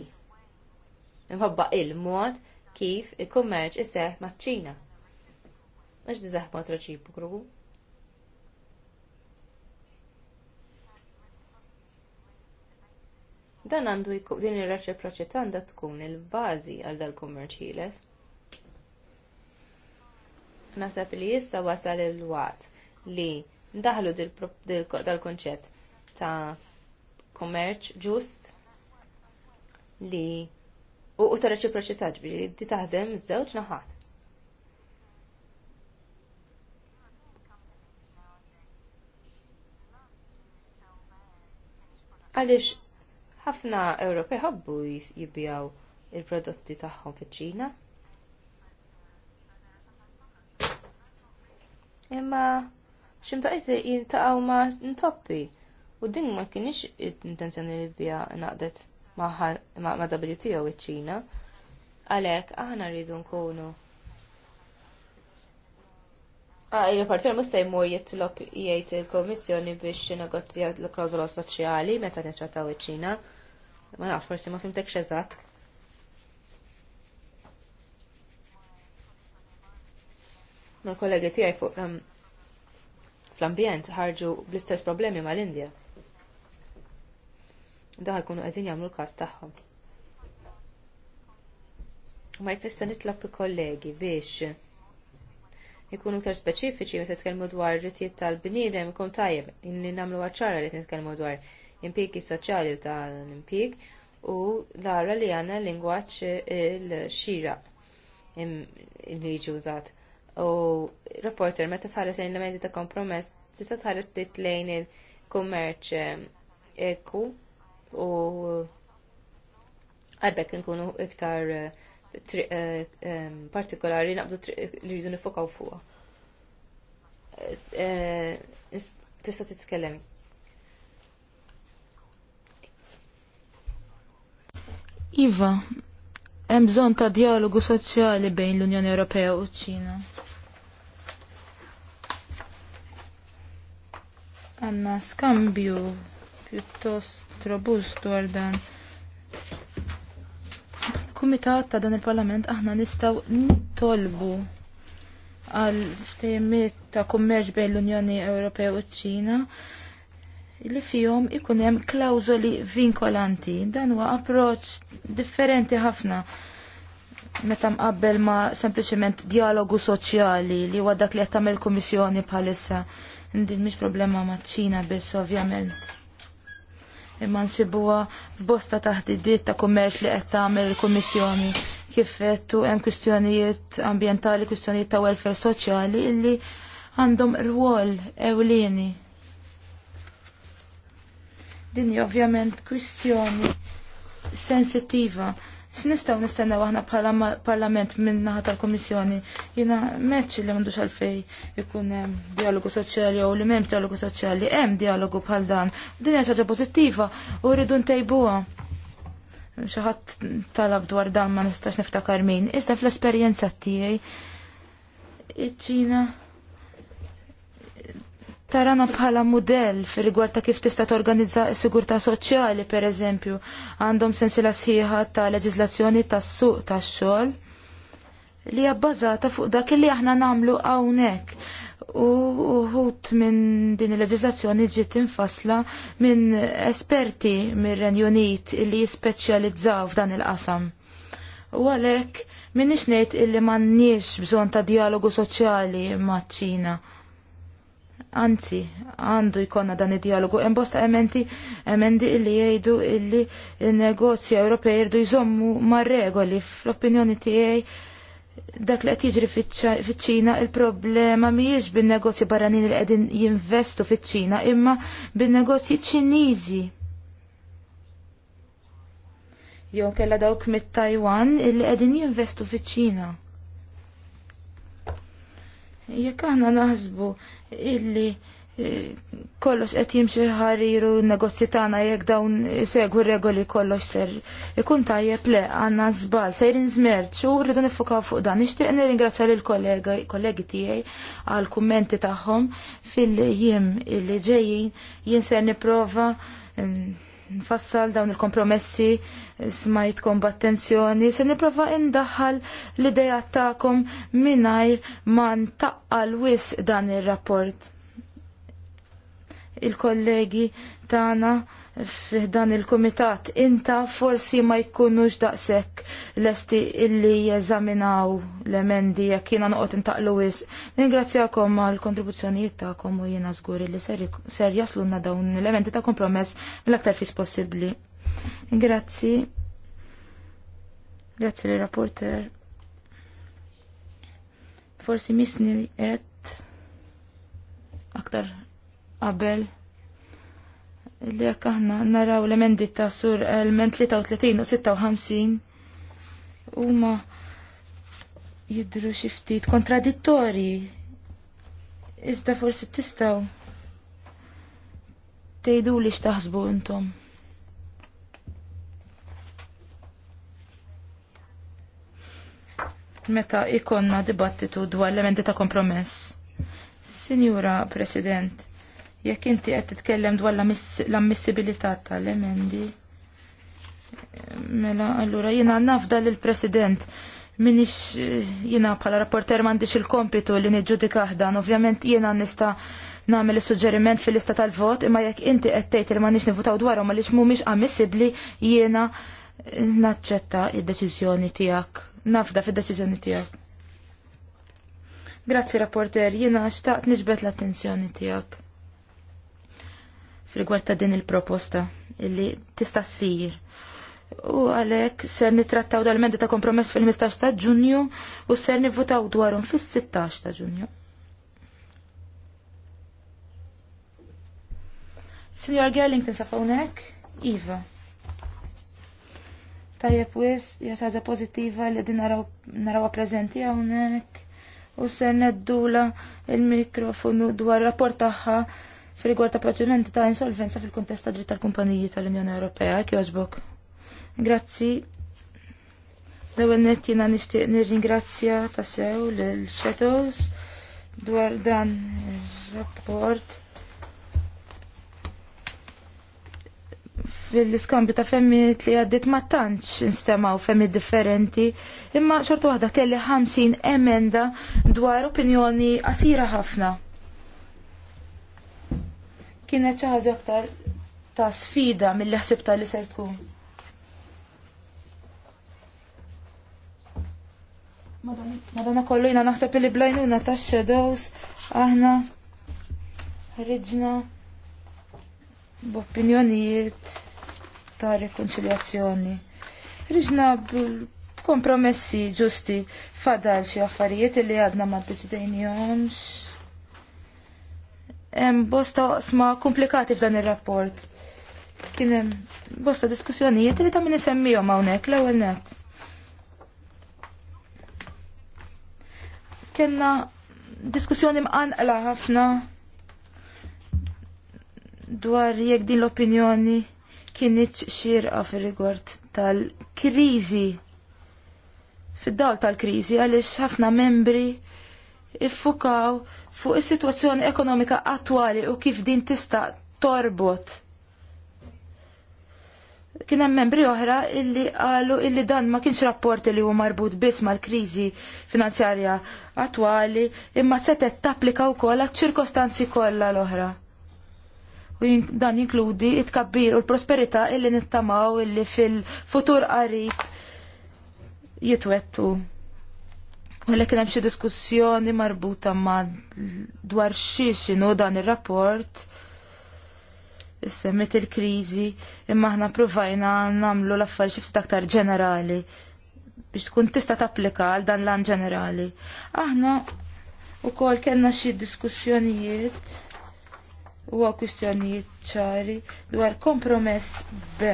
minħabba il-mod kif il-kummerċ isseħ maċ-Ċina. Għax diżaħ mod reċiproku Dan għandu din ir-reċiproċità għandha tkun il-bażi għal dal-kummerċ Nasab li issa wasal il-waqt li ndaħlu dal-konċett ta' kummerċ ġust li u ta' reċiproċità ġbiri li taħdem iż-żewġ naħat. Għalix, ħafna Ewropej ħobbu jibjaw il-prodotti tagħhom fiċ-Ċina. Imma ximtaqt jintaqgħu ma ntoppi u din ma kienx intenzjoni li bija naqdet ma' WTO iċ-Ċina. Għalhekk aħna rridu nkunu ah, Il-partner se jmur jitlob jgħid il-Komissjoni biex negozja l-klawżola soċjali meta nitrataw iċ-Ċina ma naf forsi ma fimtek xezat. Ma kollegi tiegħi fuq um, fl-ambjent ħarġu bl-istess problemi mal-Indja. Daħ kunu qegħdin jagħmlu l-każ taħħom. Ma jek nista' bi kollegi biex ikunu iktar speċifiċi meta tkellmu dwar ritjiet tal-bniedem ikun tajjeb li nagħmlu ċara li nitkellmu dwar impjiegi soċjali u tal-impjieg u lara li għandna l-lingwaġġ il-xira il-liġi użat. U reporter meta tħares lejn l ta' kompromess tista' tħares tit lejn il-kummerċ eh, eku u għadbek nkunu iktar eh, eh, partikolari naqbdu li rridu nifokaw fuqha. Tista' titkellem Iva, hemm bżonn ta' dialogu soċjali bejn l-Unjoni Ewropea u ċ-Ċina. Għanna skambju pjuttost robust dwar dan. Kumitat ta' dan il-Parlament aħna nistgħu nittolbu għal ftehimiet ta' kummerċ bejn l-Unjoni Ewropea u ċ-Ċina li fihom ikun hemm klawżoli vinkolanti. Dan huwa approċċ differenti ħafna meta mqabbel ma' sempliċement dialogu soċjali li huwa dak li qed tagħmel kummissjoni bħalissa. Din mhix problema maċ-Ċina biss ovvjament. Imma nsibuha f'bosta taħdidiet ta' kummerċ li qed tagħmel il-Kummissjoni kif qed hemm kwistjonijiet ambjentali, kwistjonijiet ta' welfare soċjali illi għandhom rwol ewlieni Din hija ovvjament kwistjoni sensittiva. X'nistgħu nistennew aħna bħala parlament minn naħa tal-Kummissjoni jiena meċċi li m'għandux għalfej ikun hemm dialogu soċjali jew li m'hemmx dialogu soċjali, hemm dialogu bħal dan. Din hija xaġa pożittiva u rridu ntejbuha Xi ħadd talab dwar dan ma nistax niftakar min. Iżda fl esperjenza tiegħi iċ-Ċina tarana bħala modell fir rigward ta' kif tista' torganizza s-sigurtà soċjali pereżempju għandhom sensila sħiħa ta' leġislazzjoni tas-suq tax-xogħol li hija bbażata fuq dak li aħna nagħmlu hawnhekk. U uħut minn din il-leġislazzjoni ġiet infasla minn esperti mir renju Unit li jispeċjalizzaw f'dan il-qasam. U għalhekk minn ngħid illi m'għandniex bżonn ta' dialogu soċjali maċ-Ċina anzi għandu jkonna dan id-dialogu hemm bosta emendi emendi illi jgħidu illi n-negozji Ewropej jirdu jżommu mar regoli fl-opinjoni tiegħi dak li qed jiġri fiċ-Ċina il-problema mhijiex bin-negozji barranin li qegħdin jinvestu fiċ-Ċina imma bin-negozji Ċiniżi. Jew kellha dawk mit-Taiwan illi qegħdin jinvestu fiċ-Ċina. Jekk aħna naħsbu illi eh, kollox qed jimxi ħariru n-negozji tagħna jekk dawn segwu regoli kollox ser ikun tajjeb le għandna żball sejrin żmerġ u rridu nifukaw fuq dan. Nixtieq nirringrazzja lil kollega kollegi tiegħi għal kummenti tagħhom fil-jiem illi ġejjin jien ser nipprova mm, nfassal dawn il-kompromessi smajtkom b'attenzjoni se nipprova indaħal l ideja ta'kom mingħajr ma ntaqqal wis dan ir-rapport. Il il-kollegi tagħna f'dan il-komitat inta forsi ma jkunux daqsek lesti illi jeżaminaw l-emendi jekk jiena noqgħod intaqlu wis. Ningrazzjakom għal kontribuzzjonijiet ta'kom u jiena żgur li ser jaslunna dawn l-emendi ta' kompromess mill-aktar fis possibbli. Grazzi. Grazzi li rapporter. Forsi misni qed aktar qabel li jekk aħna naraw l-emendi ta' sur element 33 u 56 huma jidru xi ftit kontradittorji. Iżda forsi tistgħu tgħidu li x'taħsbu intom. Meta ikonna dibattitu dwar l-emendi ta' kompromess. Sinjura President, Jekk inti qed titkellem dwar l-ammissibilità tal-emendi. Mela, allura jiena nafda lill president minix eh, jiena bħala rapporter m'għandix il-kompitu li niġġudika dan, ovvjament jiena nista' nagħmel is-suġġeriment fil-lista tal-vot, imma jekk inti qed tgħid li m'għandix nivutaw dwarhom għaliex mhumiex ammissibbli jiena eh, naċċetta id-deċiżjoni tiegħek, nafda fid-deċiżjoni tiegħek. Grazzi rapporter, jiena xtaqt niġbed l-attenzjoni tiegħek fil-gwart ta' din il-proposta illi tista' ssir. U għalhekk ser nitrattaw dal-mendi ta' kompromess fil-15 ta' Ġunju u ser nivutaw dwarhom fis-16 ta' Ġunju. Signor Gerling tinsaf hawnhekk? Iva. Tajjeb wis, hija ħaġa pożittiva li din narawha preżenti hawnhekk u ser neddula il-mikrofonu dwar rapport tagħha fil-rigward ta' proċedimenti ta' insolvenza fil kontesta dritt tal-kumpaniji tal-Unjoni Ewropea, kjoġbok. Grazzi. L-ewwel nett jiena nixtieq nirringrazzja ta' sew lil Shadows dwar dan ir-rapport. fil-iskambju ta' femmi li għaddit ma tantx nstemaw femmi differenti, imma xorta waħda kelli 50 emenda dwar opinjoni qasira ħafna kienet xi ħaġa aktar ta' sfida mill ħsibta li ser tkun. Madonna kollu jina naħseb li blajnuna ta' shadows, aħna ħriġna b'opinjonijiet ta' rekonċiljazzjoni. Ħriġna b'kompromessi ġusti fadal xi affarijiet li għadna ma' deċidejnihomx hemm bosta sma komplikati f'dan ir-rapport. Kien hemm bosta diskussjonijiet li ta' min isemmihom hawnhekk l-ewwel net. Kenna diskussjoni mqanqla ħafna dwar jekk din l-opinjoni kienieċ xirqa fir-rigward tal-kriżi fid-dawl tal-kriżi għaliex ħafna membri iffukaw fuq is-sitwazzjoni ekonomika attwali u kif din tista' torbot. Kien hemm membri oħra illi qalu illi dan ma kienx rapport li huwa marbut biss mal-kriżi finanzjarja attwali imma setet tapplika wkoll għaċ-ċirkostanzi kollha l-oħra u dan jinkludi it-kabbir u l prosperità illi nittamaw illi fil-futur qarib jitwettu. Għalek mela kien hemm xi diskussjoni marbuta ma' dwar xiex inhu dan ir-rapport issemmet il-kriżi imma aħna provajna nagħmlu l-affarijiet xi ftit aktar ġenerali biex tkun tista' tapplika għal dan l-an ġenerali. Aħna wkoll kellna xi diskussjonijiet huwa kwistjonijiet ċari dwar kompromess B.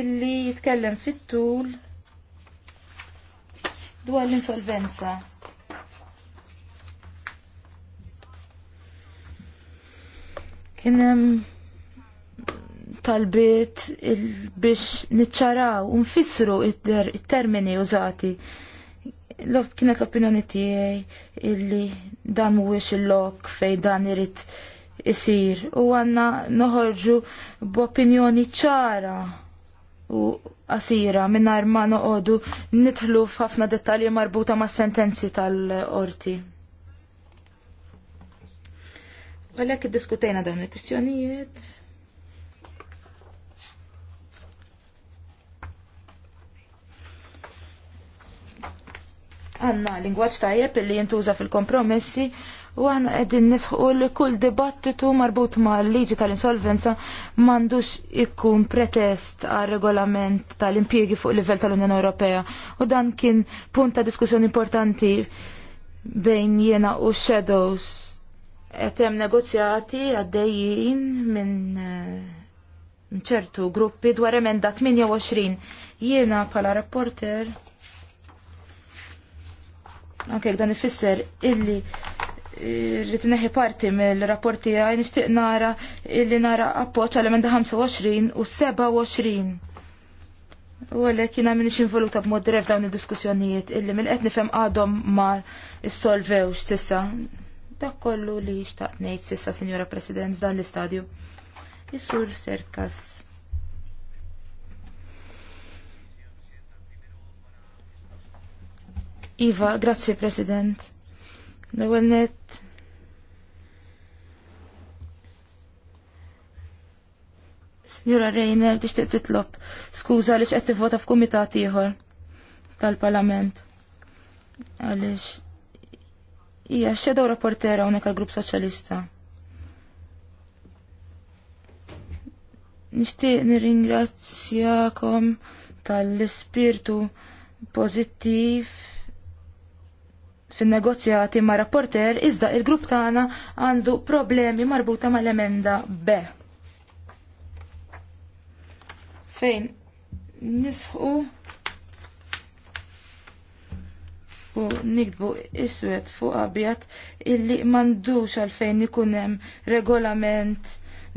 illi jitkellem fit-tul dwar l-insolvenza. Kien hemm talbiet biex niċċaraw u nfissru it-termini użati. Kienet l-opinjoni tiegħi illi dan mhuwiex il-lok fejn dan irid isir u għandna noħorġu b'opinjoni ċara u asira mingħajr ma noqogħdu nidħlu f'ħafna dettalji marbuta mas sentenzi tal-qorti. Għalhekk iddiskutejna dawn il-kwistjonijiet. Għanna lingwaġġ tajjeb li jintuża fil-kompromessi U għana għedin nisħu li kull dibattitu marbut ma' liġi tal-insolvenza mandux ikkun pretest għal regolament tal-impiegi fuq livell tal-Unjoni Ewropea. U dan kien punt ta' diskussjoni importanti bejn jena u shadows. Għetem negozjati għaddejjin eh, minn ċertu gruppi dwar emenda 28. Jiena pala rapporter. Anke dan ifisser illi rrit neħi parti mill-rapporti għaj nishtiq nara illi nara appoċ għal emenda 25 u 27. U għalek jina minix involuta b'mod diref dawn il-diskussjonijiet illi mill-qed nifem għadhom ma s-solvewx tissa. Dak kollu li xtaqt ngħid sissa, Signora President, dan l-istadju. Is-sur Serkas. Iva, grazie President L-ewwel net Signora Reiner tixtieq titlob skuża għaliex qed tivvota f'kumitat ieħor tal-Parlament. Għaliex hija x-shadow rapportera hawnhekk għall-Grupp Soċjalista. Nixtieq nirringrazzjakom tal-ispirtu pożittiv fin-negozjati ma' rapporter iżda il-grupp tagħna għandu problemi marbuta mal-emenda B. Fejn nisħu u nikbu iswed fuq abjad illi mandux għalfejn ikun hemm regolament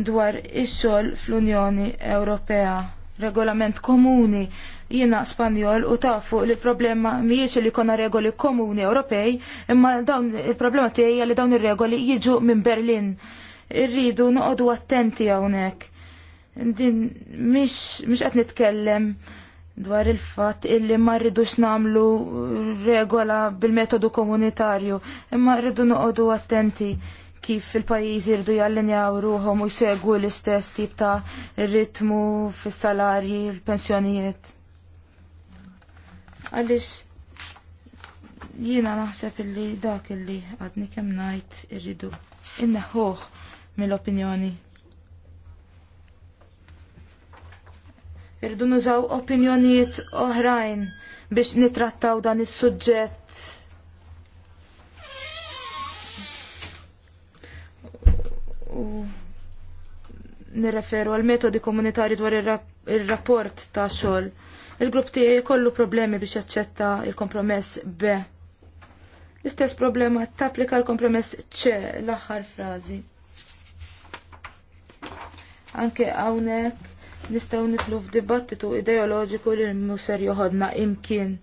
dwar ix-xogħol fl-Unjoni Ewropea regolament komuni. Jiena Spanjol u tafu li problema mhijiex li jkollna regoli komuni Ewropej, imma dawn il-problema tiegħi li dawn ir-regoli jiġu minn Berlin. Irridu noqogħdu attenti hawnhekk. Din mhix mhix qed nitkellem dwar il fatt illi ma rridux namlu regola bil-metodu komunitarju, imma rridu noqogħdu attenti kif il-pajjiżi rridu jallinjaw ruhom u jsegwu l-istess tip ta' ritmu fis-salarji, l-pensjonijiet. Għaliex jiena naħseb illi dak illi għadni kemm ngħid irridu inneħħuh mill-opinjoni. Irridu nużaw opinjonijiet oħrajn biex nitrattaw dan is-suġġett u nirreferu għal metodi komunitari dwar ir-rapport ta' xogħol. Il-grupp tiegħi kollu problemi biex jaċċetta il-kompromess B. L-istess problema tapplika l-kompromess C l-aħħar frazi. Anke hawnhekk nistgħu nitlu f'dibattitu ideoloġiku li l muser joħodna imkien.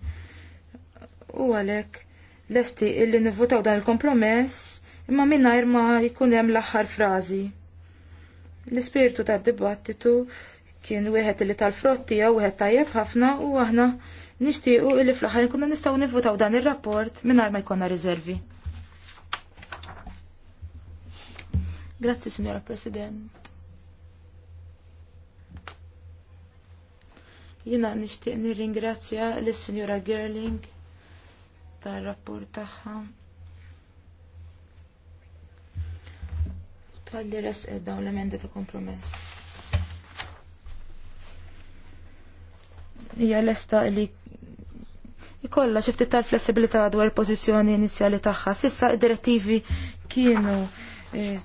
U għalhekk lesti illi nivvutaw dan il-kompromess imma minna ma jkun hemm l-aħħar frażi. L-ispirtu tad-dibattitu kien wieħed li tal-frotti jew wieħed tajjeb ħafna u aħna nixtiequ li fl-aħħar nkunu nistgħu nivvutaw dan ir-rapport mingħajr ma jkollna riservi. Grazzi, Signora President. Jina nixtieq nirringrazzja lis-Sinjora Gerling tar-rapport tagħha. Tħalli res daw dawn l-emendi ta' kompromess. Hija lesta li jikolla xi ftit tal-flessibilità dwar il-pożizzjoni inizjali tagħha. Sissa id-direttivi kienu eh,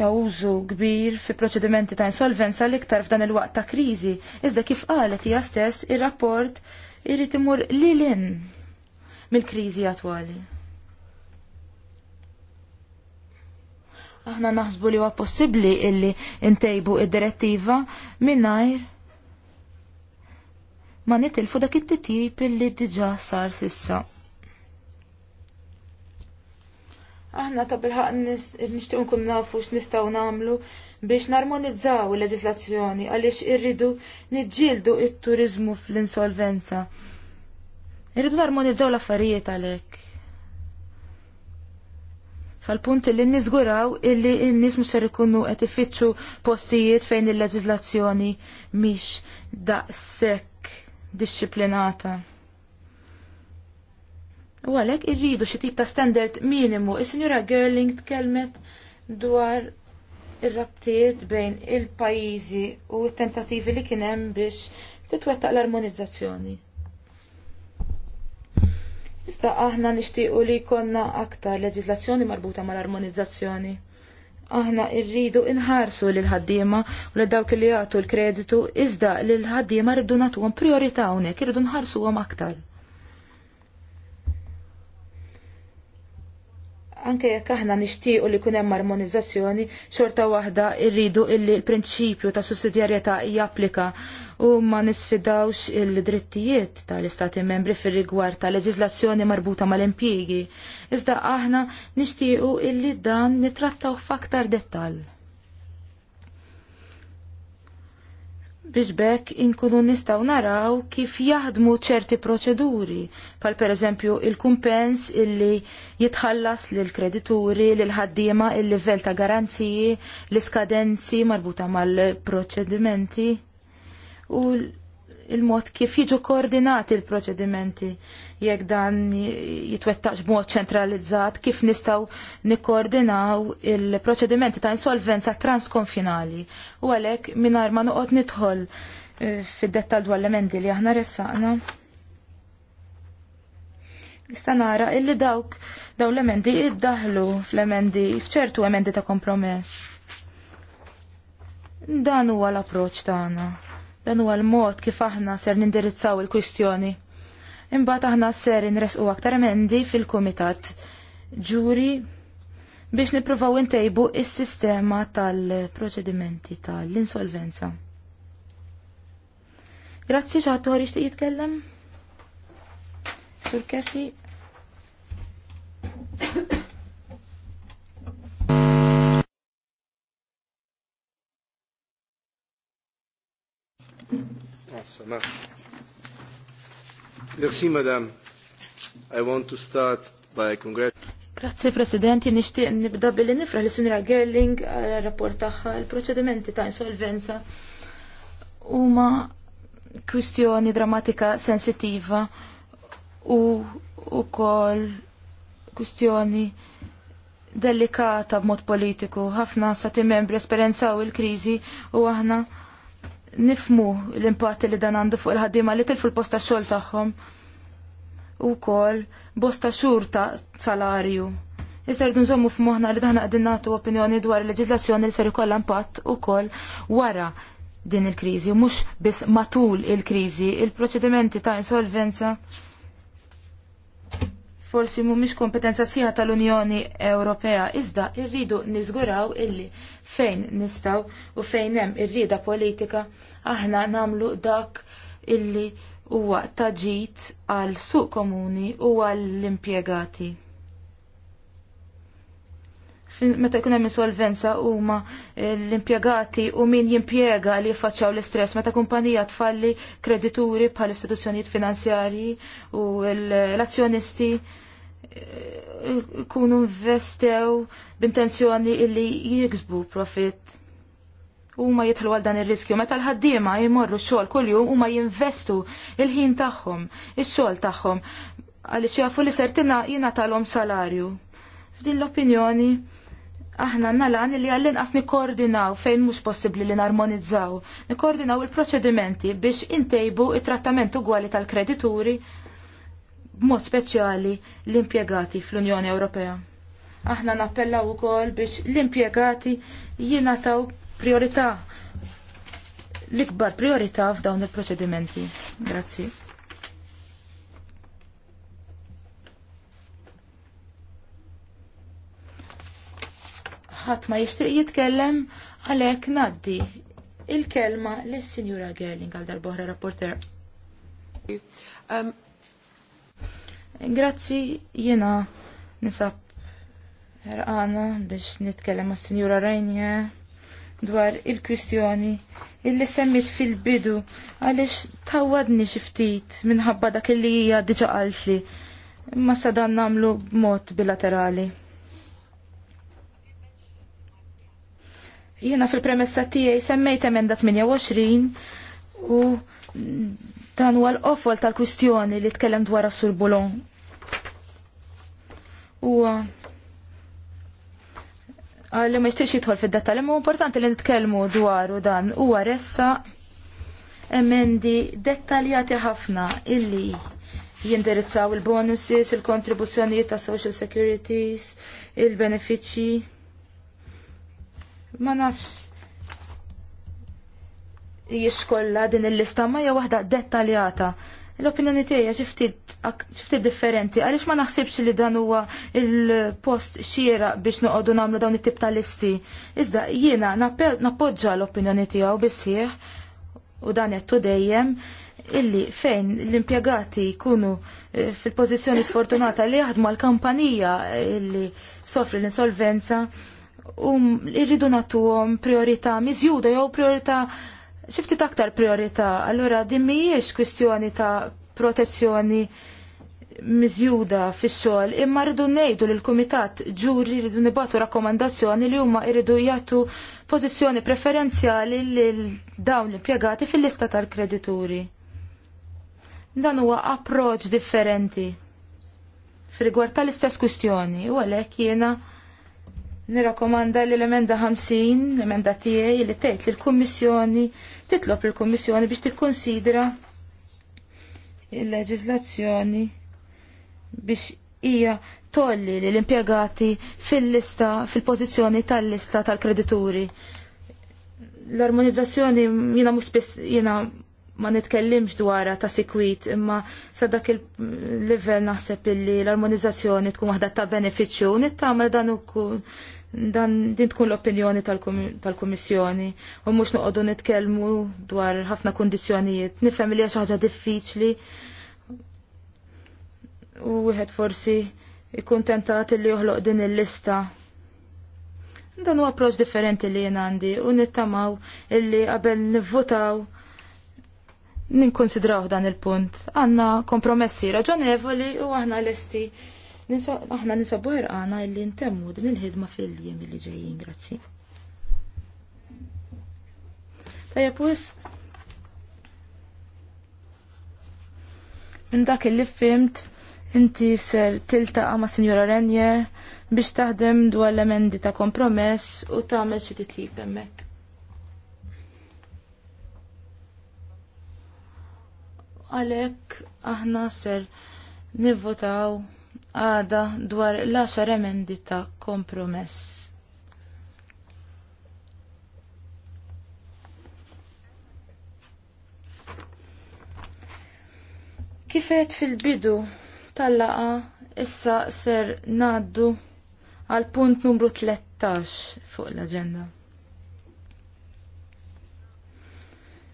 ta' użu kbir fi proċedimenti ta' insolvenza l-iktar f'dan il-waqt ta' kriżi, iżda kif qalet hija stess ir-rapport irid imur lilin mill-kriżi attwali. Aħna naħsbu li huwa possibbli illi ntejbu id-direttiva mingħajr ma nitilfu dak it-titjib illi diġà sar sissa. Aħna ta' bilħaq nixtieq nkun nafu x'nistgħu nagħmlu biex narmonizzaw il-leġislazzjoni għaliex irridu niġġieldu it-turizmu fl-insolvenza. Irridu narmonizzaw l-affarijiet għalhekk sal-punt li niżguraw illi n-nis mux ser ikunu qed ifittxu postijiet fejn il-leġiżlazzjoni mhix daqshekk disċiplinata. U għalhekk irridu xi tip ta' standard minimu. is senjura Gerling tkellmet dwar ir-rabtiet bejn il-pajjiżi u t-tentattivi li kien hemm biex titwettaq l-armonizzazzjoni. Iżda aħna nixtiequ li jkollna aktar leġislazzjoni marbuta mal-armonizzazzjoni. Aħna rridu inħarsu l ħaddiema u li dawk li jagħtu l-kreditu iżda li l ħaddiema rridu nagħtuhom għonek, hawnhekk, irridu nħarsuhom aktar. Anke jekk aħna nixtiequ li jkun hemm armonizzazzjoni, xorta waħda rridu illi l-prinċipju ta' sussidjarjetà japplika u ma nisfidawx il-drittijiet tal-istati membri fir rigward tal leġislazzjoni marbuta mal-impjiegi. Iżda aħna nixtiequ illi dan nitrattaw f'aktar dettal. biex bekk inkunu nistaw naraw kif jaħdmu ċerti proċeduri, pal per eżempju il-kumpens illi jitħallas lil kredituri l ħaddiema il-livell ta' garanziji, l-iskadenzi marbuta mal-proċedimenti u il-mod kif jiġu koordinati l-proċedimenti jekk dan jitwettax b'mod ċentralizzat kif nistaw nikkoordinaw il-proċedimenti ta' insolvenza transkonfinali u għalhekk mingħajr ma noqgħod nidħol eh, fid-dettal dwar l-emendi li aħna ressaqna. Nista' nara illi dawk daw l-emendi iddaħlu fl-emendi f'ċertu emendi ta' kompromess. Dan huwa l-approċċ tagħna. Dan huwa l-mod kif aħna ser nindirizzaw il-kwistjoni. Imbagħad aħna ser inresqu aktar emendi fil-kumitat ġuri biex nippruvaw intejbu is-sistema tal-proċedimenti tal-insolvenza. Grazzi ċaħtu ixtieq jitkellem? Sur Kessi? Merci, madame. I want to start by Grazie Presidenti, nishtiq nibda billi nifra li Sunra Gerling eh, rapport tagħha l-proċedimenti ta' insolvenza huma kwistjoni drammatika sensitiva u kol kwistjoni delikata b'mod politiku. Ħafna stati membri esperjenzaw il-kriżi u aħna nifmu l-impatti li dan għandu fuq il-ħaddima li tilfu l posta xol xogħol tagħhom u kol bosta xhur ta' salarju. Iżda rridu nżommu f'moħħna li daħna qegħdin nagħtu opinjoni dwar il leġizlazzjoni li ser ikollha impatt ukoll wara din il-kriżi, mhux biss matul il-kriżi, il-proċedimenti ta' insolvenza forsi mhumiex kompetenza sieħa tal-Unjoni Ewropea, iżda rridu niżguraw illi fejn nistgħu u fejn hemm irrieda politika aħna nagħmlu dak illi huwa taġit għal suq komuni u għall impjegati meta jkun hemm insolvenza huma eh, l-impjegati u min jimpjega li jiffaċċjaw l-istress meta kumpanija tfalli kredituri bħal istituzzjonijiet finanzjarji u l-azzjonisti jkunu eh, investew b'intenzjoni illi jiksbu profit. Huma jitħlu għal dan ir-riskju meta l-ħaddiema jmorru x-xogħol kuljum huma jinvestu il-ħin tagħhom, ix-xogħol tagħhom għaliex jafu li sertina jingħatalhom salarju. F'din l-opinjoni aħna nalan li għallin qas nikkoordinaw fejn mhux possibbli li narmonizzaw. Nikkoordinaw il-proċedimenti biex intejbu il trattament ugwali tal-kredituri b'mod speċjali l-impjegati fl-Unjoni Ewropea. Aħna nappellaw ukoll biex l-impjegati jingħataw priorità l-ikbar priorità f'dawn il-proċedimenti. Grazzi. ħadd ma jixtieq jitkellem għalhekk ngħaddi il-kelma lis-Sinjura Gerling għal darbohra rapporter. Um... Grazzi jiena nisab ħerqana biex nitkellem mas-Sinjura Rejnie dwar il-kwistjoni illi semmit fil-bidu għalix tawadni xiftit minħabba dak illi hija diġa qalsli imma sa dan namlu b'mod bilaterali. Jiena fil-premessa tiegħi semmejt emenda 28 u dan huwa l offol tal-kwistjoni li tkellem dwar sur Bulon. Huwa li ma jixtiex jidħol fid-dettalji, ma importanti li nitkellmu u dan huwa ressa emendi dettaljati ħafna illi jindirizzaw il-bonuses, il-kontribuzzjonijiet ta' social securities, il-benefiċċji ma nafx jiskolla din il-lista ma hija waħda dettaljata. L-opinjoni tiegħi xi ftit differenti għaliex ma naħsibx li dan huwa il-post xiera biex noqogħdu nagħmlu dawn it-tip ta' listi. Iżda jiena nappoġġa l-opinjoni tiegħu bissieħ u dan qed dejjem illi fejn l-impjegati jkunu eh, fil-pożizzjoni sfortunata li jaħdmu għal-kampanija eh, illi sofri l-insolvenza um, irridu nagħtuhom priorita miżjuda jew priorita xifti aktar priorita. allora din mhijiex kwistjoni ta' protezzjoni mizjuda fix-xogħol, imma rridu ngħidu l kumitat ġuri rridu nibatu rakkomandazzjoni li huma rridu jagħtu pożizzjoni preferenzjali lil dawn l-impjegati fil-lista tal-kredituri. Dan huwa approċ differenti f'rigward tal-istess kwistjoni u għalhekk jiena Nirakomanda l-emenda 50, l-emenda tiegħi li tgħid li l-Kummissjoni titlob il-Kummissjoni biex tikkonsidra il-leġiżlazzjoni biex hija tolli li l-impjegati fil-lista fil-pożizzjoni tal-lista tal-kredituri. L-armonizzazzjoni jiena mhux spiss jiena ma nitkellimx dwarha ta' sikwit imma sa dak il-livell naħseb illi l-armonizzazzjoni tkun waħda ta' benefiċċju nittama dan ukoll dan din tkun l-opinjoni tal-Kummissjoni u mhux noqogħdu nitkellmu dwar ħafna kundizzjonijiet. Nifhem li hija xi ħaġa diffiċli u wieħed forsi jkun tentat li joħloq din il-lista. Dan huwa approċċ differenti li jien għandi u nittamaw illi qabel nivvutaw ninkonsidraw dan il-punt. Għanna kompromessi raġonevoli u aħna l esti aħna nisabu li illi ntemmu din il-ħidma fil-jiem li ġejjin, grazzi. Tajja pus, minn dak illi fimt, inti ser tiltaqa ma' Signora Renjer biex taħdem dwar l-emendi ta' kompromess u tagħmel xi titjib hemmhekk. Għalhekk aħna ser nivvotaw għada dwar l-10 emendi ta' kompromess. Kifet fil-bidu tal laqgħa issa ser ngħaddu għal punt numru 13 fuq l aġenda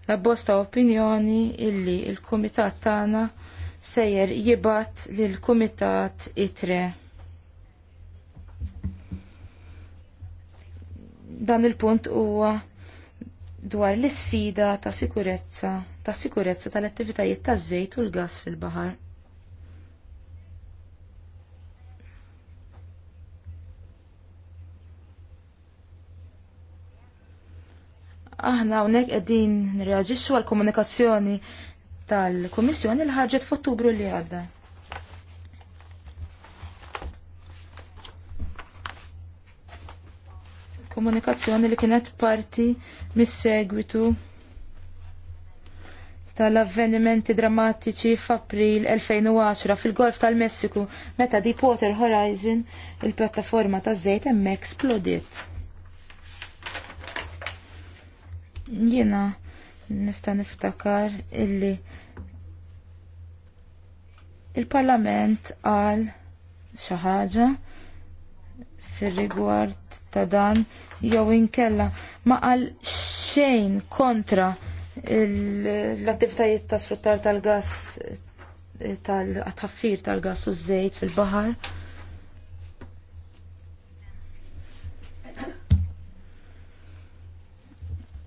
La bosta opinjoni illi il-Kumitat tagħna sejjer jibat lil kumitat itre. Dan il-punt huwa dwar l-isfida ta' sikurezza, ta' sikurezza tal-attivitajiet ta' żejt u l-gas fil-bahar. Aħna hawnhekk qegħdin nirreaġixxu għall komunikazzjoni tal-Kummissjoni li ħarġet f'Ottubru li għadda. Komunikazzjoni li kienet parti mis-segwitu tal-avvenimenti drammatiċi f'April 2010 fil-Golf tal-Messiku meta Deepwater Horizon il-pjattaforma ta' żejt hemm eksplodiet. Jiena nista niftakar illi il-Parlament qal xi ħaġa fir-rigward ta' dan jew inkella ma qal xejn kontra l-attivitajiet ta' sfruttar tal-gass tal attaffir tal-gass u żejt fil-baħar.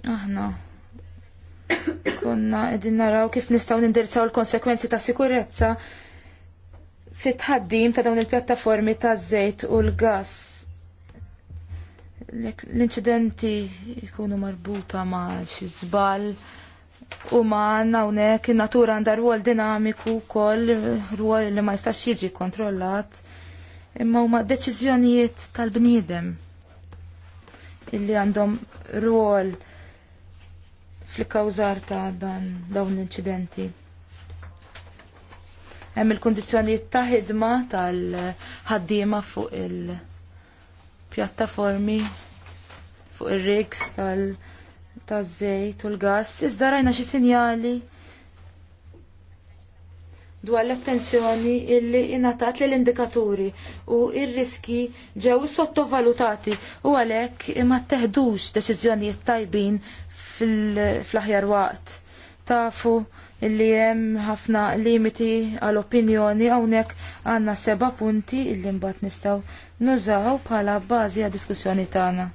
Aħna. Oh, no konna edin naraw kif nistgħu nindirizzaw l-konsekwenzi ta' sikurezza fit tħaddim ta' dawn il-pjattaformi ta' żejt u l-gas. L-inċidenti jkunu marbuta ma' xi żball u ma' hawnhekk in-natura għandha rwol dinamiku wkoll rwol li ma jistax jiġi kontrollat imma huma deċiżjonijiet tal-bniedem illi għandhom rwol fl-kawżar ta' dan dawn l-inċidenti. Hemm il-kundizzjonijiet ta' ħidma tal-ħaddiema fuq il-pjattaformi fuq ir-rigs tal-żejt u l-gass, iżda rajna xi sinjali dwar l-attenzjoni illi ingħatat l indikaturi u r riski ġew sottovalutati u għalhekk imma teħdux deċiżjonijiet tajbin fl-aħjar waqt. Tafu illi hemm ħafna limiti għall opinjoni hawnhekk għandna seba' punti illi mbagħad nistgħu nużaw bħala bażi għad diskussjoni tagħna.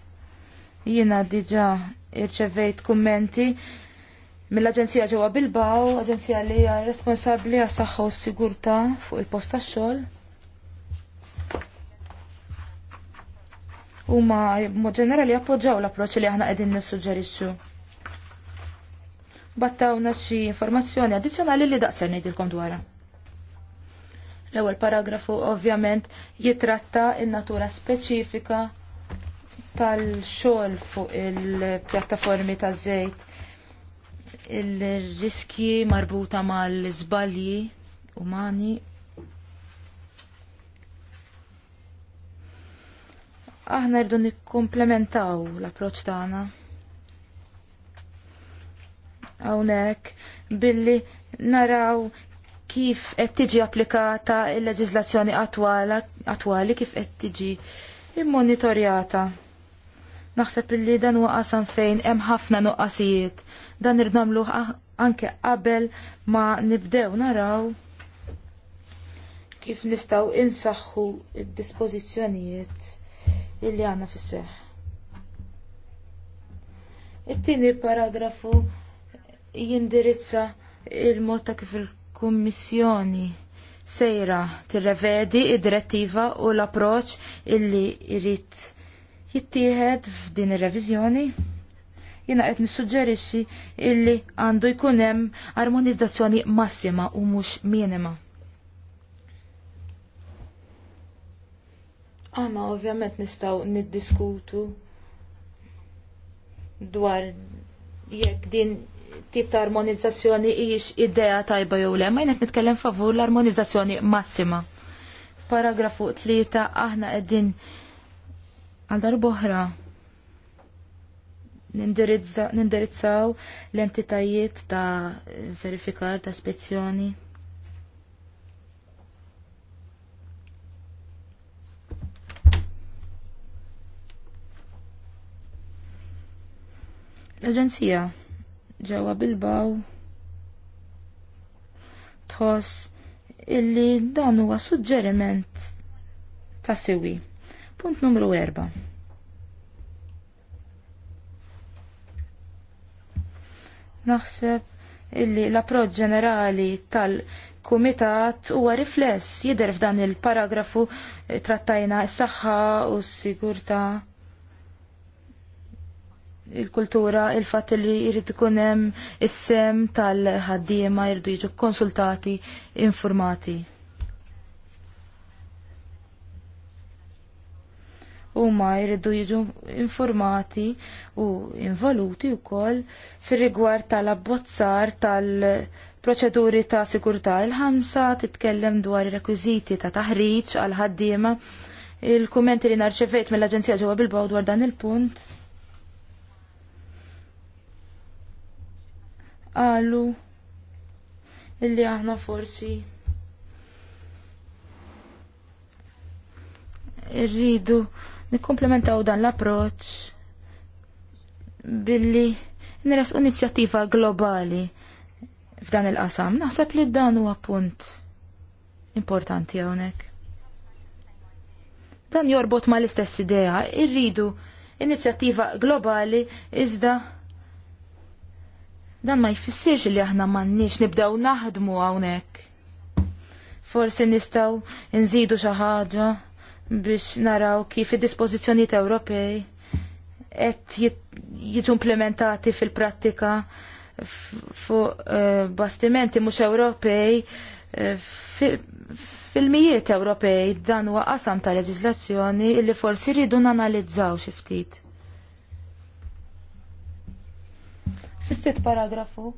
Jiena diġa' irċevejt kummenti mill-Aġenzija ġewwa Bilbao, aġenzija li hija responsabbli għas saħħa u s-sigurtà fuq il-post tax xogħol Huma mod ġenerali appoġġaw l-approċċ li aħna qegħdin nissuġġerixxu. Battawna xi informazzjoni addizzjonali li daqser ngħidilkom dwarha. L-ewwel paragrafu ovvjament jitratta in-natura speċifika tal-xogħol fuq il-pjattaformi taż-żejt il-riski marbuta mal-żbalji umani aħna rridu nikkumplementaw l-approċ tagħna. Hawnhekk billi naraw kif qed tiġi applikata l leġiżlazzjoni attwali kif qed tiġi immonitorjata. Naħseb illi dan huwa qasam fejn hemm ħafna nuqqasijiet. Dan irnamlu nagħmluh anke qabel ma nibdew naraw kif nistgħu insaħħu id-dispożizzjonijiet illi għandna fis-seħħ. It-tieni paragrafu jindirizza il-mod ta' kif il-Kummissjoni sejra tirrevedi id-direttiva u l-approċ illi jrid jittieħed f'din ir-reviżjoni jina qed nissuġġerixxi illi għandu jkun hemm armonizzazzjoni massima u mhux minima. Aħna ovvjament nistgħu niddiskutu dwar jekk din tip ta' armonizzazzjoni hijiex idea tajba jew le, ma jien qed nitkellem favur l-armonizzazzjoni massima. F'paragrafu tlieta aħna qegħdin Għal darboħra nindirizzaw l-entitajiet ta' verifikar ta' spezzjoni. L-Aġenzija ġewwa Bilbaw tħoss illi dan huwa suġġeriment ta' sewi. Punt numru 4. Naħseb illi l approċċ ġenerali tal-kumitat huwa rifless jidher f'dan il-paragrafu eh, trattajna s-saħħa u s-sigurtà il-kultura, il-fatt li jrid ikun hemm is-sem tal-ħaddiema jridu jiġu konsultati, informati. huma jridu jiġu informati u involuti wkoll fir-rigward tal-abbozzar tal-proċeduri ta' sigurtà il-ħamsa titkellem dwar ir-rekwiżiti ta' taħriġ għal ħaddiema il-kummenti li narċevejt mill-Aġenzija ġewwa Bilbaw dwar dan il-punt. Għalu illi aħna forsi rridu nikkomplementaw dan l-approċ billi nres inizjattiva globali f'dan il-qasam. Naħseb li dan huwa punt importanti hawnhekk. Dan jorbot ma l-istess idea, irridu inizjattiva globali iżda dan ma jfissirx li aħna m'għandniex nibdew naħdmu hawnhekk. Forsi nistgħu nżidu xi ħaġa biex naraw kif id-dispożizzjonijiet Ewropej qed jiġu implementati fil-prattika fuq eh, bastimenti mhux Ewropej eh, fil-mijiet Ewropej dan huwa qasam ta' leġiżlazzjoni li forsi rridu nanalizzaw xi ftit. Fis-sitt paragrafu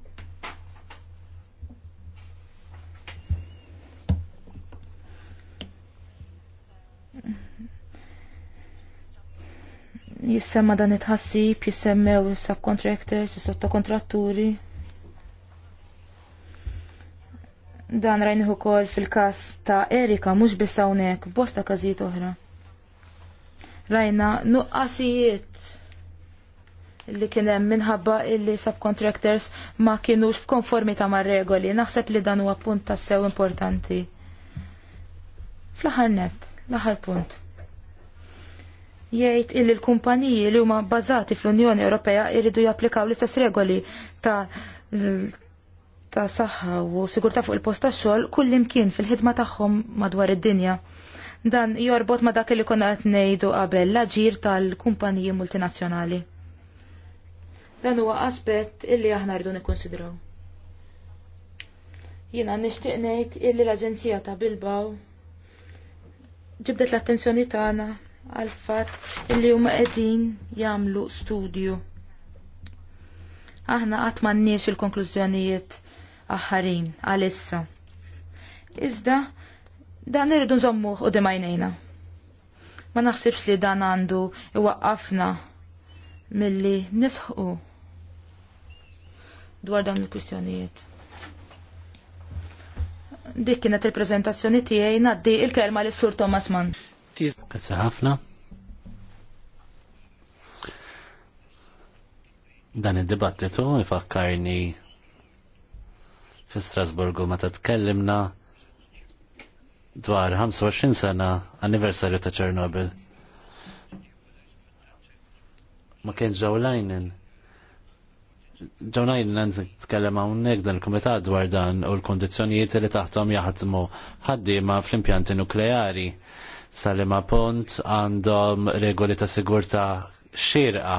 jissemma dan it-ħassib, jissemmew il-subcontractors, il-sottokontratturi. Dan rajniħu kol fil-kas ta' Erika, mux bissawnek, f'bosta kazijiet oħra. Rajna nuqqasijiet li kienem minħabba illi subcontractors ma kienux f'konformita ma' regoli. Naħseb li dan huwa punt tassew importanti. Fl-ħarnet, l-ħar punt jgħid illi l-kumpaniji li huma bbażati fl-Unjoni Ewropea jridu japplikaw l-istess regoli ta' ta' saħħa u sigurtà fuq il-post tax-xogħol kull imkien fil-ħidma tagħhom madwar id-dinja. Dan jorbot ma dak li konna qed ngħidu qabel l-aġir tal-kumpaniji multinazzjonali. Dan huwa aspett illi aħna rridu nikkonsidraw. Jiena nixtieq ngħid illi l-Aġenzija ta' Bilbaw ġibdet l-attenzjoni tagħna għal fatt illi huma qegħdin jagħmlu studju. Aħna qatt m'għandniex il-konklużjonijiet aħħarin għalissa. Iżda dan irridu nżommu qudiem għajnejna. Ma naħsibx li dan għandu iwaqqafna milli nisħu dwar dawn il-kwistjonijiet. Dik kienet il-prezentazzjoni tiegħi ngħaddi il-kelma lis sur Thomas Mann. Grazie ħafna. Dan id-dibattitu jifakkarni fi Strasburgu ma ta' tkellimna dwar 25 sena anniversarju ta' Ċernobil. Ma kienx ġawlajnin. Ġawlajnin għan t-tkellem għawnek dan il-komitat dwar dan u l-kondizjonijiet li taħtom jaħdmu ħaddima fl-impjanti nukleari salima Pont għandhom regoli ta' sigurta xirqa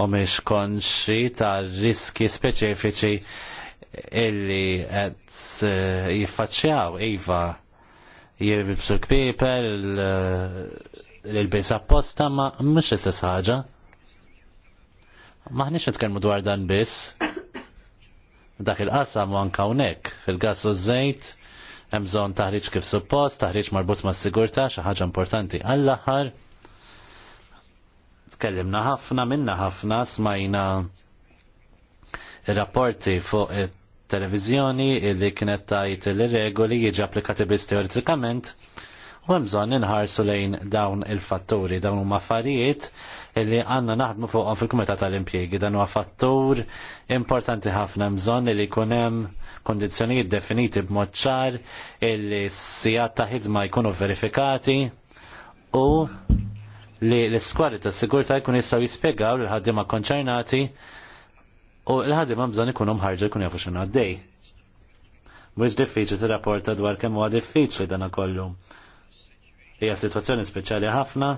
u miex konxi ta' riski speċifiċi illi għed eh, jiffaċċjaw iva jirbsu l-kpiper l-bis apposta ma mux istess ħaġa. Maħniex nitkellmu dwar dan biss. Dak il-qasam u anka hawnhekk fil-gas u żejt hemm bżonn taħriġ kif suppost, taħriġ marbut ma' sigurtà xi ħaġa importanti għall-aħħar. Tkellimna ħafna, minna ħafna, smajna rapporti fuq it-televiżjoni li kienet tajt il regoli jieġi applikati biss teoretikament u hemm bżonn inħarsu lejn dawn il-fatturi, dawn huma affarijiet Illi għanna naħdmu fuqhom fil-Kumitat tal-Impjegi dan huwa fattur importanti ħafna bżonn li jkun hemm kondizzjonijiet definiti b'mod ċar illi s-sijat ta' ħidma jkunu verifikati u li l-iskwari ta' sigurta jkun jistgħu jispjegaw l ħaddiema konċernati u l-ħaddiema bżonn ikunu mħarġu jkun jafu x'inhu għaddej. Mhux diffiċli tirrapporta dwar kemm huwa diffiċli dan kollu hija situazzjoni speċjali ħafna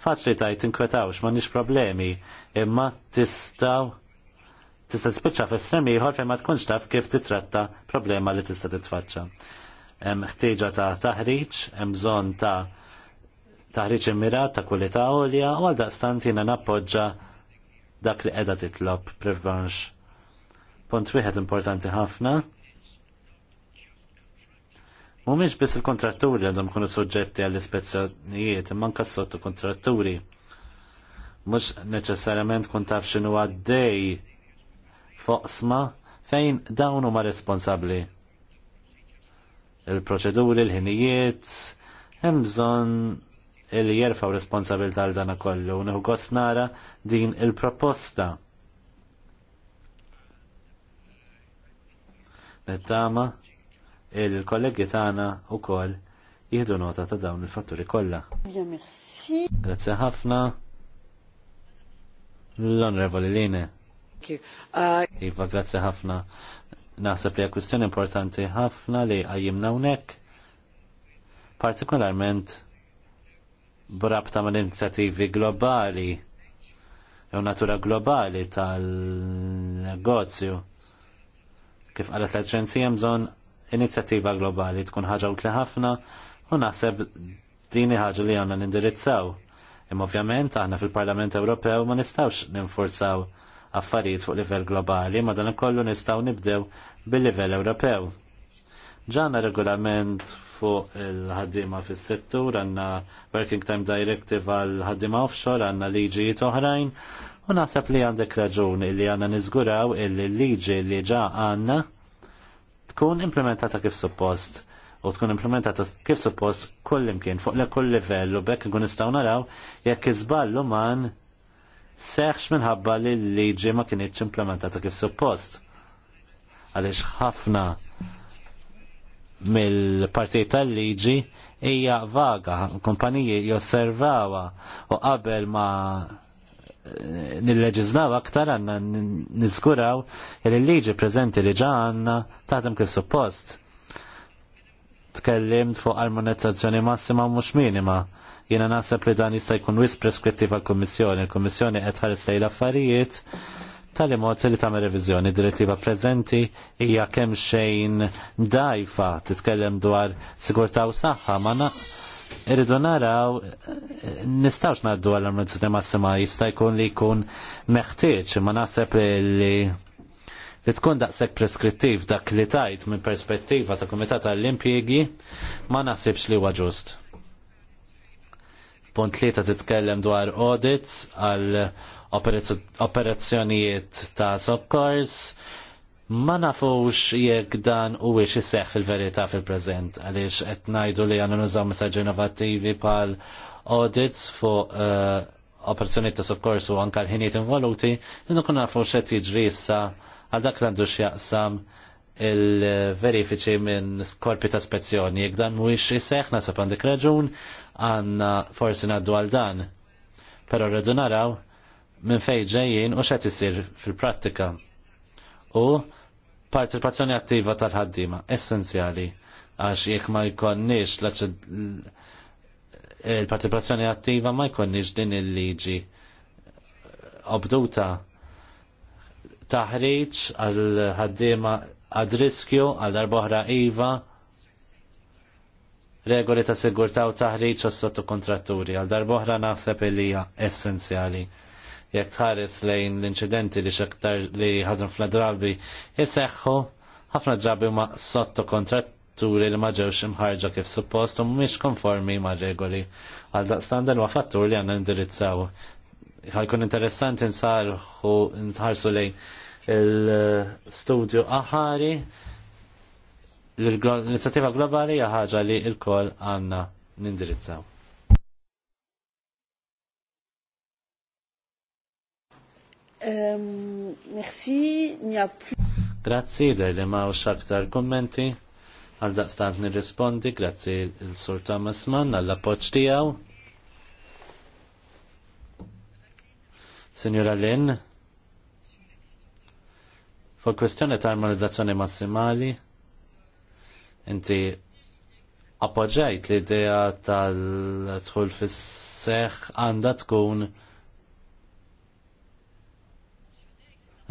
faċli tajt inkwetawx, ma nix problemi, imma tistaw tista t-spicċa f-estremi, ieħor fejn ma tkunx taf kif titratta problema li tista' titfaċċa. Hemm ħtieġa ta' taħriġ, hemm bżonn ta' taħriġ immirat ta' ta' għolja u għal daqstant jiena nappoġġa dak li qiegħda titlob prevbanx. Punt wieħed importanti ħafna Mhumiex biss il-kontratturi għandhom kunu soġġetti għall ispezzjonijiet imma anke sotto kontratturi. Mhux neċessarjament kun taf x'inhu għaddej foqsma fejn dawn huma responsabbli. Il-proċeduri, l-ħinijiet, hemm bżonn li jerfaw responsabilità għal dan kollu u nieħu gost nara din il-proposta. Nittama il-kollegi tagħna wkoll jieħdu nota ta' dawn il-fatturi kollha. Grazzi ħafna. L-Onorevoli Line. Uh, iva, grazzi ħafna. Naħseb li kwistjoni importanti ħafna li għajimna hawnhekk. Partikolarment brabta ma' inizjattivi globali jew natura globali tal-negozju. Kif qalet l-Aġenzija bżonn inizjattiva globali tkun ħaġa utli ħafna u naħseb dini ħaġa li għanna nindirizzaw. Imma ovvjament aħna fil-Parlament Ewropew ma nistawx ninforzaw affarijiet fuq livell globali, ma dan kollu nistaw nibdew bil-livell Ewropew. Ġana regolament fuq il-ħaddima fis-settur, għanna Working Time Directive għal-ħaddima offshore, għanna liġijiet oħrajn, u naħseb li għandek raġun li għanna nizguraw il-liġi li ġa għanna tkun implementata kif suppost u tkun implementata kif suppost kull imkien fuq le kull livell u bekk nkun nistgħu naraw jekk iżballu man seħx minħabba li l-liġi ma kienieċ implementata kif suppost. Għaliex ħafna mill-partijiet tal-liġi hija vaga, kumpaniji josservawa u qabel ma nil-leġizlaw aktar għanna nizguraw li l-liġi prezenti li ġanna taħdem kif suppost. Tkellimt fuq armonizzazzjoni massima mhux minima. Jiena naħseb li dan jista' jkun wis preskrittiva l kommissjoni Il-Kummissjoni qed tħares lejn l-affarijiet tal mod li tagħmel reviżjoni. Direttiva preżenti hija kemm xejn dajfa titkellem dwar sigurtà u saħħa ma' irridu naraw nistax naddu għall armonizzazzjoni massima jista' jkun li jkun meħtieġ ma naħseb li li tkun daqshekk preskrittiv dak li tajt minn perspettiva ta' kumitat tal-impjiegi ma naħsibx li huwa ġust. Punt li ta' titkellem dwar audits għal operazzjonijiet ta' soccors, ma nafux jekk dan u wiex iseħ fil-verità fil-preżent għaliex qed ngħidu li għandna nużaw messagġi innovativi pal audits fuq uh, eh, opportunit ta' u anka l-ħiniet involuti, jinnu kun nafux xet jiġri issa għal dak għandu x'jaqsam il-verifiċi minn korpi ta' spezzjoni. jekk dan mhuwiex iseħħ nasab għandek raġun għanna forsi ngħaddu għal dan. Però rridu naraw minn fejn ġejjin u xet isir fil-prattika u partizipazzjoni attiva tal-ħaddima, essenzjali, għax jekk ma jkonniex il-partizipazzjoni attiva ma jkonniex din il-liġi obduta taħriġ għal ħaddima għad riskju għal darboħra iva regoli ta' sigurtaw taħriġ għas sottokontratturi għal darboħra naħseb li essenzjali jekk tħares lejn l-inċidenti li xaktar li ħadhom fl-drabi jiseħħu ħafna drabi ma sotto kontratturi li ma ġewx imħarġa kif suppost u mhumiex konformi ma' regoli għal daqstan dan huwa fattur li għandna indirizzaw. Ħajkun interessanti nsarħu nħarsu lejn il-studio aħari l-inizjattiva globali hija ħaġa li l-kol għandna nindirizzaw. Euh, merci, nja Grazzi, der li ma' xaktar kommenti. Għal daqstant nirrispondi, grazzi il-Sur Thomas Mann għall-appoċ tijaw. Signora Lynn, fuq kwestjoni ta' armonizzazzjoni massimali, inti appoġġajt l-idea tal tħul fis-seħ għandha tkun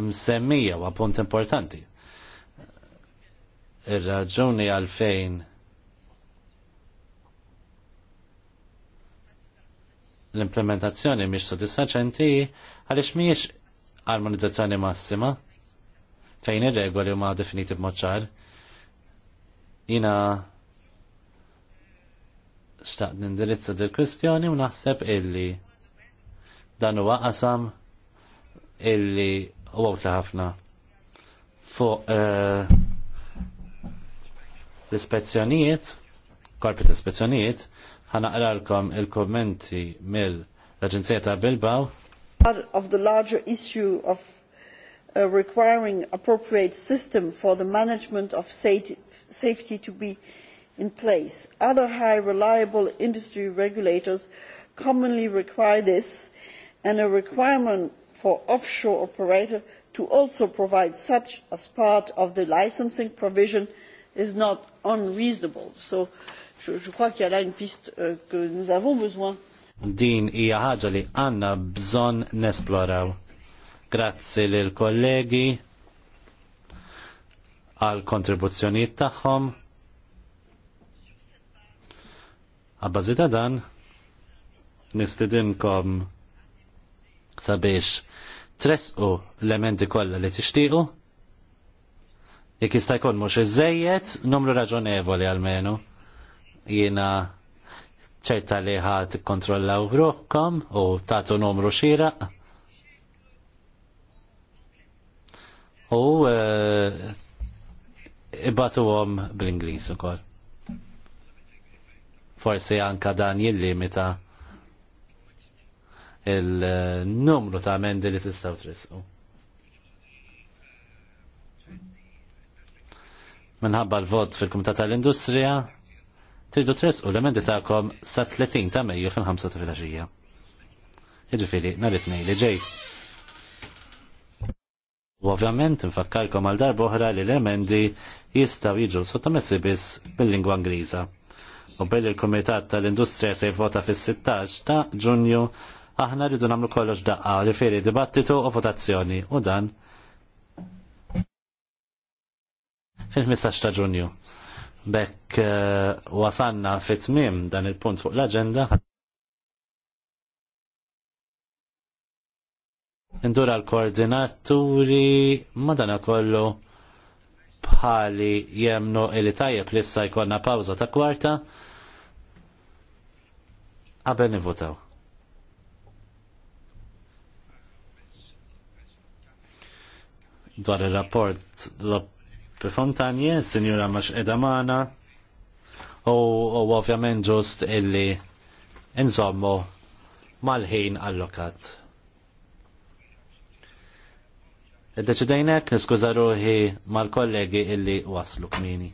msemmija u punt importanti. Ir-raġuni għalfejn l-implementazzjoni mhix sodisfaċenti għaliex mhijiex armonizzazzjoni massima fejn ir-regoli huma definiti b'mod ċar. Jina xtaqt nindirizza dil kwistjoni u naħseb illi dan huwa qasam illi u għawtla ħafna fuq eh, l-ispezzjonijiet, korpi l-ispezzjonijiet, ħanaqralkom il-kommenti mill-Aġenzija l ta' Bilbaw. Part of the larger issue of uh, requiring appropriate system for the management of safety to be in place. Other high reliable industry regulators commonly require this and a requirement for offshore operators to also provide such as part of the licensing provision is not unreasonable. So je, je crois qu'il y a là une piste euh, que nous avons besoin. Din hija ħaġa li għanna bżon nesploraw. Grazzi lil kollegi għal kontribuzzjonijiet tagħhom. Abbażita dan nistidinkom sabiex tresqu l-emendi kollha li tixtiequ. Jekk jista' jkun mhux iżejjed, numru raġonevoli għalmenu. Jiena ċerta li ħad kontrollaw ruhkom u tagħtu numru xieraq. U e, ibatuhom bl-Ingliż ukoll. Forsi anka dan jillimita il-numru ta' amendi li tistaw trisqu. Minħabba l-vot fil-Kumitat tal-Industrija, tridu tresqu l-emendi ta'kom sa' 30 ta' Mejju fil-5 ta' filgħaxija. Jiġifieri nhar it li ġej. U ovvjament nfakkarkom għal darba oħra li l-emendi jistaw jiġu sottomessi biss bil-lingwa Ingliża. U billi l-Kumitat tal-Industrija se jvota fis-16 ta' Ġunju aħna rridu nagħmlu kollox daqqa, ġifieri dibattitu u votazzjoni u dan fil-15 ta' Ġunju. Bekk eh, wasanna fit-tmiem dan il-punt fuq l-aġenda. Indura l-koordinaturi dan kollu bħali jemnu ili tajjeb lissa jkollna pawza ta' kwarta qabel nivutaw. dwar il-rapport Prefontanje, sinjura max edamana, u ovvjament ġust illi nżommu mal-ħin allokat. id deċidajnek niskuza ruħi mal-kollegi illi waslu kmini.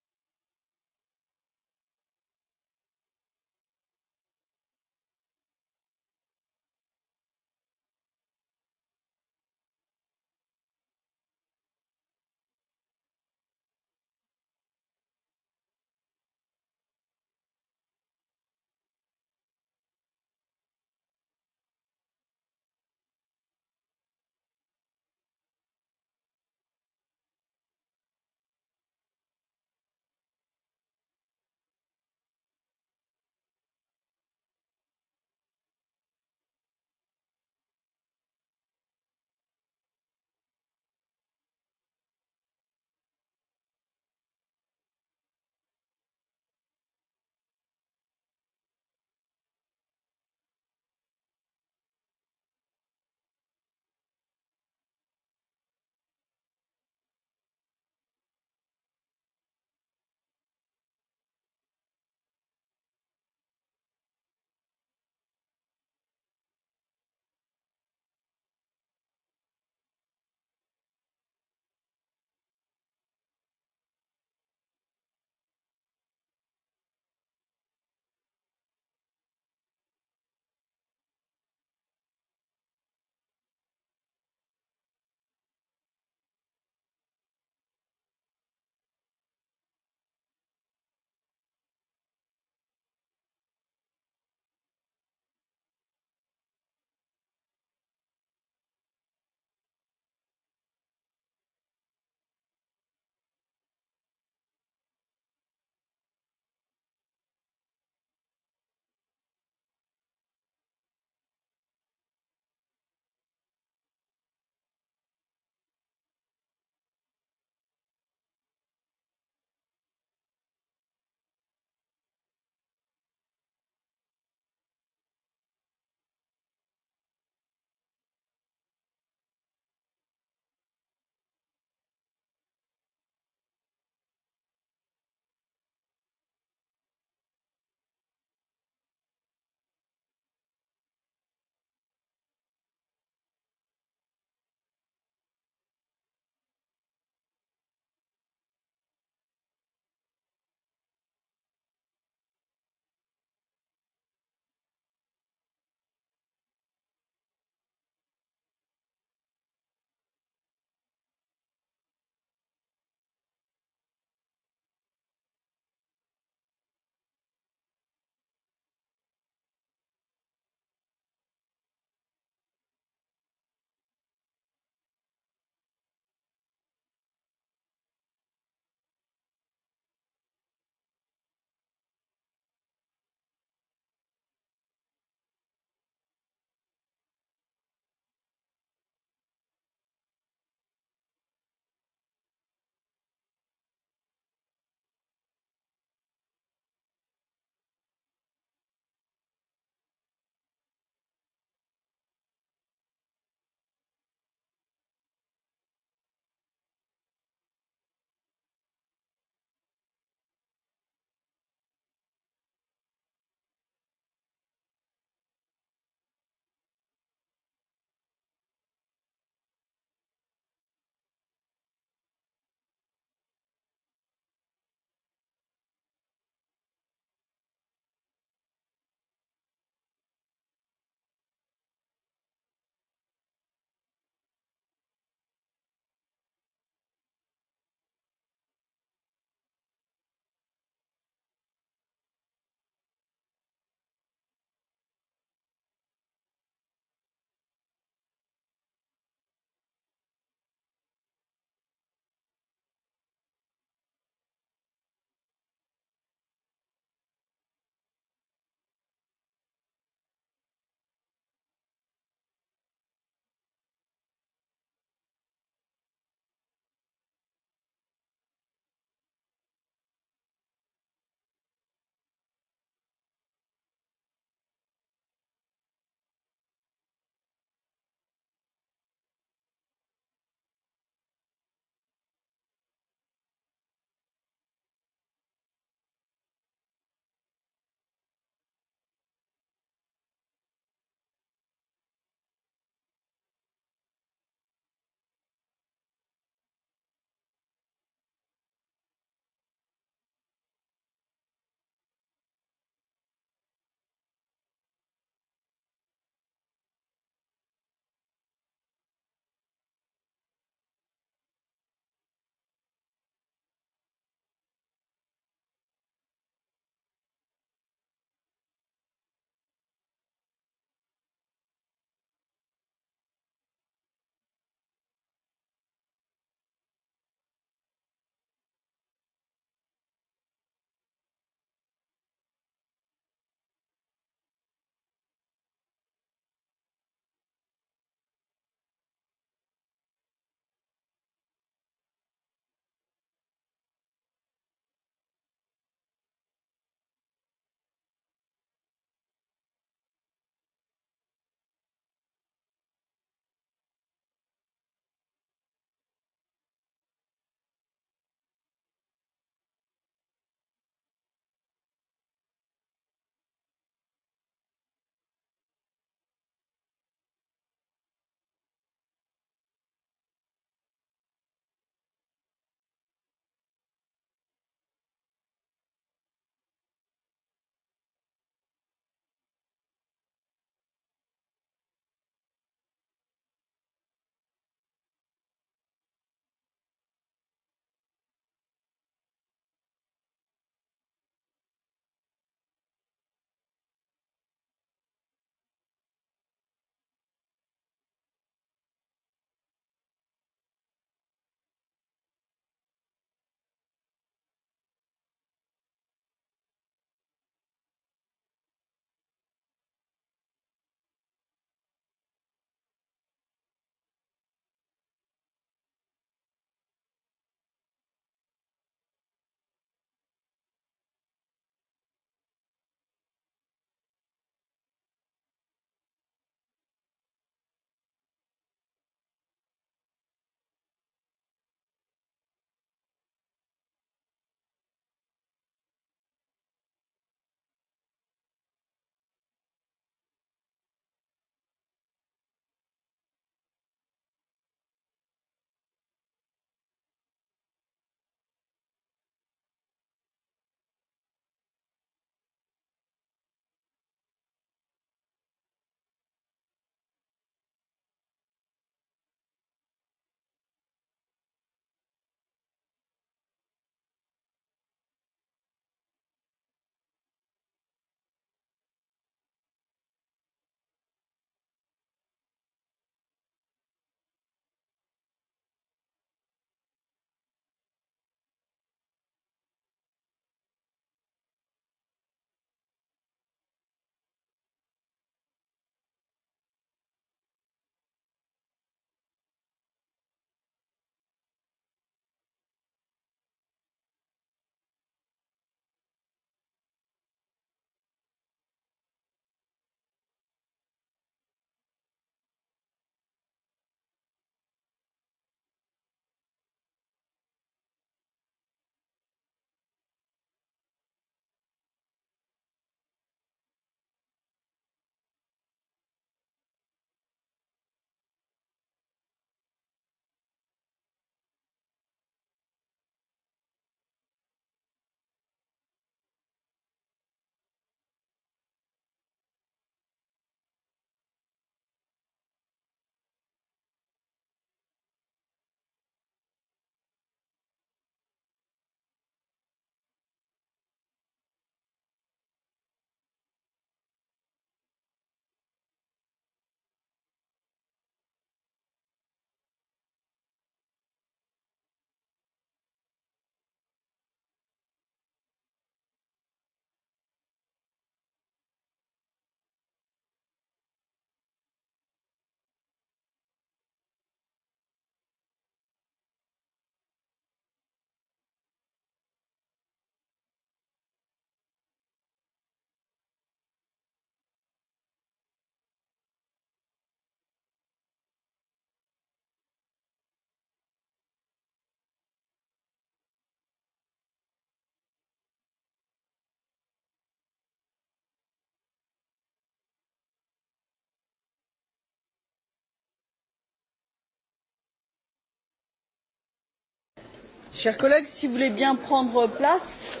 Chers collègues, si vous voulez bien prendre place.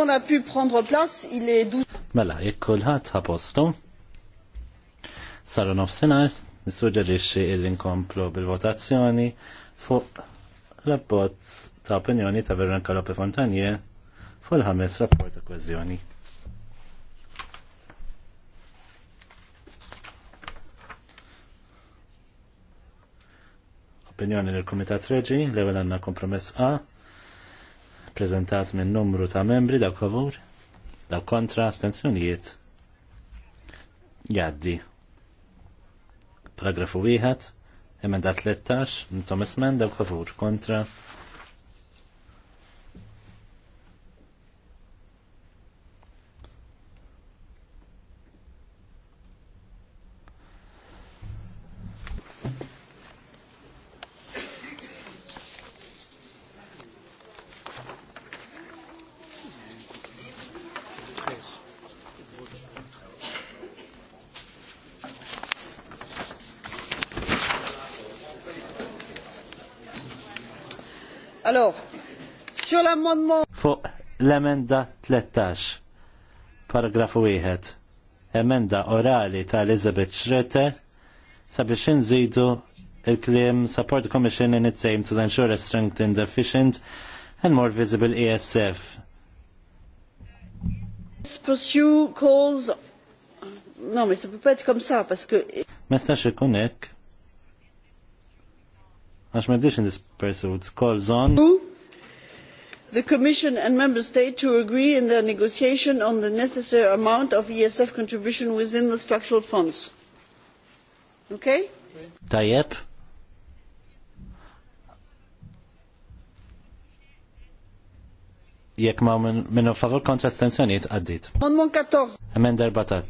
monde a pu prendre place, il est 12. Mela, jekkul kulħadd ħa postu. Saru nofsinhar, nissuġġerixxi il inkomplu bil-votazzjoni fuq l-abbozz ta' opinjoni ta' Veronika Lope Fontanier fuq il-ħames rapport ta' kwezzjoni. Opinjoni l-Kumitat Reġi, l-ewwel għandna kompromess A' rappresentat minn numru ta' membri da favur, da' kontra astenzjonijiet. Jaddi. Paragrafu wieħed, emenda 13, mtom ismen daw kontra l-emenda 13, paragrafu 1. Emenda orali ta' Elizabeth Schroeter sabiex inżidu il-klim Support Commission in its aim to ensure a strengthened, efficient and more visible ESF. Pursue calls. Non, mais ça peut pas être comme ça parce Għax ma bdiex in this pursuit. Calls on. Who? the commission and member states to agree in their negotiation on the necessary amount of esf contribution within the structural funds. okay? Tajjeb. Jekk ma minnu favor kontra stenzjoniet għaddit. Emenda 14.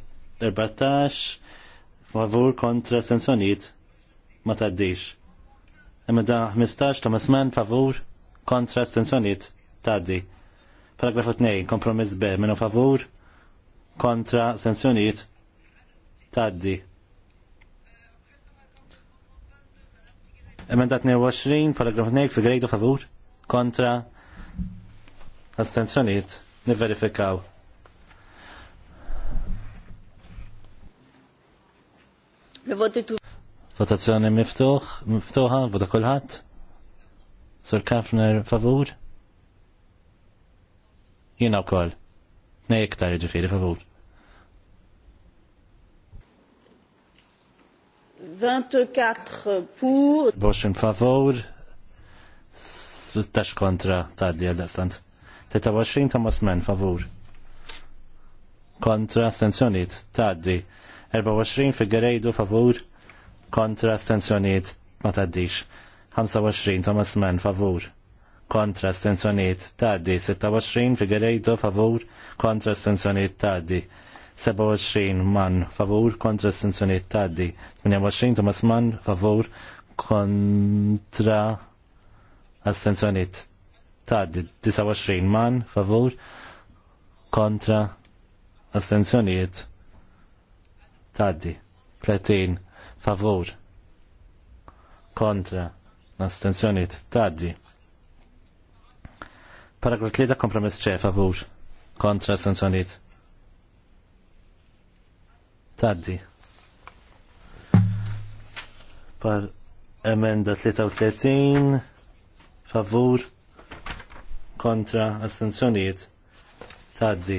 kontra stenzjoniet ma taddix. 15 ta' kontra stenzjoniet taddi. Paragrafu 2, kompromiss B, minu favur, kontra sanzjoniet taddi. Emenda 22, paragraf 2, fi grejdu favur, kontra astenzjoniet, niverifikaw. Votazzjoni miftuħ, miftuħa, vota kulħadd. Sur Kafner favur, Jina wkoll. Nej iktar ġifieri favur. 24 pour. Boxin favor. 16 kontra taddi għal-dastant. 20 ta' masmen favur. Kontra astenzjoniet taddi. 24 fi gerejdu favur. Kontra astenzjoniet ma taddix. 25 ta' masmen favur kontra stenzjoniet taddi, 26 Figueiredo favur kontra stenzjoniet taddi, 27 man favur kontra stenzjoniet taddi, 28 Thomas Mann favur kontra astenzjoniet taddi, 29 man favur kontra astenzjoniet taddi, 30 favur kontra astenzjoniet taddi. Paragraf tlieta kompromess ċe favur kontra sanzjoniet. Tadzi. Par emenda 33 favur kontra astenzjoniet Tadzi.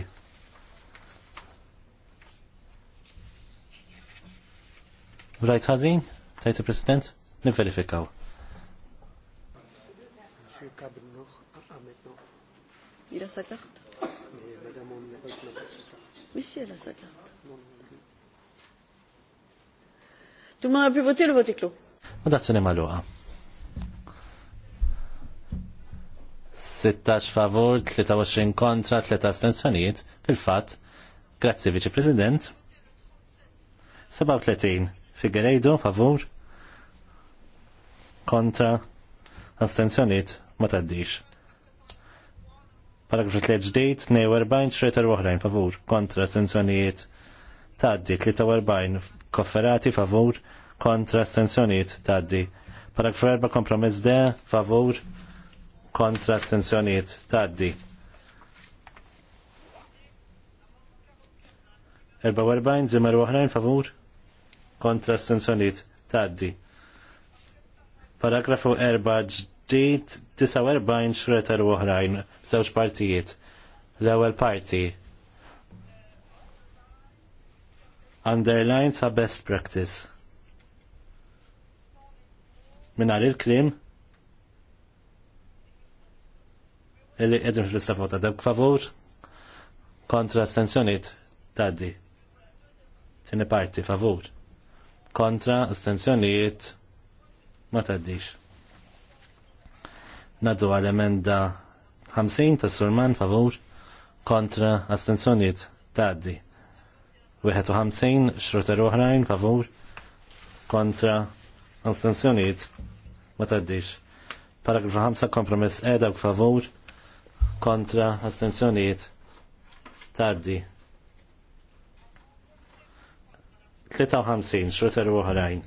Rajt ħażin? Tajt il-President? Niverifikaw. Il a sa carte Mais madame, sa carte. Mais si, elle a sa carte. Tout le pu voter, le vote est clos. Votazione maluqa. 16 favor, 23 kontra, 3 astensjoniet, Fil-fat, grazzi Viċi President. 37 Figueiredo, favor. Kontra, astensjoniet, ma taddix. Paragrafu 3 ġdijt, 42 xreter uħrajn favur kontra astenzjonijiet taddi. 43 kofferati favur kontra astenzjonijiet taddi. Paragrafu 4 kompromiss de favur kontra astenzjonijiet taddi. 44 zimmer uħrajn favur kontra astenzjonijiet taddi. Paragrafu 4 ġdid 49 xretar u oħrajn, żewġ partijiet. L-ewwel parti. Underline sa best practice. Minar il-klim. Illi edin fil-safota dawk favur. Kontra astensjoniet taddi. Tini parti favur. Kontra astensjoniet ma taddix. Nadu għal-emenda 50 ta' surman favur kontra astenzjoniet taddi. 51 xruter oħrajn favur kontra astenzjoniet ma taddix. Paragrafu 5 kompromess edha favur kontra astenzjoniet taddi. 53 xruter oħrajn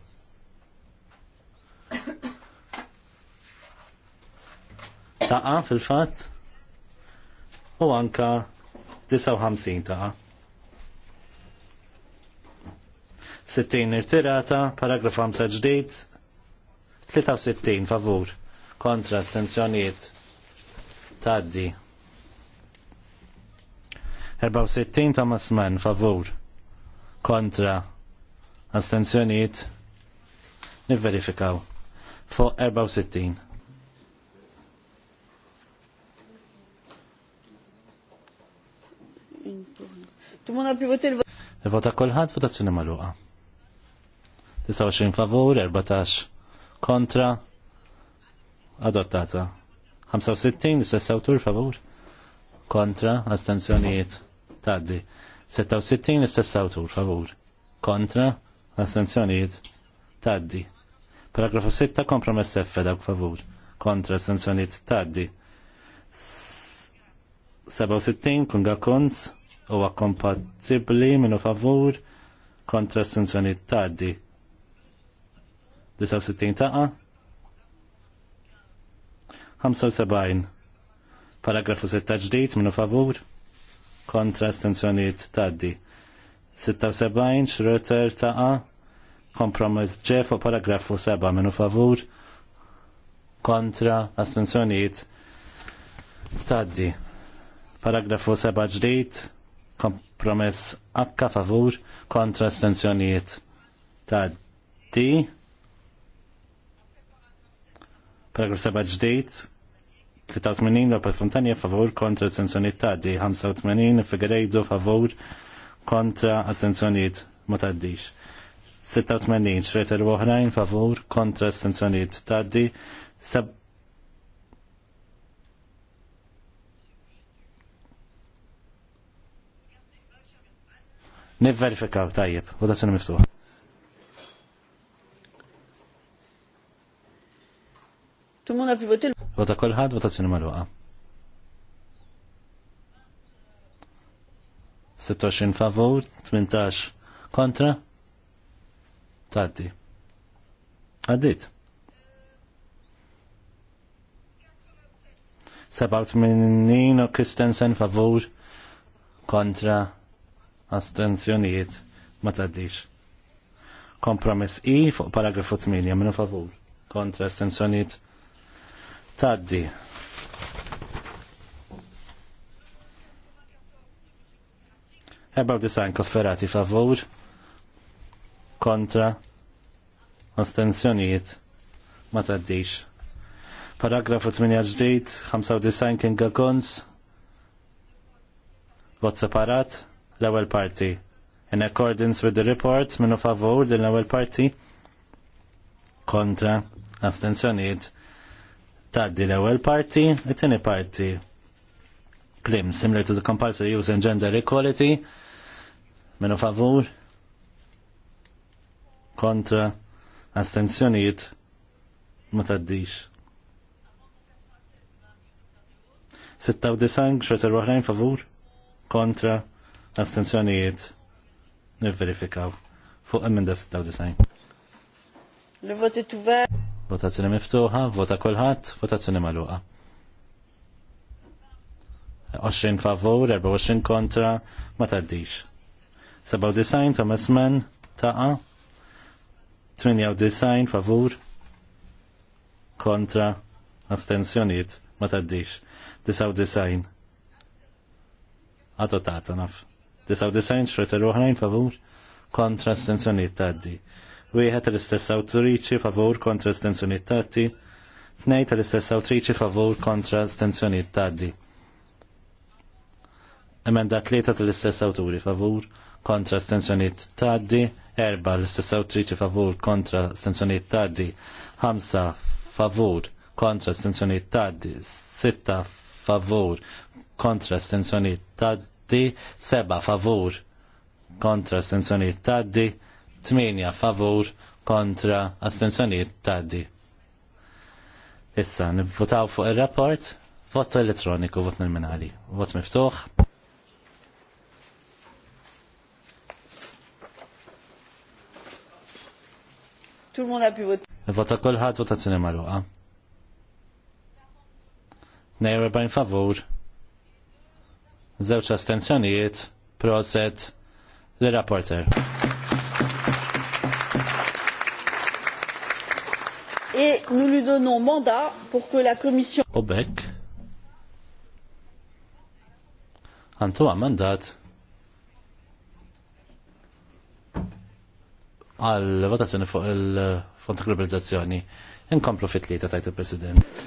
taqa fil-fat u anka 59 taqa. 60 irtirata, paragraf 5 ġdid, 63 favur, kontra stenzjoniet taddi. 64 Thomas Mann, favur, kontra astenzjoniet nivverifikaw fuq 64. Tumuna le il Il-vota kolħat, votazzjoni maluqa. 29 favur, 14 kontra, adottata. 65 l-istess autur favur, kontra, astenzjonijiet, taddi. 66 l-istess autur favur, kontra, astenzjonijiet, taddi. Paragrafu 6 kompromess F dawk favur, kontra, astenzjonijiet, taddi. 67 kunga konz, huwa kompatibbli minnu favur kontra astenzjoni tgħaddi. 69 taqa. 75. Paragrafu 6 ġdid minnu favur kontra astenzjonijiet tgħaddi. 76 Schroeter taqa kompromess ġef u paragrafu 7 minu favur kontra astenzjonijiet taddi. Paragrafu 7 ġdijt kompromess akka favur kontra astensjonijiet ta' D. Paragraf 7 ġdejt, 83 l Fontanja favur kontra astensjonijiet ta' D. 85 Figueiredo favur kontra astensjonijiet ma ta' D. 86 Schroeder Wohrajn favur kontra astensjonijiet ta' D. Nivverifikaw tajjeb, u da sena miftuħ. Tumuna pivotil. Vota kolħad, s-sinu votazzjoni waqa 26 favor, 18 kontra. Tati. Għaddit. 87 u Kristensen favor kontra astenzjonijiet ma taddix. Kompromess I fuq paragrafu 8 minn favur kontra astenzjonijiet taddi. Ebba disajn kofferati favur kontra astenzjonijiet ma taddix. Paragrafu 8 ġdijt, 95 kien għakons, vot separat, l-ewwel parti. In accordance with the report minnu favor din l-ewwel parti kontra astenzjonijiet tgħaddi l-ewwel parti, it-tieni parti. Klim similar to the compulsory use and gender equality minnu favor kontra astenzjonijiet ma taddix. 96 xeter Wahrajn favur kontra astenzjonijiet nivverifikaw fuq emenda 96. Il-voti tuver. Votazzjoni miftuħa, vota kolħat, votazzjoni maluqa. 20 favor, 24 kontra, ma taddix. 97 ta' Mann, taqa, 98 favur, kontra, astenzjoniet, ma taddix. 99. Adotata naf. 99 xreter uħrajn favur kontra astenzjoniet U Wieħed l-istess autoriċi favur kontra astenzjoniet taddi. Tnej tal-istess autoriċi favur kontra astenzjoniet taddi. Emenda tlieta tal-istess autori favur kontra astenzjoniet taddi. Erba l-istess autoriċi favur kontra astenzjoniet taddi. Hamsa favur kontra astenzjoniet taddi. Sitta favur kontra astenzjoniet taddi taddi, seba' favur kontra astenzjonijiet taddi, tminja favur kontra astenzjonijiet taddi. Issa, nivvotaw fuq il-rapport, vot elettroniku, vot nominali, vot miftuħ. Vota kolħat votazzjoni marruqa. bajn favur, Zewċ astenzjonijiet, proset l-rapporter. Et nous lui donnons mandat pour que la commission... Obek. Antuwa mandat għal votazzjoni fuq il-fond globalizzazzjoni. Inkomplu fit-tlieta tajt il-President.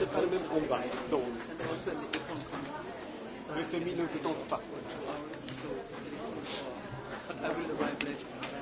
c'est pas le même combat. Donc, le FMI ne vous tente pas. I will arrive later.